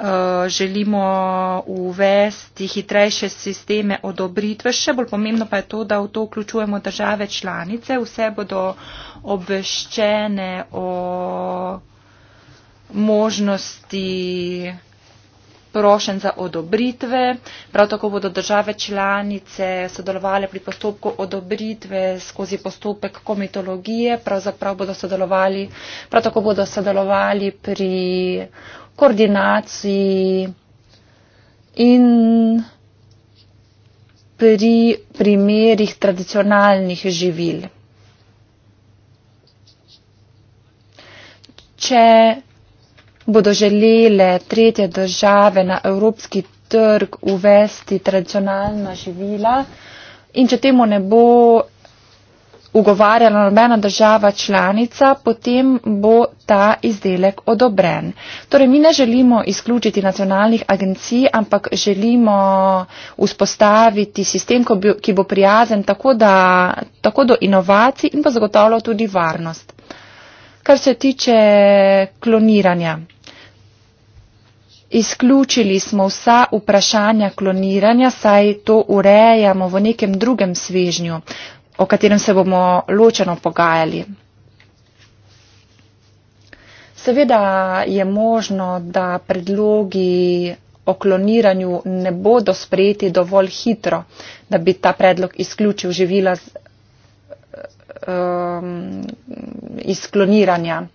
Eh, želimo uvesti hitrejše sisteme odobritve. Še bolj pomembno pa je to, da v to vključujemo države članice. Vse bodo obveščene o možnosti prošen za odobritve. Prav tako bodo države članice sodelovali pri postopku odobritve skozi postopek komitologije, pravzaprav bodo sodelovali, prav tako bodo sodelovali pri koordinaciji in pri primerih tradicionalnih živil. Če bodo želele tretje države na evropski trg uvesti tradicionalna živila in če temu ne bo ugovarjala nobena država članica, potem bo ta izdelek odobren. Torej, mi ne želimo izključiti nacionalnih agencij, ampak želimo vzpostaviti sistem, ki bo prijazen tako, da, tako do inovacij in pa zagotavlja tudi varnost. Kar se tiče kloniranja. Izključili smo vsa vprašanja kloniranja, saj to urejamo v nekem drugem svežnju o katerem se bomo ločeno pogajali. Seveda je možno, da predlogi o kloniranju ne bodo sprejeti dovolj hitro, da bi ta predlog izključil živila z, eh, um, iz kloniranja.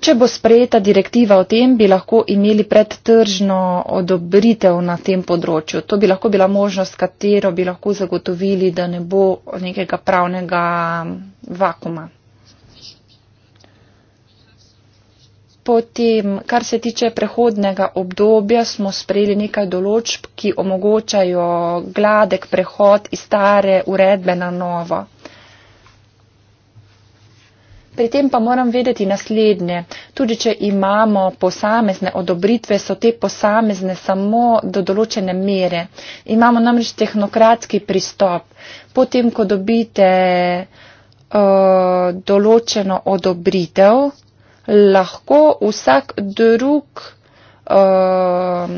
Če bo sprejeta direktiva o tem, bi lahko imeli predtržno odobritev na tem področju. To bi lahko bila možnost, katero bi lahko zagotovili, da ne bo nekega pravnega vakuma. Potem, kar se tiče prehodnega obdobja, smo sprejeli nekaj določb, ki omogočajo gladek prehod iz stare uredbe na novo. Pri tem pa moram vedeti naslednje. Tudi če imamo posamezne odobritve, so te posamezne samo do določene mere. Imamo namreč tehnokratski pristop. Potem, ko dobite uh, določeno odobritev, lahko vsak drug uh,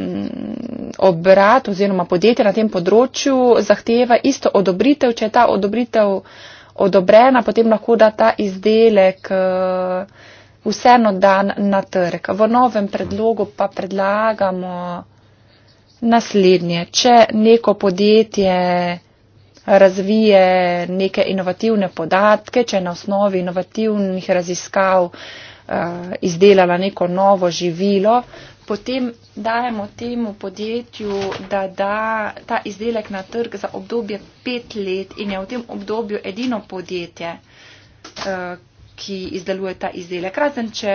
obrat oziroma podjetje na tem področju zahteva isto odobritev, če je ta odobritev. Uh, odobrena, potem lahko da ta izdelek eh, vseeno dan na trg. V novem predlogu pa predlagamo naslednje. Če neko podjetje razvije neke inovativne podatke, če je na osnovi inovativnih raziskav eh, izdelala neko novo živilo, potem dajemo temu podjetju, da da ta izdelek na trg za obdobje pet let in je v tem obdobju edino podjetje, eh, ki izdeluje ta izdelek. Razen, če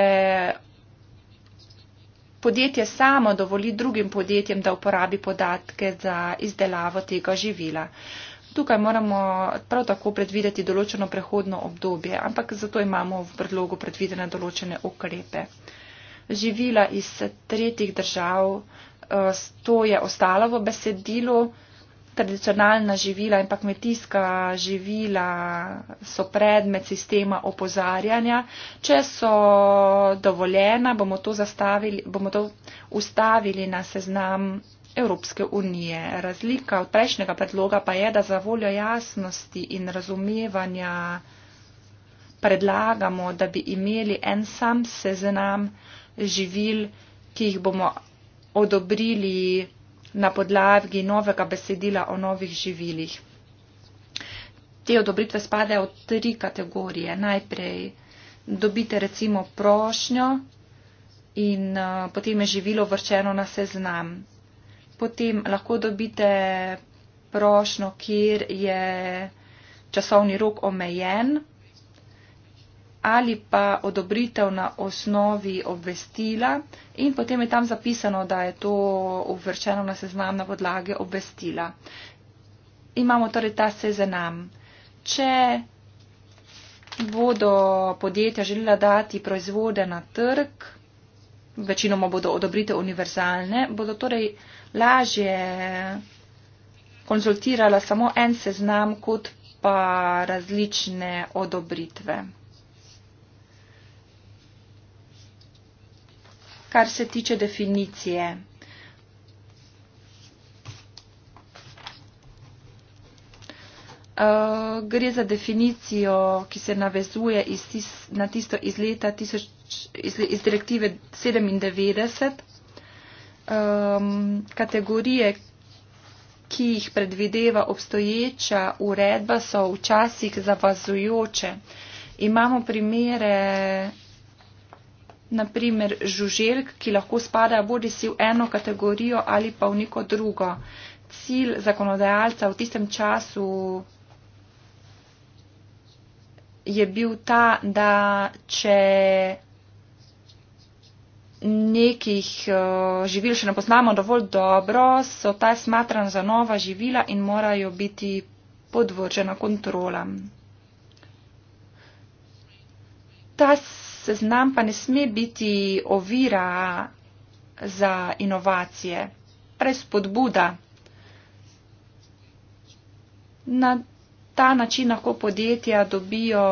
podjetje samo dovoli drugim podjetjem, da uporabi podatke za izdelavo tega živila. Tukaj moramo prav tako predvideti določeno prehodno obdobje, ampak zato imamo v predlogu predvidene določene ukrepe živila iz tretjih držav. Eh, to je ostalo v besedilu. Tradicionalna živila in pa kmetijska živila so predmet sistema opozarjanja. Če so dovoljena, bomo to, zastavili, bomo to ustavili na seznam Evropske unije. Razlika od prejšnjega predloga pa je, da za voljo jasnosti in razumevanja predlagamo, da bi imeli en sam seznam živil, ki jih bomo odobrili na podlagi novega besedila o novih živilih. Te odobritve spadajo v tri kategorije. Najprej dobite recimo prošnjo in eh, potem je živilo vrčeno na seznam. Potem lahko dobite prošnjo, kjer je časovni rok omejen, ali pa odobritev na osnovi obvestila in potem je tam zapisano, da je to uvrčeno na seznam na podlage obvestila. Imamo torej ta seznam. Če bodo podjetja želela dati proizvode na trg, večinoma bodo odobrite univerzalne, bodo torej lažje konzultirala samo en seznam kot pa različne odobritve. kar se tiče definicije. Uh, gre za definicijo, ki se navezuje iz tis, na tisto iz leta tisoč, iz, iz direktive 97. Um, kategorije, ki jih predvideva obstoječa uredba, so včasih zavazujoče. Imamo primere naprimer žuželk, ki lahko spadajo bodi si v eno kategorijo ali pa v neko drugo. Cilj zakonodajalca v tistem času je bil ta, da če nekih eh, živil še ne poznamo dovolj dobro, so ta smatran za nova živila in morajo biti podvržena kontrolam. Ta seznam pa ne sme biti ovira za inovacije, prespodbuda. Na ta način lahko podjetja dobijo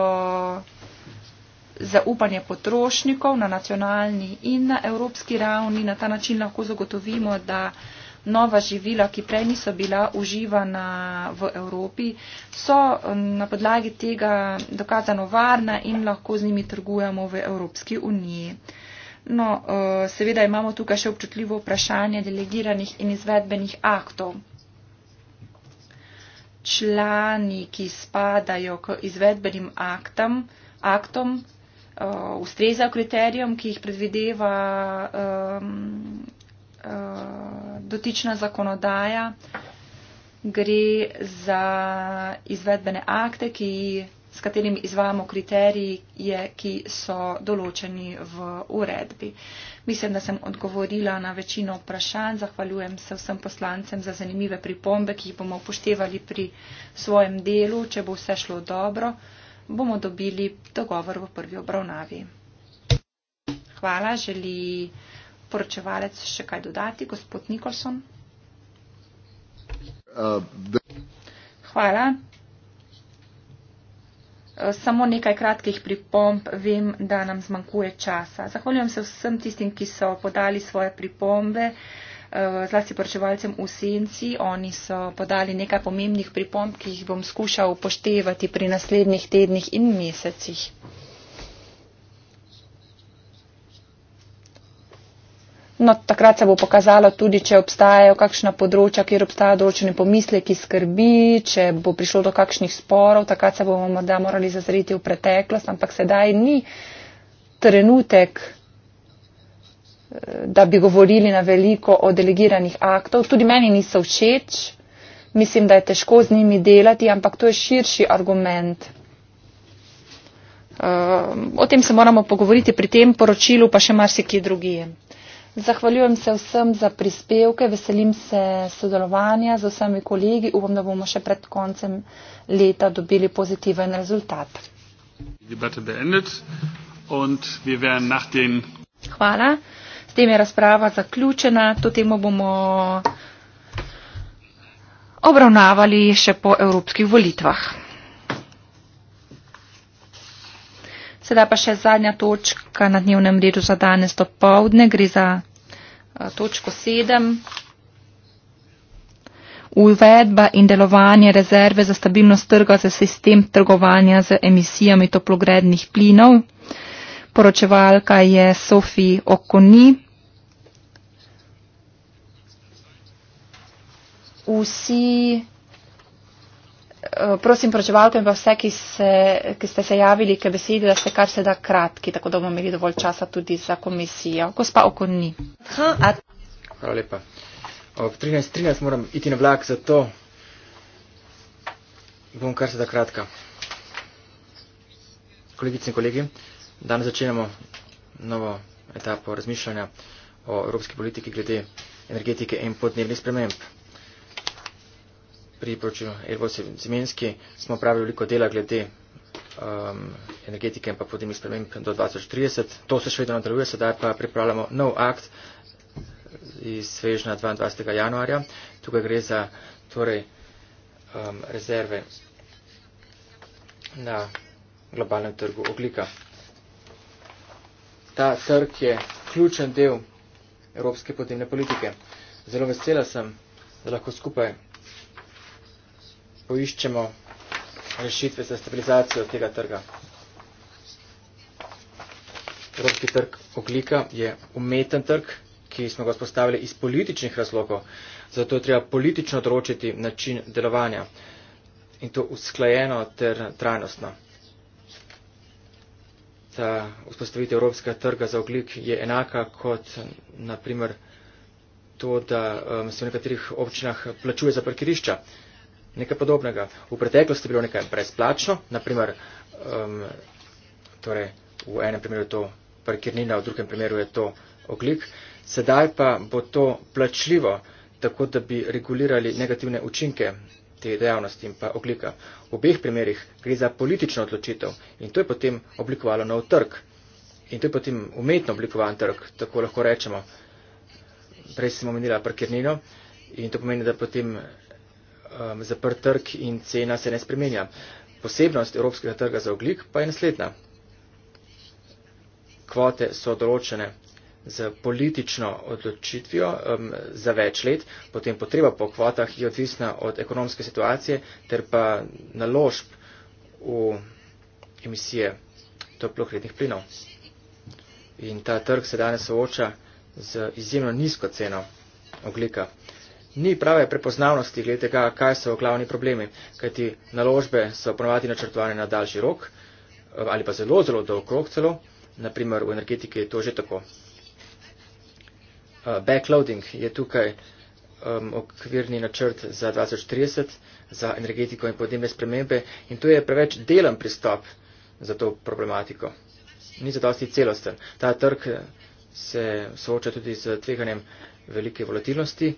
zaupanje potrošnikov na nacionalni in na evropski ravni. Na ta način lahko zagotovimo, da nova živila, ki prej niso bila uživana v Evropi, so um, na podlagi tega dokazano varna in lahko z njimi trgujemo v Evropski uniji. No, uh, seveda imamo tukaj še občutljivo vprašanje delegiranih in izvedbenih aktov. Člani, ki spadajo k izvedbenim aktom, aktom uh, ustrezajo kriterijom, ki jih predvideva um, uh, dotična zakonodaja, gre za izvedbene akte, ki, s katerimi izvajamo kriteriji, je, ki so določeni v uredbi. Mislim, da sem odgovorila na večino vprašanj. Zahvaljujem se vsem poslancem za zanimive pripombe, ki jih bomo upoštevali pri svojem delu. Če bo vse šlo dobro, bomo dobili dogovor v prvi obravnavi. Hvala, želi poročevalec še kaj dodati, gospod Nikolson? Hvala. Samo nekaj kratkih pripomb. Vem, da nam zmanjkuje časa. Zahvaljujem se vsem tistim, ki so podali svoje pripombe, zlasti poročevalcem v senci. Oni so podali nekaj pomembnih pripomb, ki jih bom skušal upoštevati pri naslednjih tednih in mesecih. No, takrat se bo pokazalo tudi, če obstajajo kakšna področja, kjer obstajajo določene pomisle, ki skrbi, če bo prišlo do kakšnih sporov, takrat se bomo morda morali zazreti v preteklost, ampak sedaj ni trenutek, eh, da bi govorili na veliko o delegiranih aktov. Tudi meni niso všeč, mislim, da je težko z njimi delati, ampak to je širši argument. Eh, o tem se moramo pogovoriti pri tem poročilu, pa še marsikje drugije. Zahvaljujem se vsem za prispevke, veselim se sodelovanja z vsemi kolegi. Upam, da bomo še pred koncem leta dobili pozitiven rezultat. Hvala. S tem je razprava zaključena. To temo bomo obravnavali še po evropskih volitvah. Sedaj pa še zadnja točka na dnevnem redu za danes do povdne. Gre za eh, točko 7. Uvedba in delovanje rezerve za stabilnost trga za sistem trgovanja z emisijami toplogrednih plinov. Poročevalka je Sofija Okoni. Vsi Eh, prosim, proračevalke in pa vse, ki, se, ki ste se javili, ki besedi, da ste kar se da kratki, tako da bomo imeli dovolj časa tudi za komisijo. Gospa Okonni. Hvala lepa. Ob 13.13 moram iti na vlak, zato bom kar se da kratka. Kolegice in kolegi, danes začenjamo novo etapo razmišljanja o evropski politiki glede energetike in podnebnih sprememb priporočilo Evo Zemenski smo pravili veliko dela glede um, energetike in pa podnebnih sprememb do 2030. To se še vedno nadaljuje, sedaj pa pripravljamo nov akt iz svežna 22. januarja. Tukaj gre za torej, um, rezerve na globalnem trgu oglika. Ta trg je ključen del evropske podnebne politike. Zelo vesela sem, da lahko skupaj poiščemo rešitve za stabilizacijo tega trga. Evropski trg oglika je umeten trg, ki smo ga spostavili iz političnih razlogov, zato je treba politično odročiti način delovanja in to usklajeno ter trajnostno. Ta vzpostavitev Evropskega trga za oglik je enaka kot naprimer to, da um, se v nekaterih občinah plačuje za parkirišča nekaj podobnega. V preteklosti je bilo nekaj brezplačno, naprimer, um, torej v enem primeru je to parkirnina, v drugem primeru je to oglik. Sedaj pa bo to plačljivo, tako da bi regulirali negativne učinke te dejavnosti in pa oglika. V obeh primerih gre za politično odločitev in to je potem oblikovalo nov trg. In to je potem umetno oblikovan trg, tako lahko rečemo. Prej sem omenila parkirnino in to pomeni, da potem Um, zaprt trg in cena se ne spremenja. Posebnost evropskega trga za oglik pa je naslednja. Kvote so določene z politično odločitvijo um, za več let, potem potreba po kvotah je odvisna od ekonomske situacije ter pa naložb v emisije toplogrednih plinov. In ta trg se danes sooča z izjemno nizko ceno oglika ni prave prepoznavnosti glede tega, kaj so glavni problemi, kajti naložbe so ponovadi načrtovane na daljši rok eh, ali pa zelo, zelo dolg rok celo, naprimer v energetiki je to že tako. Eh, backloading je tukaj um, okvirni načrt za 2030 za energetiko in podnebne spremembe in to je preveč delen pristop za to problematiko. Ni zadosti celosten. Ta trg eh, se sooča tudi z tveganjem velike volatilnosti. Uh,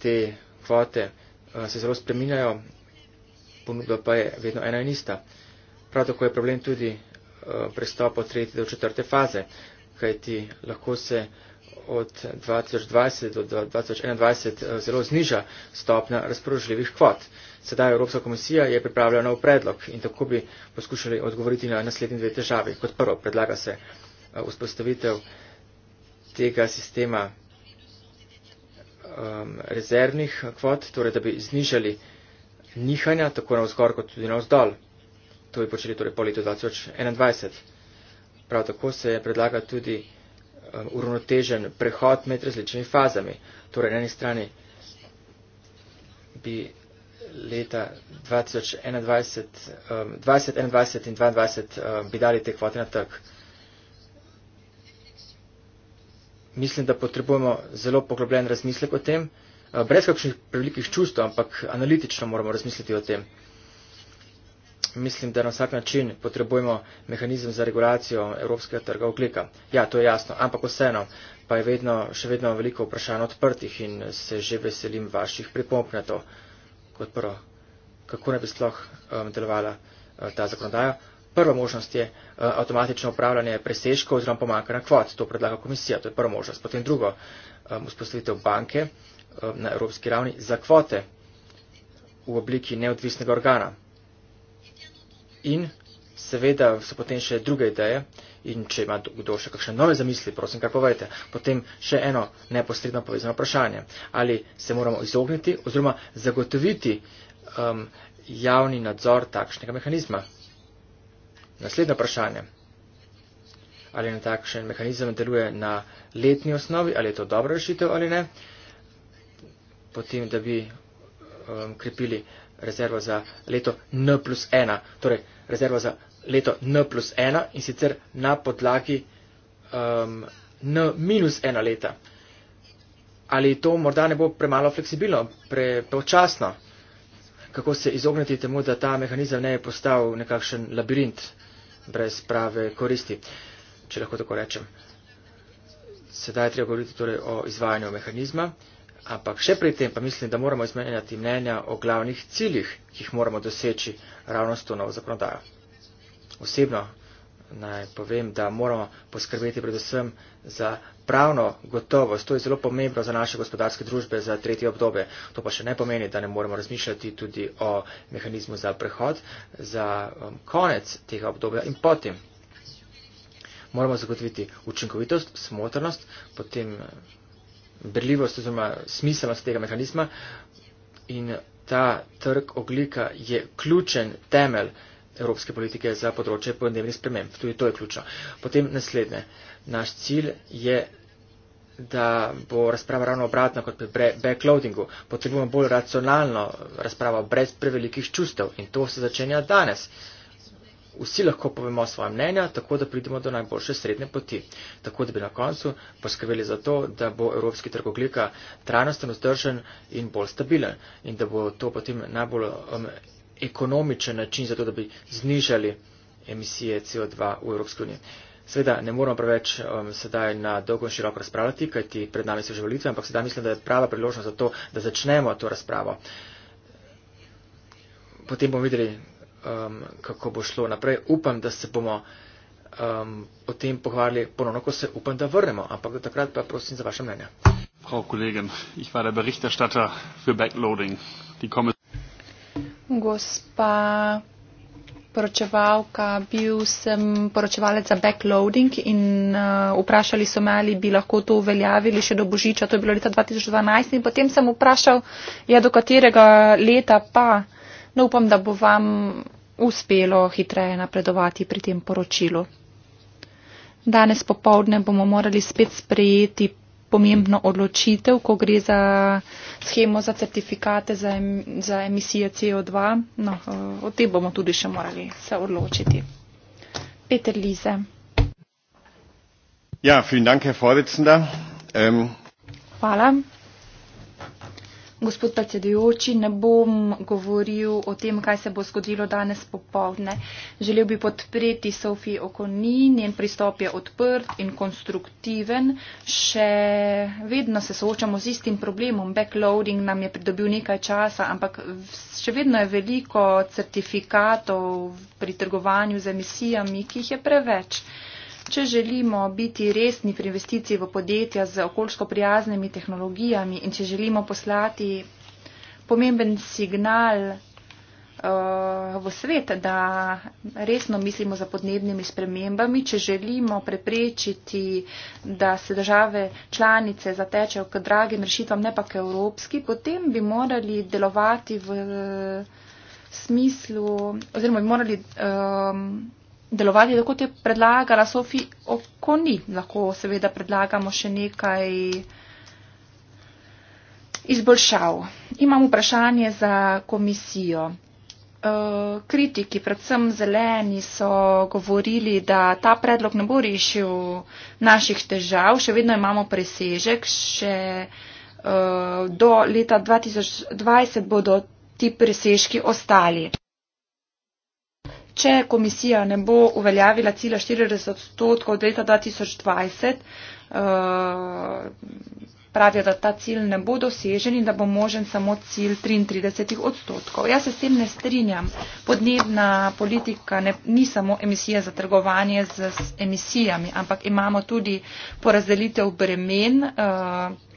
te kvote eh, se zelo spreminjajo, ponudba pa je vedno ena in ista. Prav tako je problem tudi eh, prestop od tretje do četrte faze, kajti lahko se od 2020 do 2021 eh, zelo zniža stopna razpoložljivih kvot. Sedaj Evropska komisija je pripravila nov predlog in tako bi poskušali odgovoriti na naslednji dve težavi. Kot prvo predlaga se vzpostavitev tega sistema um, rezervnih kvot, torej da bi znižali nihanja tako na vzgor kot tudi na vzdolj. To bi počeli torej po letu 2021. Prav tako se je predlaga tudi um, uravnotežen prehod med različnimi fazami. Torej na eni strani bi leta 2021, um, 2021 in 2022 um, bi dali te kvote na trg. mislim, da potrebujemo zelo poglobljen razmislek o tem, eh, brez kakšnih prevelikih čustov, ampak analitično moramo razmisliti o tem. Mislim, da na vsak način potrebujemo mehanizem za regulacijo evropskega trga oglika. Ja, to je jasno, ampak vseeno pa je vedno, še vedno veliko vprašanj odprtih in se že veselim vaših pripomp na to, kot prvo, kako ne bi sploh um, delovala uh, ta zakonodaja. Prva možnost je eh, avtomatično upravljanje presežkov oziroma pomankanja kvot. To predlaga komisija, to je prva možnost. Potem drugo, eh, vzpostavitev banke eh, na evropski ravni za kvote v obliki neodvisnega organa. In seveda so potem še druge ideje in če ima kdo še kakšne nove zamisli, prosim, kar povejte. Potem še eno neposredno povezano vprašanje. Ali se moramo izogniti oziroma zagotoviti um, javni nadzor takšnega mehanizma? Naslednje vprašanje. Ali na takšen mehanizem deluje na letni osnovi, ali je to dobra rešitev ali ne, potem, da bi um, krepili rezervo za leto N plus 1, torej rezervo za leto N plus 1 in sicer na podlagi um, N minus 1 leta. Ali to morda ne bo premalo fleksibilno, prepočasno, kako se izogniti temu, da ta mehanizem ne bi postal nekakšen labirint? brez prave koristi, če lahko tako rečem. Sedaj je treba govoriti torej o izvajanju mehanizma, ampak še pri tem pa mislim, da moramo izmenjati mnenja o glavnih ciljih, ki jih moramo doseči ravno s to novo zakonodajo. Osebno naj povem, da moramo poskrbeti predvsem za pravno gotovost, to je zelo pomembno za naše gospodarske družbe za tretje obdobje. To pa še ne pomeni, da ne moremo razmišljati tudi o mehanizmu za prehod, za um, konec tega obdobja in potem. Moramo zagotoviti učinkovitost, smotrnost, potem um, berljivost oziroma smiselnost tega mehanizma in ta trg oglika je ključen temelj evropske politike za področje podnebnih sprememb. Tudi to je ključno. Potem naslednje. Naš cilj je da bo razprava ravno obratno kot pri backloadingu. Potrebujemo bolj racionalno razpravo brez prevelikih čustev in to se začenja danes. Vsi lahko povemo svoje mnenja, tako da pridemo do najboljše srednje poti. Tako da bi na koncu poskrbeli za to, da bo evropski trgoglika trajnosten, vzdržen in bolj stabilen. In da bo to potem najbolj um, ekonomičen način za to, da bi znižali emisije CO2 v Evropski uniji. Seveda ne moramo preveč um, sedaj na dolgo in široko razpravljati, kajti pred nami so že volitve, ampak sedaj mislim, da je prava priložnost za to, da začnemo to razpravo. Potem bomo videli, um, kako bo šlo naprej. Upam, da se bomo um, o tem pohvalili ponovno, ko se upam, da vrnemo. Ampak do takrat pa prosim za vaše mnenje. Frau Kollegin, ich war der Berichterstatter für Backloading. Die Kommission. Gospa poročevalka, bil sem poročevalec za backloading in uh, vprašali so me, ali bi lahko to uveljavili še do božiča, to je bilo leta 2012 in potem sem vprašal, ja, do katerega leta pa, no upam, da bo vam uspelo hitreje napredovati pri tem poročilu. Danes popovdne bomo morali spet sprejeti pomembno odločitev, ko gre za schemo za certifikate za, em, za emisije CO2. No, eh, o tem bomo tudi še morali se odločiti. Peter Lize. Ja, vielen Dank, Herr Vorsitzender. Ähm, Hvala. Gospod predsedujoči, ne bom govoril o tem, kaj se bo zgodilo danes popovdne. Želel bi podpreti Sofijo Okoni, njen pristop je odprt in konstruktiven. Še vedno se soočamo z istim problemom. Backloading nam je pridobil nekaj časa, ampak še vedno je veliko certifikatov pri trgovanju z emisijami, ki jih je preveč. Če želimo biti resni pri investiciji v podjetja z okoljsko prijaznimi tehnologijami in če želimo poslati pomemben signal uh, v svet, da resno mislimo za podnebnimi spremembami, če želimo preprečiti, da se države članice zatečejo k dragim rešitvam, ne pa k evropski, potem bi morali delovati v eh, smislu oziroma bi morali. Um, delovati, tako kot je predlagala Sofi Okoni. Lahko seveda predlagamo še nekaj izboljšav. Imam vprašanje za komisijo. Eh, kritiki, predvsem zeleni, so govorili, da ta predlog ne bo rešil naših težav. Še vedno imamo presežek, še eh, do leta 2020 bodo ti presežki ostali če komisija ne bo uveljavila cilja 40 odstotkov od leta 2020, eh, pravijo, da ta cilj ne bo dosežen in da bo možen samo cilj 33 odstotkov. Jaz se s tem ne strinjam. Podnebna politika ne, ni samo emisija za trgovanje z emisijami, ampak imamo tudi porazdelitev bremen. Uh,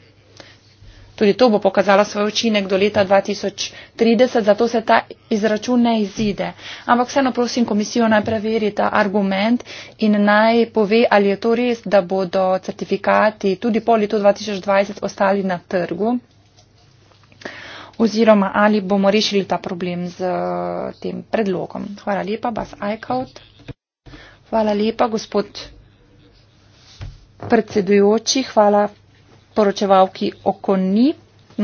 Tudi to bo pokazalo svoj učinek do leta 2030, zato se ta izračun ne izide. Ampak vseeno prosim komisijo naj preveri ta argument in naj pove, ali je to res, da bodo certifikati tudi po letu 2020 ostali na trgu oziroma ali bomo rešili ta problem z tem predlogom. Hvala lepa, Bas Aikaut. Hvala lepa, gospod predsedujoči. Hvala poročevalki Okoni.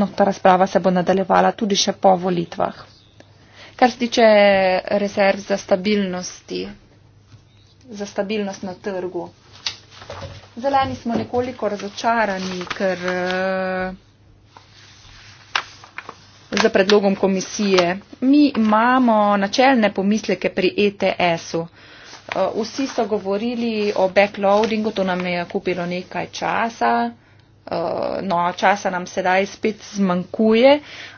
No, ta razprava se bo nadaljevala tudi še po volitvah. Kar se tiče rezerv za stabilnosti, za stabilnost na trgu. Zeleni smo nekoliko razočarani, ker uh, za predlogom komisije mi imamo načelne pomisleke pri ETS-u. Uh, eh, vsi so govorili o backloadingu, to nam je kupilo nekaj časa. Uh, Uh, no, časa nam sedaj spet zmanjkuje,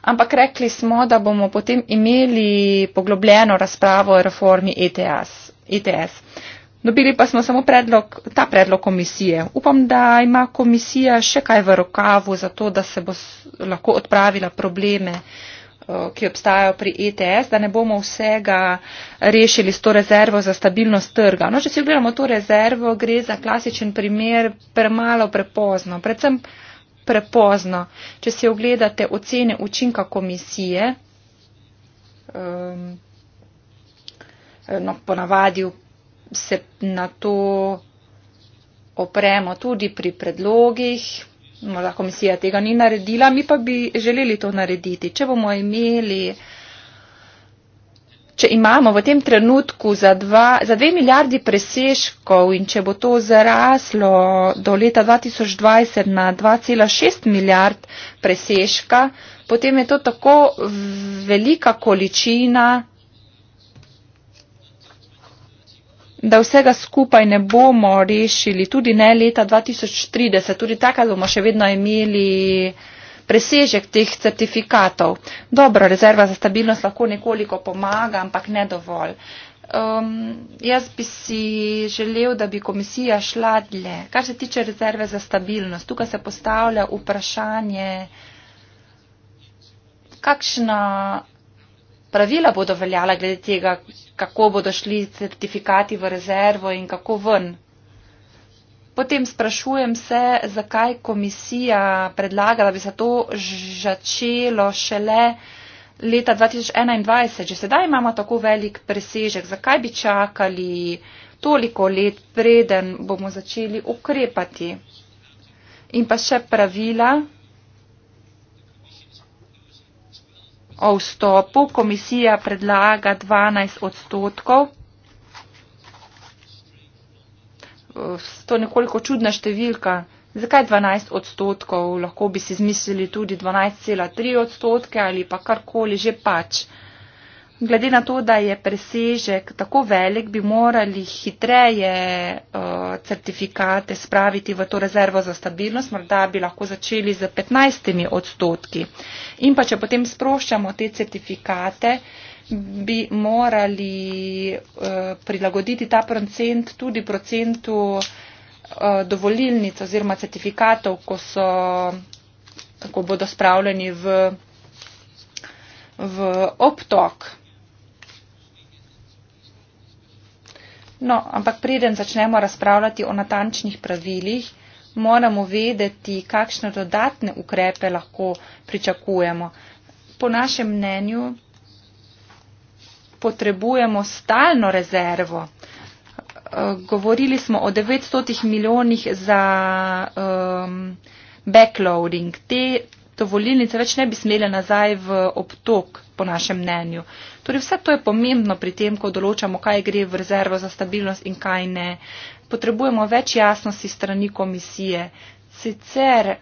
ampak rekli smo, da bomo potem imeli poglobljeno razpravo o reformi ETS. ETS. Dobili pa smo samo predlog, ta predlog komisije. Upam, da ima komisija še kaj v rokavu, zato da se bo lahko odpravila probleme uh, Eh, ki obstajajo pri ETS, da ne bomo vsega rešili s to rezervo za stabilnost trga. No, če si ogledamo to rezervo, gre za klasičen primer premalo prepozno, predvsem prepozno. Če si ogledate ocene učinka komisije, um, no, ponavadi se na to opremo tudi pri predlogih, morda komisija tega ni naredila, mi pa bi želeli to narediti. Če bomo imeli, če imamo v tem trenutku za, dva, za dve milijardi preseškov in če bo to zaraslo do leta 2020 na 2,6 milijard preseška, potem je to tako velika količina da vsega skupaj ne bomo rešili, tudi ne leta 2030, tudi takrat bomo še vedno imeli presežek teh certifikatov. Dobro, rezerva za stabilnost lahko nekoliko pomaga, ampak ne dovolj. Um, jaz bi si želel, da bi komisija šla dlje. Kar se tiče rezerve za stabilnost, tukaj se postavlja vprašanje, kakšna pravila bodo veljala glede tega, kako bodo šli certifikati v rezervo in kako ven. Potem sprašujem se, zakaj komisija predlaga, da bi se to začelo šele leta 2021. Že sedaj imamo tako velik presežek, zakaj bi čakali toliko let, preden bomo začeli ukrepati. In pa še pravila, o vstopu. Komisija predlaga 12 odstotkov. To je nekoliko čudna številka. Zakaj 12 odstotkov? Lahko bi si zmislili tudi 12,3 odstotke ali pa karkoli že pač. Uh, Glede na to, da je presežek tako velik, bi morali hitreje uh, certifikate spraviti v to rezervo za stabilnost, morda bi lahko začeli z 15 odstotki. In pa, če potem sproščamo te certifikate, bi morali uh, prilagoditi ta procent tudi procentu uh, dovolilnic oziroma certifikatov, ko, so, ko bodo spravljeni v, v obtok. No, ampak preden začnemo razpravljati o natančnih pravilih, moramo vedeti, kakšne dodatne ukrepe lahko pričakujemo. Po našem mnenju potrebujemo stalno rezervo. Eh, govorili smo o 900 milijonih za um, backloading. Te, to volilnice več ne bi smele nazaj v obtok, po našem mnenju. Torej vse to je pomembno pri tem, ko določamo, kaj gre v rezervo za stabilnost in kaj ne. Potrebujemo več jasnosti strani komisije. Sicer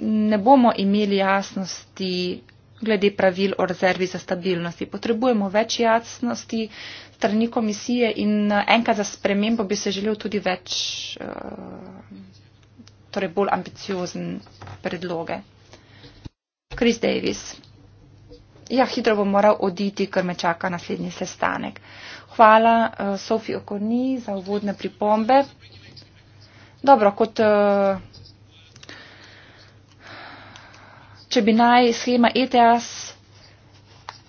ne bomo imeli jasnosti glede pravil o rezervi za stabilnosti. Potrebujemo več jasnosti strani komisije in enka za spremembo bi se želel tudi več. Uh, torej bolj ambiciozen predloge. Chris Davis. Ja, hitro bom moral oditi, ker me čaka naslednji sestanek. Hvala uh, eh, Sofi Okorni za uvodne pripombe. Dobro, kot, uh, če bi naj schema ETS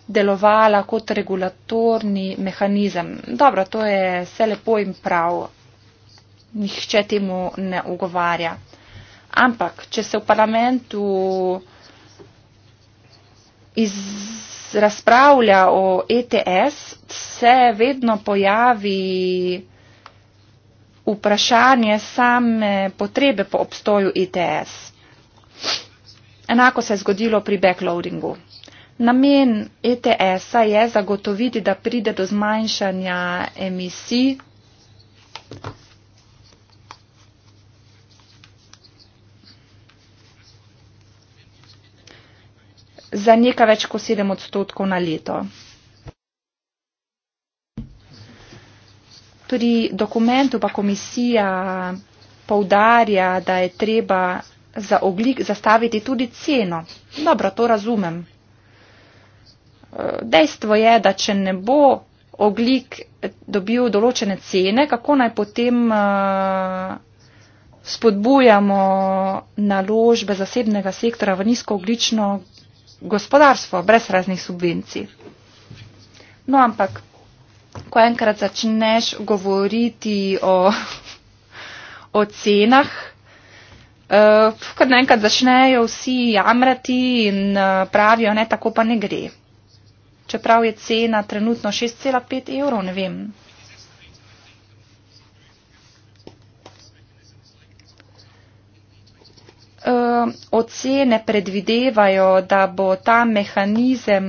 delovala kot regulatorni mehanizem. Dobro, to je vse lepo in prav nihče temu ne ugovarja. Ampak, če se v parlamentu razpravlja o ETS, se vedno pojavi vprašanje same potrebe po obstoju ETS. Enako se je zgodilo pri backloadingu. Namen ETS-a je zagotoviti, da pride do zmanjšanja emisij za nekaj več kot 7 odstotkov na leto. Pri dokumentu pa komisija povdarja, da je treba za oglik zastaviti tudi ceno. Dobro, to razumem. Dejstvo je, da če ne bo oglik dobil določene cene, kako naj potem eh, spodbujamo naložbe zasebnega sektora v nizkooglično gospodarstvo brez raznih subvencij. No, ampak, ko enkrat začneš govoriti o, o cenah, uh, ko enkrat začnejo vsi jamrati in uh, pravijo, ne tako pa ne gre. Čeprav je cena trenutno 6,5 evrov, ne vem, Eh, ocene predvidevajo, da bo ta mehanizem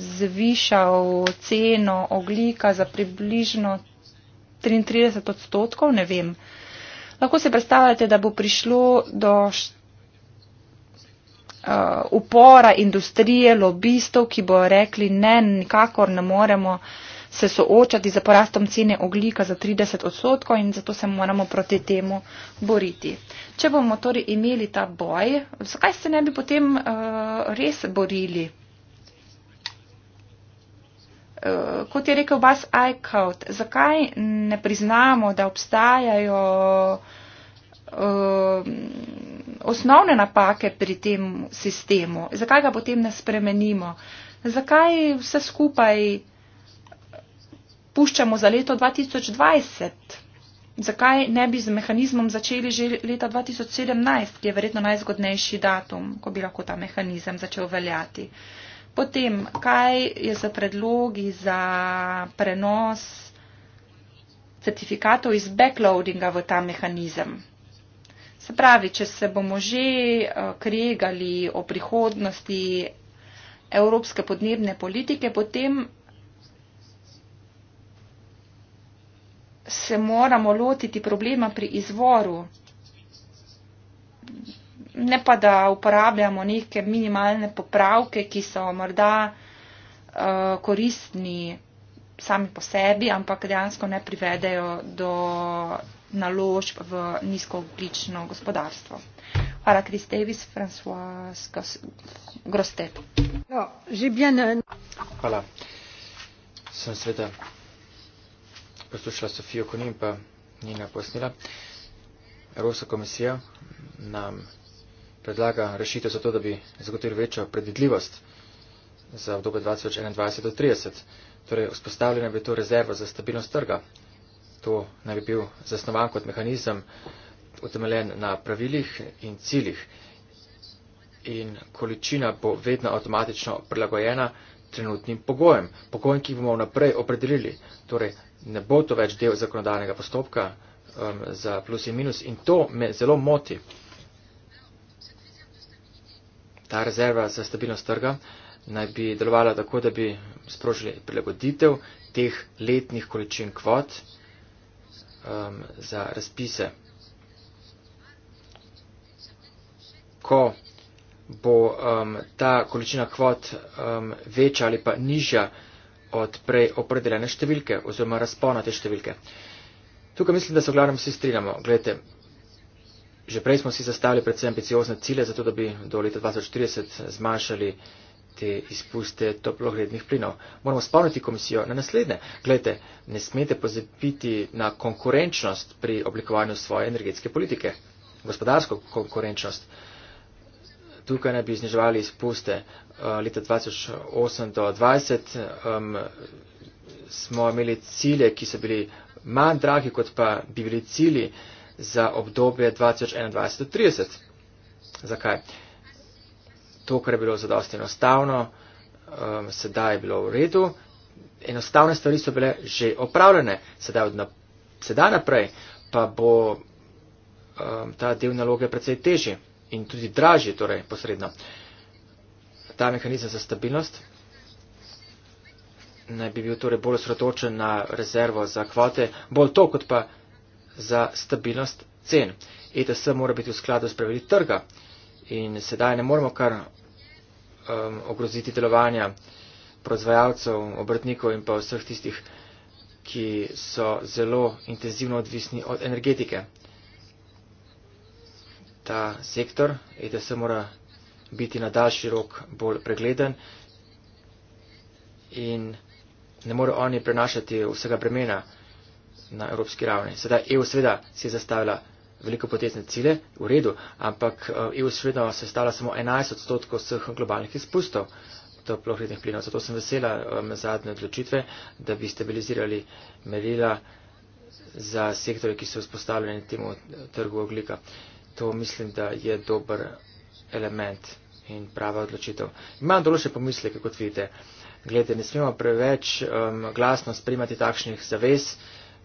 zvišal ceno oglika za približno 33 odstotkov, ne vem. Lahko se predstavljate, da bo prišlo do eh, upora industrije, lobistov, ki bo rekli, ne, nikakor ne moremo uh, se soočati z porastom cene oglika za 30 odstotkov in zato se moramo proti temu boriti. Če bomo torej imeli ta boj, zakaj se ne bi potem uh, res borili? Uh, kot je rekel Bas Eichhout, zakaj ne priznamo, da obstajajo uh, osnovne napake pri tem sistemu? Zakaj ga potem ne spremenimo? Zakaj vse skupaj uh, puščamo za leto 2020. Zakaj ne bi z mehanizmom začeli že leta 2017, ki je verjetno najzgodnejši datum, ko bi lahko ta mehanizem začel veljati? Potem, kaj je za predlogi za prenos certifikatov iz backloadinga v ta mehanizem? Se pravi, če se bomo že eh, kregali o prihodnosti evropske podnebne politike, potem se moramo lotiti problema pri izvoru, ne pa da uporabljamo neke minimalne popravke, ki so morda uh, koristni sami po sebi, ampak dejansko ne privedejo do naložb v nizkooglično gospodarstvo. Hvala, Kris Davis, François Grostet. No, Hvala. Sem sveda poslušala Sofijo Konin pa njena posnila. Evropska komisija nam predlaga rešitev za to, da bi zagotovili večjo predvidljivost za obdobje 2021 do 2030. Torej, vzpostavljena bi to rezerva za stabilnost trga. To naj bi bil zasnovan kot mehanizem, utemeljen na pravilih in ciljih. In količina bo vedno avtomatično prilagojena trenutnim pogojem, pogojem, ki bomo naprej opredelili. Torej, ne bo to več del zakonodajnega postopka um, za plus in minus in to me zelo moti. Ta rezerva za stabilnost trga naj bi delovala tako, da bi sprožili prilagoditev teh letnih količin kvot um, za razpise. Ko bo um, ta količina kvot um, večja ali pa nižja, od prej opredeljene številke oziroma razponate številke. Tukaj mislim, da se v glavnem vsi strinjamo. Glede, že prej smo si zastavili predvsem ambiciozne cilje, zato da bi do leta 2030 zmanjšali te izpuste toplogrednih plinov. Moramo spomniti komisijo na naslednje. Glede, ne smete pozabiti na konkurenčnost pri oblikovanju svoje energetske politike. Gospodarsko konkurenčnost tukaj naj bi zniževali izpuste. Eh, leta 2008 do 2020 um, smo imeli cilje, ki so bili manj dragi, kot pa bi bili cilji za obdobje 2021 do 2030. Zakaj? To, kar je bilo zadosti enostavno, um, sedaj je bilo v redu. Enostavne stvari so bile že opravljene, sedaj od na, sedaj naprej pa bo um, ta del naloge precej težji in tudi dražje, torej posredno. Ta mehanizem za stabilnost naj bi bil torej bolj osredotočen na rezervo za kvote, bolj to kot pa za stabilnost cen. ETS mora biti v skladu s pravili trga in sedaj ne moremo kar um, ogroziti delovanja proizvajalcev, obrtnikov in pa vseh tistih, ki so zelo intenzivno odvisni od energetike ta sektor in e da se mora biti na daljši rok bolj pregleden in ne more oni prenašati vsega bremena na evropski ravni. Sedaj EU sveda si je zastavila veliko potezne cilje, v redu, ampak EU eh, e sveda se stavila samo 11 odstotkov vseh globalnih izpustov toplogrednih plinov. Zato sem vesela um, zadnje odločitve, da bi stabilizirali merila za sektore, ki so vzpostavljeni temu trgu oglika. Uh, to mislim, da je dober element in prava odločitev. Imam določene pomisleke, kot vidite. Glede, ne smemo preveč um, glasno sprejmati takšnih zavez,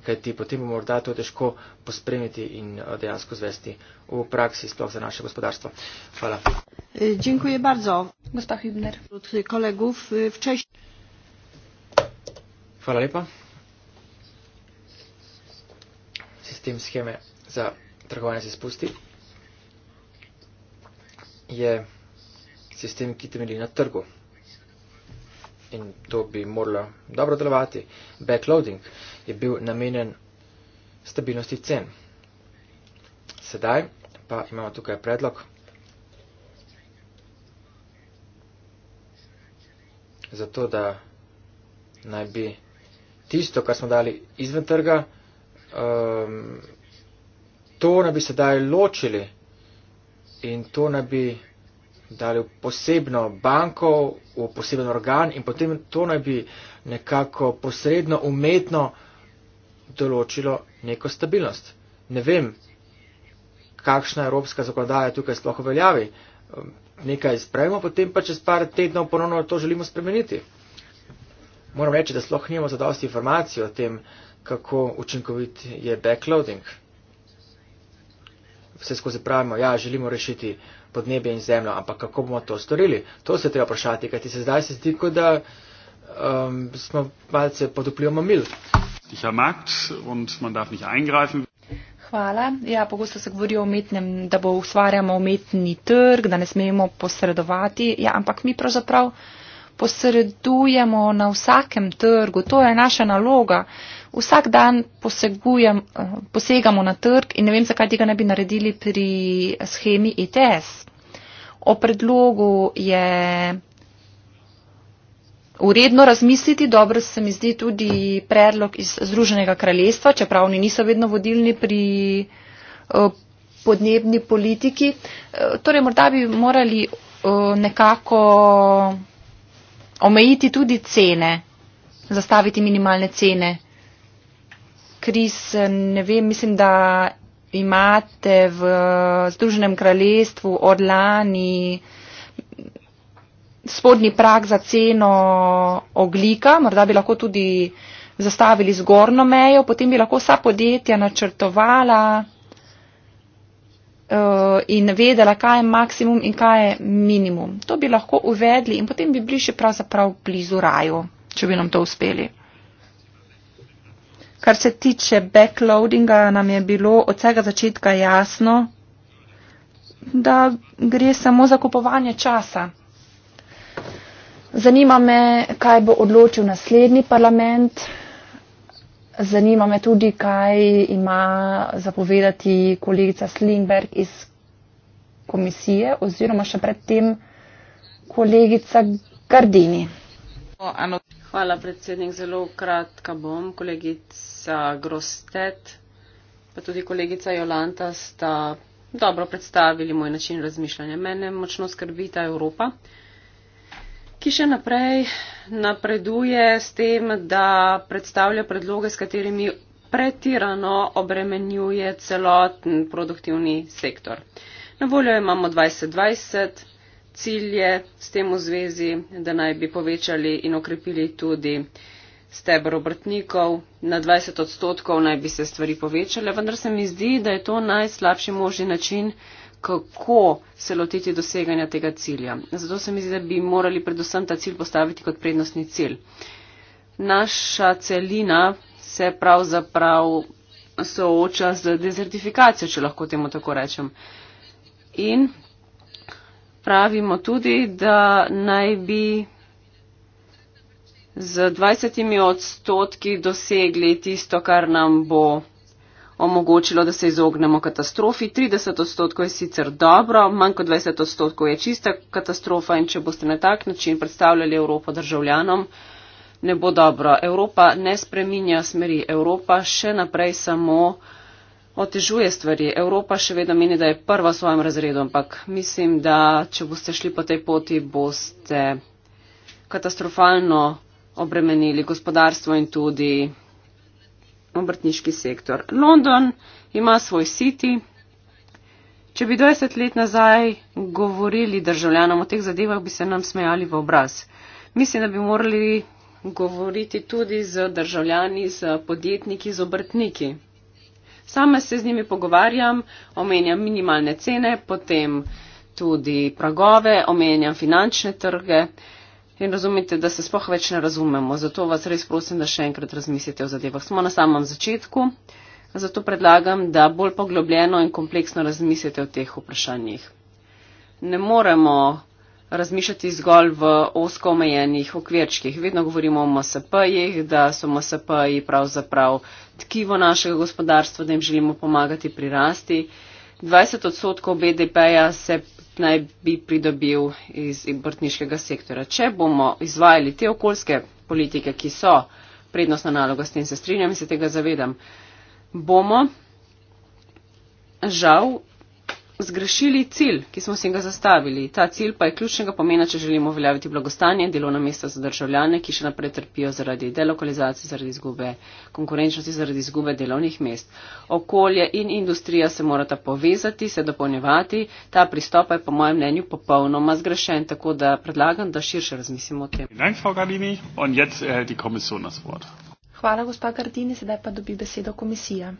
kajti potem bo morda to težko pospremiti in uh, dejansko zvesti v praksi, sploh za naše gospodarstvo. Hvala. E, dziękuję bardzo. Gospod Hübner. Od kolegov včasih. E, Hvala lepa. Sistem scheme za trgovanje se spusti je sistem, ki temelji na trgu. In to bi moralo dobro delovati. Backloading je bil namenjen stabilnosti cen. Sedaj pa imamo tukaj predlog za to, da naj bi tisto, kar smo dali izven trga, um, to naj bi sedaj ločili in to naj bi dali v posebno banko, v poseben organ in potem to naj bi nekako posredno umetno določilo neko stabilnost. Ne vem, kakšna evropska zakonodaja tukaj sploh uveljavi. Um, nekaj sprejmo, potem pa čez par tednov ponovno to želimo spremeniti. Moram reči, da sploh nimamo zadosti informacij o tem, kako učinkovit je backloading vse skozi pravimo, ja, želimo rešiti podnebje in zemljo, ampak kako bomo to storili? To se treba vprašati, kajti se zdaj se zdi, kot da um, smo malce pod vplivom mil. Hvala. Ja, pogosto se govori o umetnem, da bo ustvarjamo umetni trg, da ne smemo posredovati. Ja, ampak mi pravzaprav posredujemo na vsakem trgu, to je naša naloga. Vsak dan posegujem, posegamo na trg in ne vem, zakaj tega ne bi naredili pri schemi ITS. O predlogu je uredno razmisliti, dobro se mi zdi tudi predlog iz Združenega kraljestva, čeprav oni niso vedno vodilni pri eh, podnebni politiki. Eh, torej, morda bi morali eh, nekako omejiti tudi cene, zastaviti minimalne cene. Kris, ne vem, mislim, da imate v Združenem kraljestvu od lani spodnji prak za ceno oglika, morda bi lahko tudi zastavili zgornjo mejo, potem bi lahko vsa podjetja načrtovala Eh, in vedela, kaj je maksimum in kaj je minimum. To bi lahko uvedli in potem bi bili še pravzaprav blizu raju, če bi nam to uspeli. Kar se tiče backloadinga, nam je bilo od vsega začetka jasno, da gre samo za kupovanje časa. Zanima me, kaj bo odločil naslednji parlament, Zanima me tudi, kaj ima zapovedati kolegica Slingberg iz komisije oziroma še predtem kolegica Gardini. Hvala, predsednik. Zelo kratka bom. Kolegica Grostet, pa tudi kolegica Jolanta sta dobro predstavili moj način razmišljanja. Mene močno skrbi ta Evropa ki še naprej napreduje s tem, da predstavlja predloge, s katerimi pretirano obremenjuje celoten produktivni sektor. Na voljo imamo 2020, cilje s tem v zvezi, da naj bi povečali in okrepili tudi stebr obrtnikov, na 20 odstotkov naj bi se stvari povečale, vendar se mi zdi, da je to najslabši možni način, kako se lotiti doseganja tega cilja. Zato se mi zdi, da bi morali predvsem ta cilj postaviti kot prednostni cilj. Naša celina se pravzaprav sooča z dezertifikacijo, če lahko temu tako rečem. In pravimo tudi, da naj bi z 20 odstotki dosegli tisto, kar nam bo omogočilo, da se izognemo katastrofi. 30 odstotkov je sicer dobro, manj kot 20 odstotkov je čista katastrofa in če boste na tak način predstavljali Evropo državljanom, ne bo dobro. Evropa ne spreminja smeri. Evropa še naprej samo otežuje stvari. Evropa še vedno meni, da je prva v svojem razredu, ampak mislim, da če boste šli po tej poti, boste katastrofalno obremenili gospodarstvo in tudi obrtniški sektor. London ima svoj city. Če bi 20 let nazaj govorili državljanom o teh zadevah, bi se nam smejali v obraz. Mislim, da bi morali govoriti tudi z državljani, z podjetniki, z obrtniki. Sama se z njimi pogovarjam, omenjam minimalne cene, potem tudi pragove, omenjam finančne trge. Uh, in razumite, da se spoh več ne razumemo. Zato vas res prosim, da še enkrat razmislite o zadevah. Smo na samem začetku, zato predlagam, da bolj poglobljeno in kompleksno razmislite o teh vprašanjih. Ne moremo razmišljati zgolj v osko omejenih okvirčkih. Vedno govorimo o MSP-jih, da so MSP-ji pravzaprav tkivo našega gospodarstva, da jim želimo pomagati pri rasti. 20 odstotkov BDP-ja se naj bi pridobil iz obrtniškega sektora. Če bomo izvajali te okoljske politike, ki so prednostna naloga, s tem se strinjam in se tega zavedam, bomo žal zgrešili cilj, ki smo si ga zastavili. Ta cilj pa je ključnega pomena, če želimo uveljaviti blagostanje, delovna mesta za državljane, ki še naprej trpijo zaradi delokalizacije, zaradi izgube konkurenčnosti, zaradi izgube delovnih mest. Okolje in industrija se morata povezati, se dopolnjevati. Ta pristop je po mojem mnenju popolnoma zgrešen, tako da predlagam, da širše razmislimo o tem. Äh, Hvala, gospa Gardini, sedaj pa dobi besedo komisija.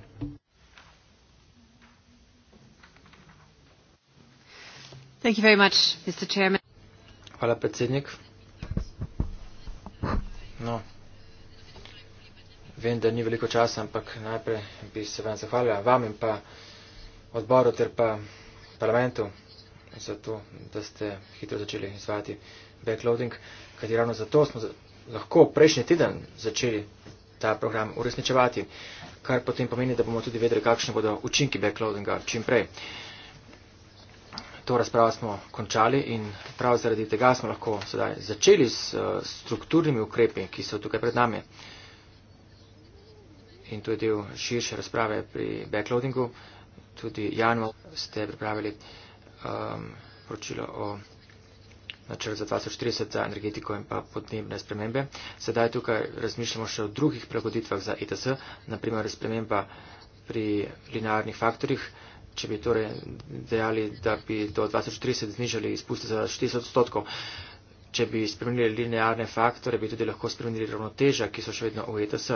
hvala predsednik no vem da ni veliko časa ampak najprej bi se vam zahvalila vam in pa odboru ter pa parlamentu za to da ste hitro začeli izvajati backloading kajti ravno zato smo lahko prejšnji teden začeli ta program uresničevati kar potem pomeni da bomo tudi vedeli kakšne bodo učinki backloadinga čimprej to razpravo smo končali in prav zaradi tega smo lahko sedaj začeli s eh, strukturnimi ukrepi, ki so tukaj pred nami. In to je del širše razprave pri backloadingu. Tudi januar ste pripravili um, poročilo o načrtu za 2040 za energetiko in pa podnebne spremembe. Sedaj tukaj razmišljamo še o drugih prilagoditvah za ETS, naprimer sprememba pri linearnih faktorjih če bi torej dejali, da bi do 2030 znižali izpuste za 40 odstotkov. Če bi spremenili linearne faktore, bi tudi lahko spremenili ravnoteža, ki so še vedno v ETS,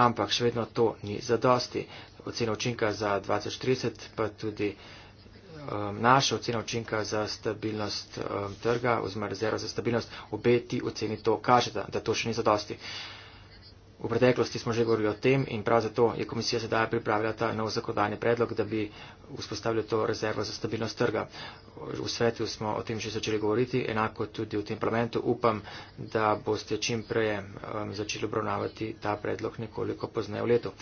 ampak še vedno to ni zadosti. Ocena učinka za 2030 pa tudi um, naša ocena učinka za stabilnost um, trga oziroma rezerva za stabilnost, obe ti oceni to kažeta, da to še ni zadosti. Uh, V preteklosti smo že govorili o tem in prav zato je komisija sedaj pripravila ta nov zakonodajni predlog, da bi vzpostavili to rezervo za stabilnost trga. V svetu smo o tem že začeli govoriti, enako tudi v tem parlamentu. Upam, da boste čim prej um, začeli obravnavati ta predlog nekoliko pozneje v letu.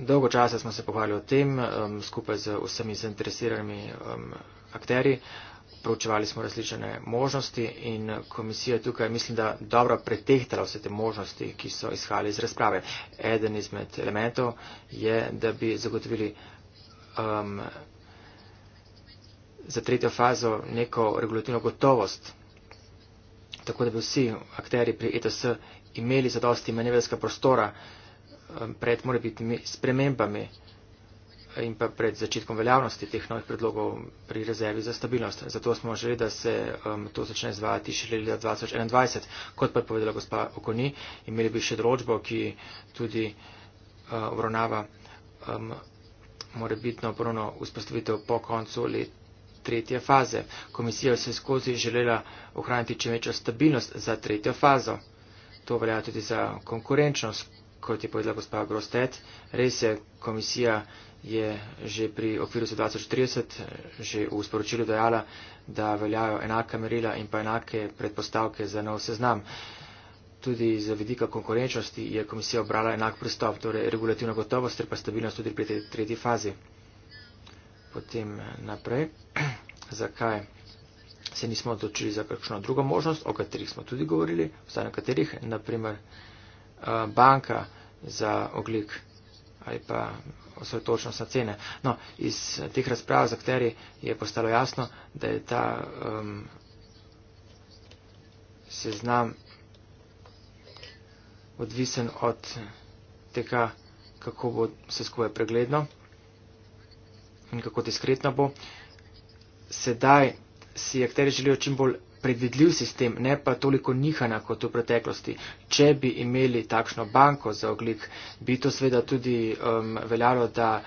Dolgo časa smo se pogovarjali o tem um, skupaj z vsemi zainteresiranimi um, akteri proučevali smo različne možnosti in komisija tukaj mislim, da dobro pretehtala vse te možnosti, ki so izhajali iz razprave. Eden izmed elementov je, da bi zagotovili um, za tretjo fazo neko regulativno gotovost, tako da bi vsi akteri pri ETS imeli zadosti manevrska prostora um, pred morebitnimi spremembami in pa pred začetkom veljavnosti teh novih predlogov pri rezervi za stabilnost. Zato smo želeli, da se um, to začne izvajati še leta 2021. Kot pa je povedala gospa Okoni, imeli bi še določbo, ki tudi uh, obravnava um, morebitno ponovno vzpostavitev po koncu let tretje faze. Komisija se je skozi želela ohraniti čim večjo stabilnost za tretjo fazo. To velja tudi za konkurenčnost, kot je povedala gospa Grostet. Res je, komisija je že pri okviru za 2030 že v sporočilu dejala, da veljajo enaka merila in pa enake predpostavke za nov seznam. Tudi za vidika konkurenčnosti je komisija obrala enak pristop, torej regulativna gotovost ter pa stabilnost tudi pri tej tretji fazi. Potem naprej, zakaj se nismo odločili za kakšno drugo možnost, o katerih smo tudi govorili, vsaj na katerih, naprimer eh, banka za oglik ali pa osredotočnost na cene. No, iz teh razprav z akteri je postalo jasno, da je ta um, seznam odvisen od tega, kako bo vse skupaj pregledno in kako diskretno bo. Sedaj si akteri želijo čim bolj predvidljiv sistem, ne pa toliko nihana kot v preteklosti. Če bi imeli takšno banko za oglik, bi to sveda tudi um, veljalo, da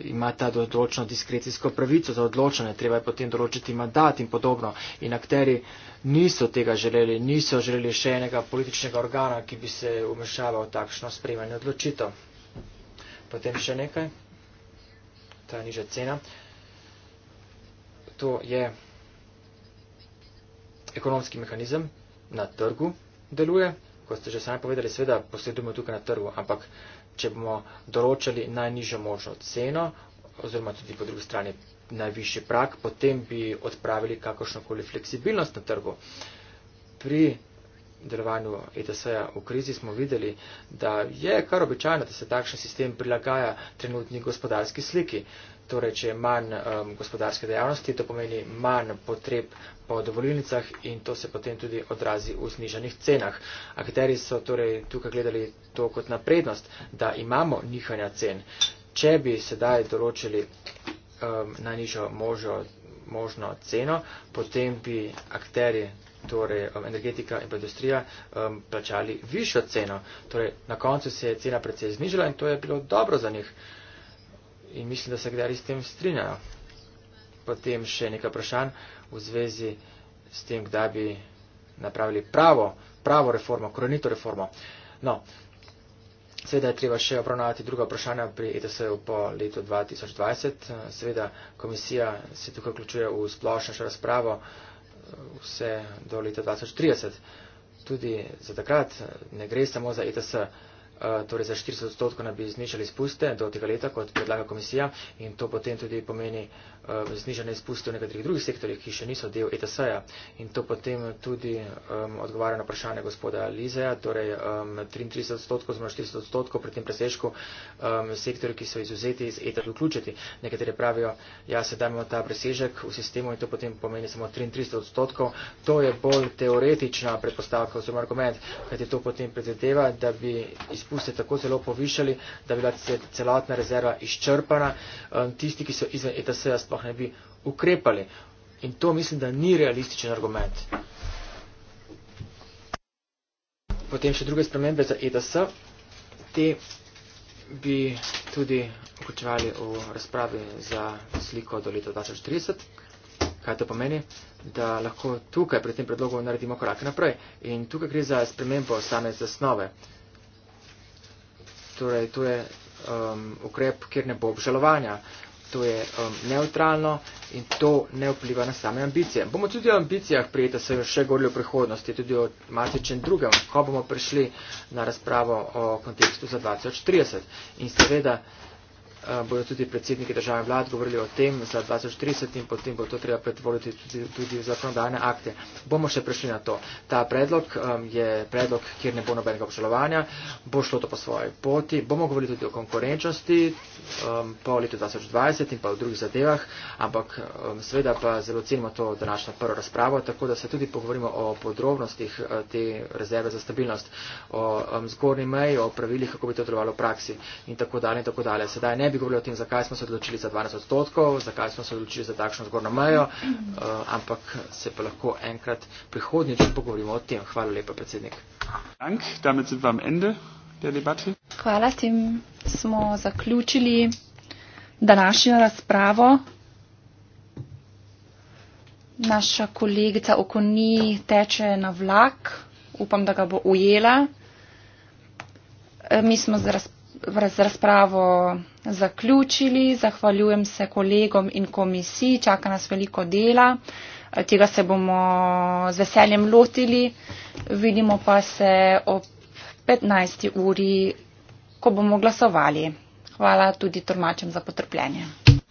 ima ta določeno diskrecijsko pravico za odločanje, treba je potem določiti mandat in podobno. In akteri niso tega želeli, niso želeli še enega političnega organa, ki bi se umešaval v takšno sprejemanje odločitev. Potem še nekaj, ta nižja cena. To je. Yeah ekonomski mehanizem na trgu deluje, kot ste že sami povedali, seveda posledujemo tukaj na trgu, ampak če bomo določali najnižjo možno ceno, oziroma tudi po drugi strani najviši prak, potem bi odpravili kakršnokoli fleksibilnost na trgu. Pri delovanju ETS-ja v krizi smo videli, da je kar običajno, da se takšen sistem prilagaja trenutni gospodarski sliki. Torej, če je manj um, gospodarske dejavnosti, to pomeni manj potreb po dovolilnicah in to se potem tudi odrazi v znižanih cenah. Akteri so torej tukaj gledali to kot na prednost, da imamo nihanja cen. Če bi sedaj določili um, najnižjo možno ceno, potem bi akteri torej um, energetika in industrija, um, plačali višjo ceno. Torej, na koncu se je cena precej znižala in to je bilo dobro za njih. In mislim, da se gledali s tem strinjajo. Potem še nekaj vprašanj v zvezi s tem, kdaj bi napravili pravo, pravo reformo, korenito reformo. No, seveda je treba še obravnavati druga vprašanja pri ETS-u po letu 2020. Seveda komisija se tukaj vključuje v splošno še razpravo vse do leta 2030. Tudi za takrat ne gre samo za ETS. Eh, torej za 40 odstotkov naj bi znižali izpuste do tega leta, kot predlaga komisija in to potem tudi pomeni eh, znižanje izpuste v nekaterih drugih sektorjih, ki še niso del ETS-ja in to potem tudi odgovarja na vprašanje gospoda Lizeja, torej 33 odstotkov zmanj 40 odstotkov pri tem presežku sektorjev, ki so izuzeti iz ETS-ja vključiti. Nekateri pravijo, ja, se dajmo ta presežek v sistemu in to potem pomeni samo 33 odstotkov. To je bolj teoretična predpostavka oziroma argument, kajti to potem predvedeva, da bi izpustili izpuste tako zelo povišali, da bi bila celotna rezerva izčrpana, um, tisti, ki so izven ETS-ja, sploh ne bi ukrepali. In to mislim, da ni realističen argument. Potem še druge spremembe za ETS. Te bi tudi vključevali v razpravi za sliko do leta 2030. Kaj to pomeni? Da lahko tukaj pri tem predlogu naredimo korak naprej. In tukaj gre za spremembo same zasnove torej to je um, ukrep, kjer ne bo obžalovanja. To je um, neutralno in to ne vpliva na same ambicije. Bomo tudi o ambicijah prijeta se še govorili v prihodnosti, tudi o matičen drugem, ko bomo prišli na razpravo o kontekstu za 2030. In seveda bodo tudi predsedniki države vlad govorili o tem za 2030 in potem bo to treba pretvoriti tudi, tudi v zakonodajne akte. Bomo še prišli na to. Ta predlog um, je predlog, kjer ne bo nobenega obžalovanja, bo šlo to po svoji poti. Bomo govorili tudi o konkurenčnosti um, po letu 2020 in pa o drugih zadevah, ampak um, seveda pa zelo cenimo to današnjo prvo razpravo, tako da se tudi pogovorimo o podrobnostih uh, te rezerve za stabilnost, o um, zgornji meji, o pravilih, kako bi to delovalo v praksi in tako dalje. In tako dalje bi govorili o tem, zakaj smo se odločili za 12 odstotkov, zakaj smo se odločili za takšno zgorno mejo, eh, ampak se pa lahko enkrat prihodnjič pogovorimo o tem. Hvala lepa, predsednik. Dank, Hvala, s tem smo zaključili današnjo razpravo. Naša kolegica Okoni teče na vlak, upam, da ga bo ujela. Eh, mi smo z, raz, z razpravo zaključili. Zahvaljujem se kolegom in komisiji, čaka nas veliko dela, tega se bomo z veseljem lotili. Vidimo pa se ob 15. uri, ko bomo glasovali. Hvala tudi tormačem za potrpljenje.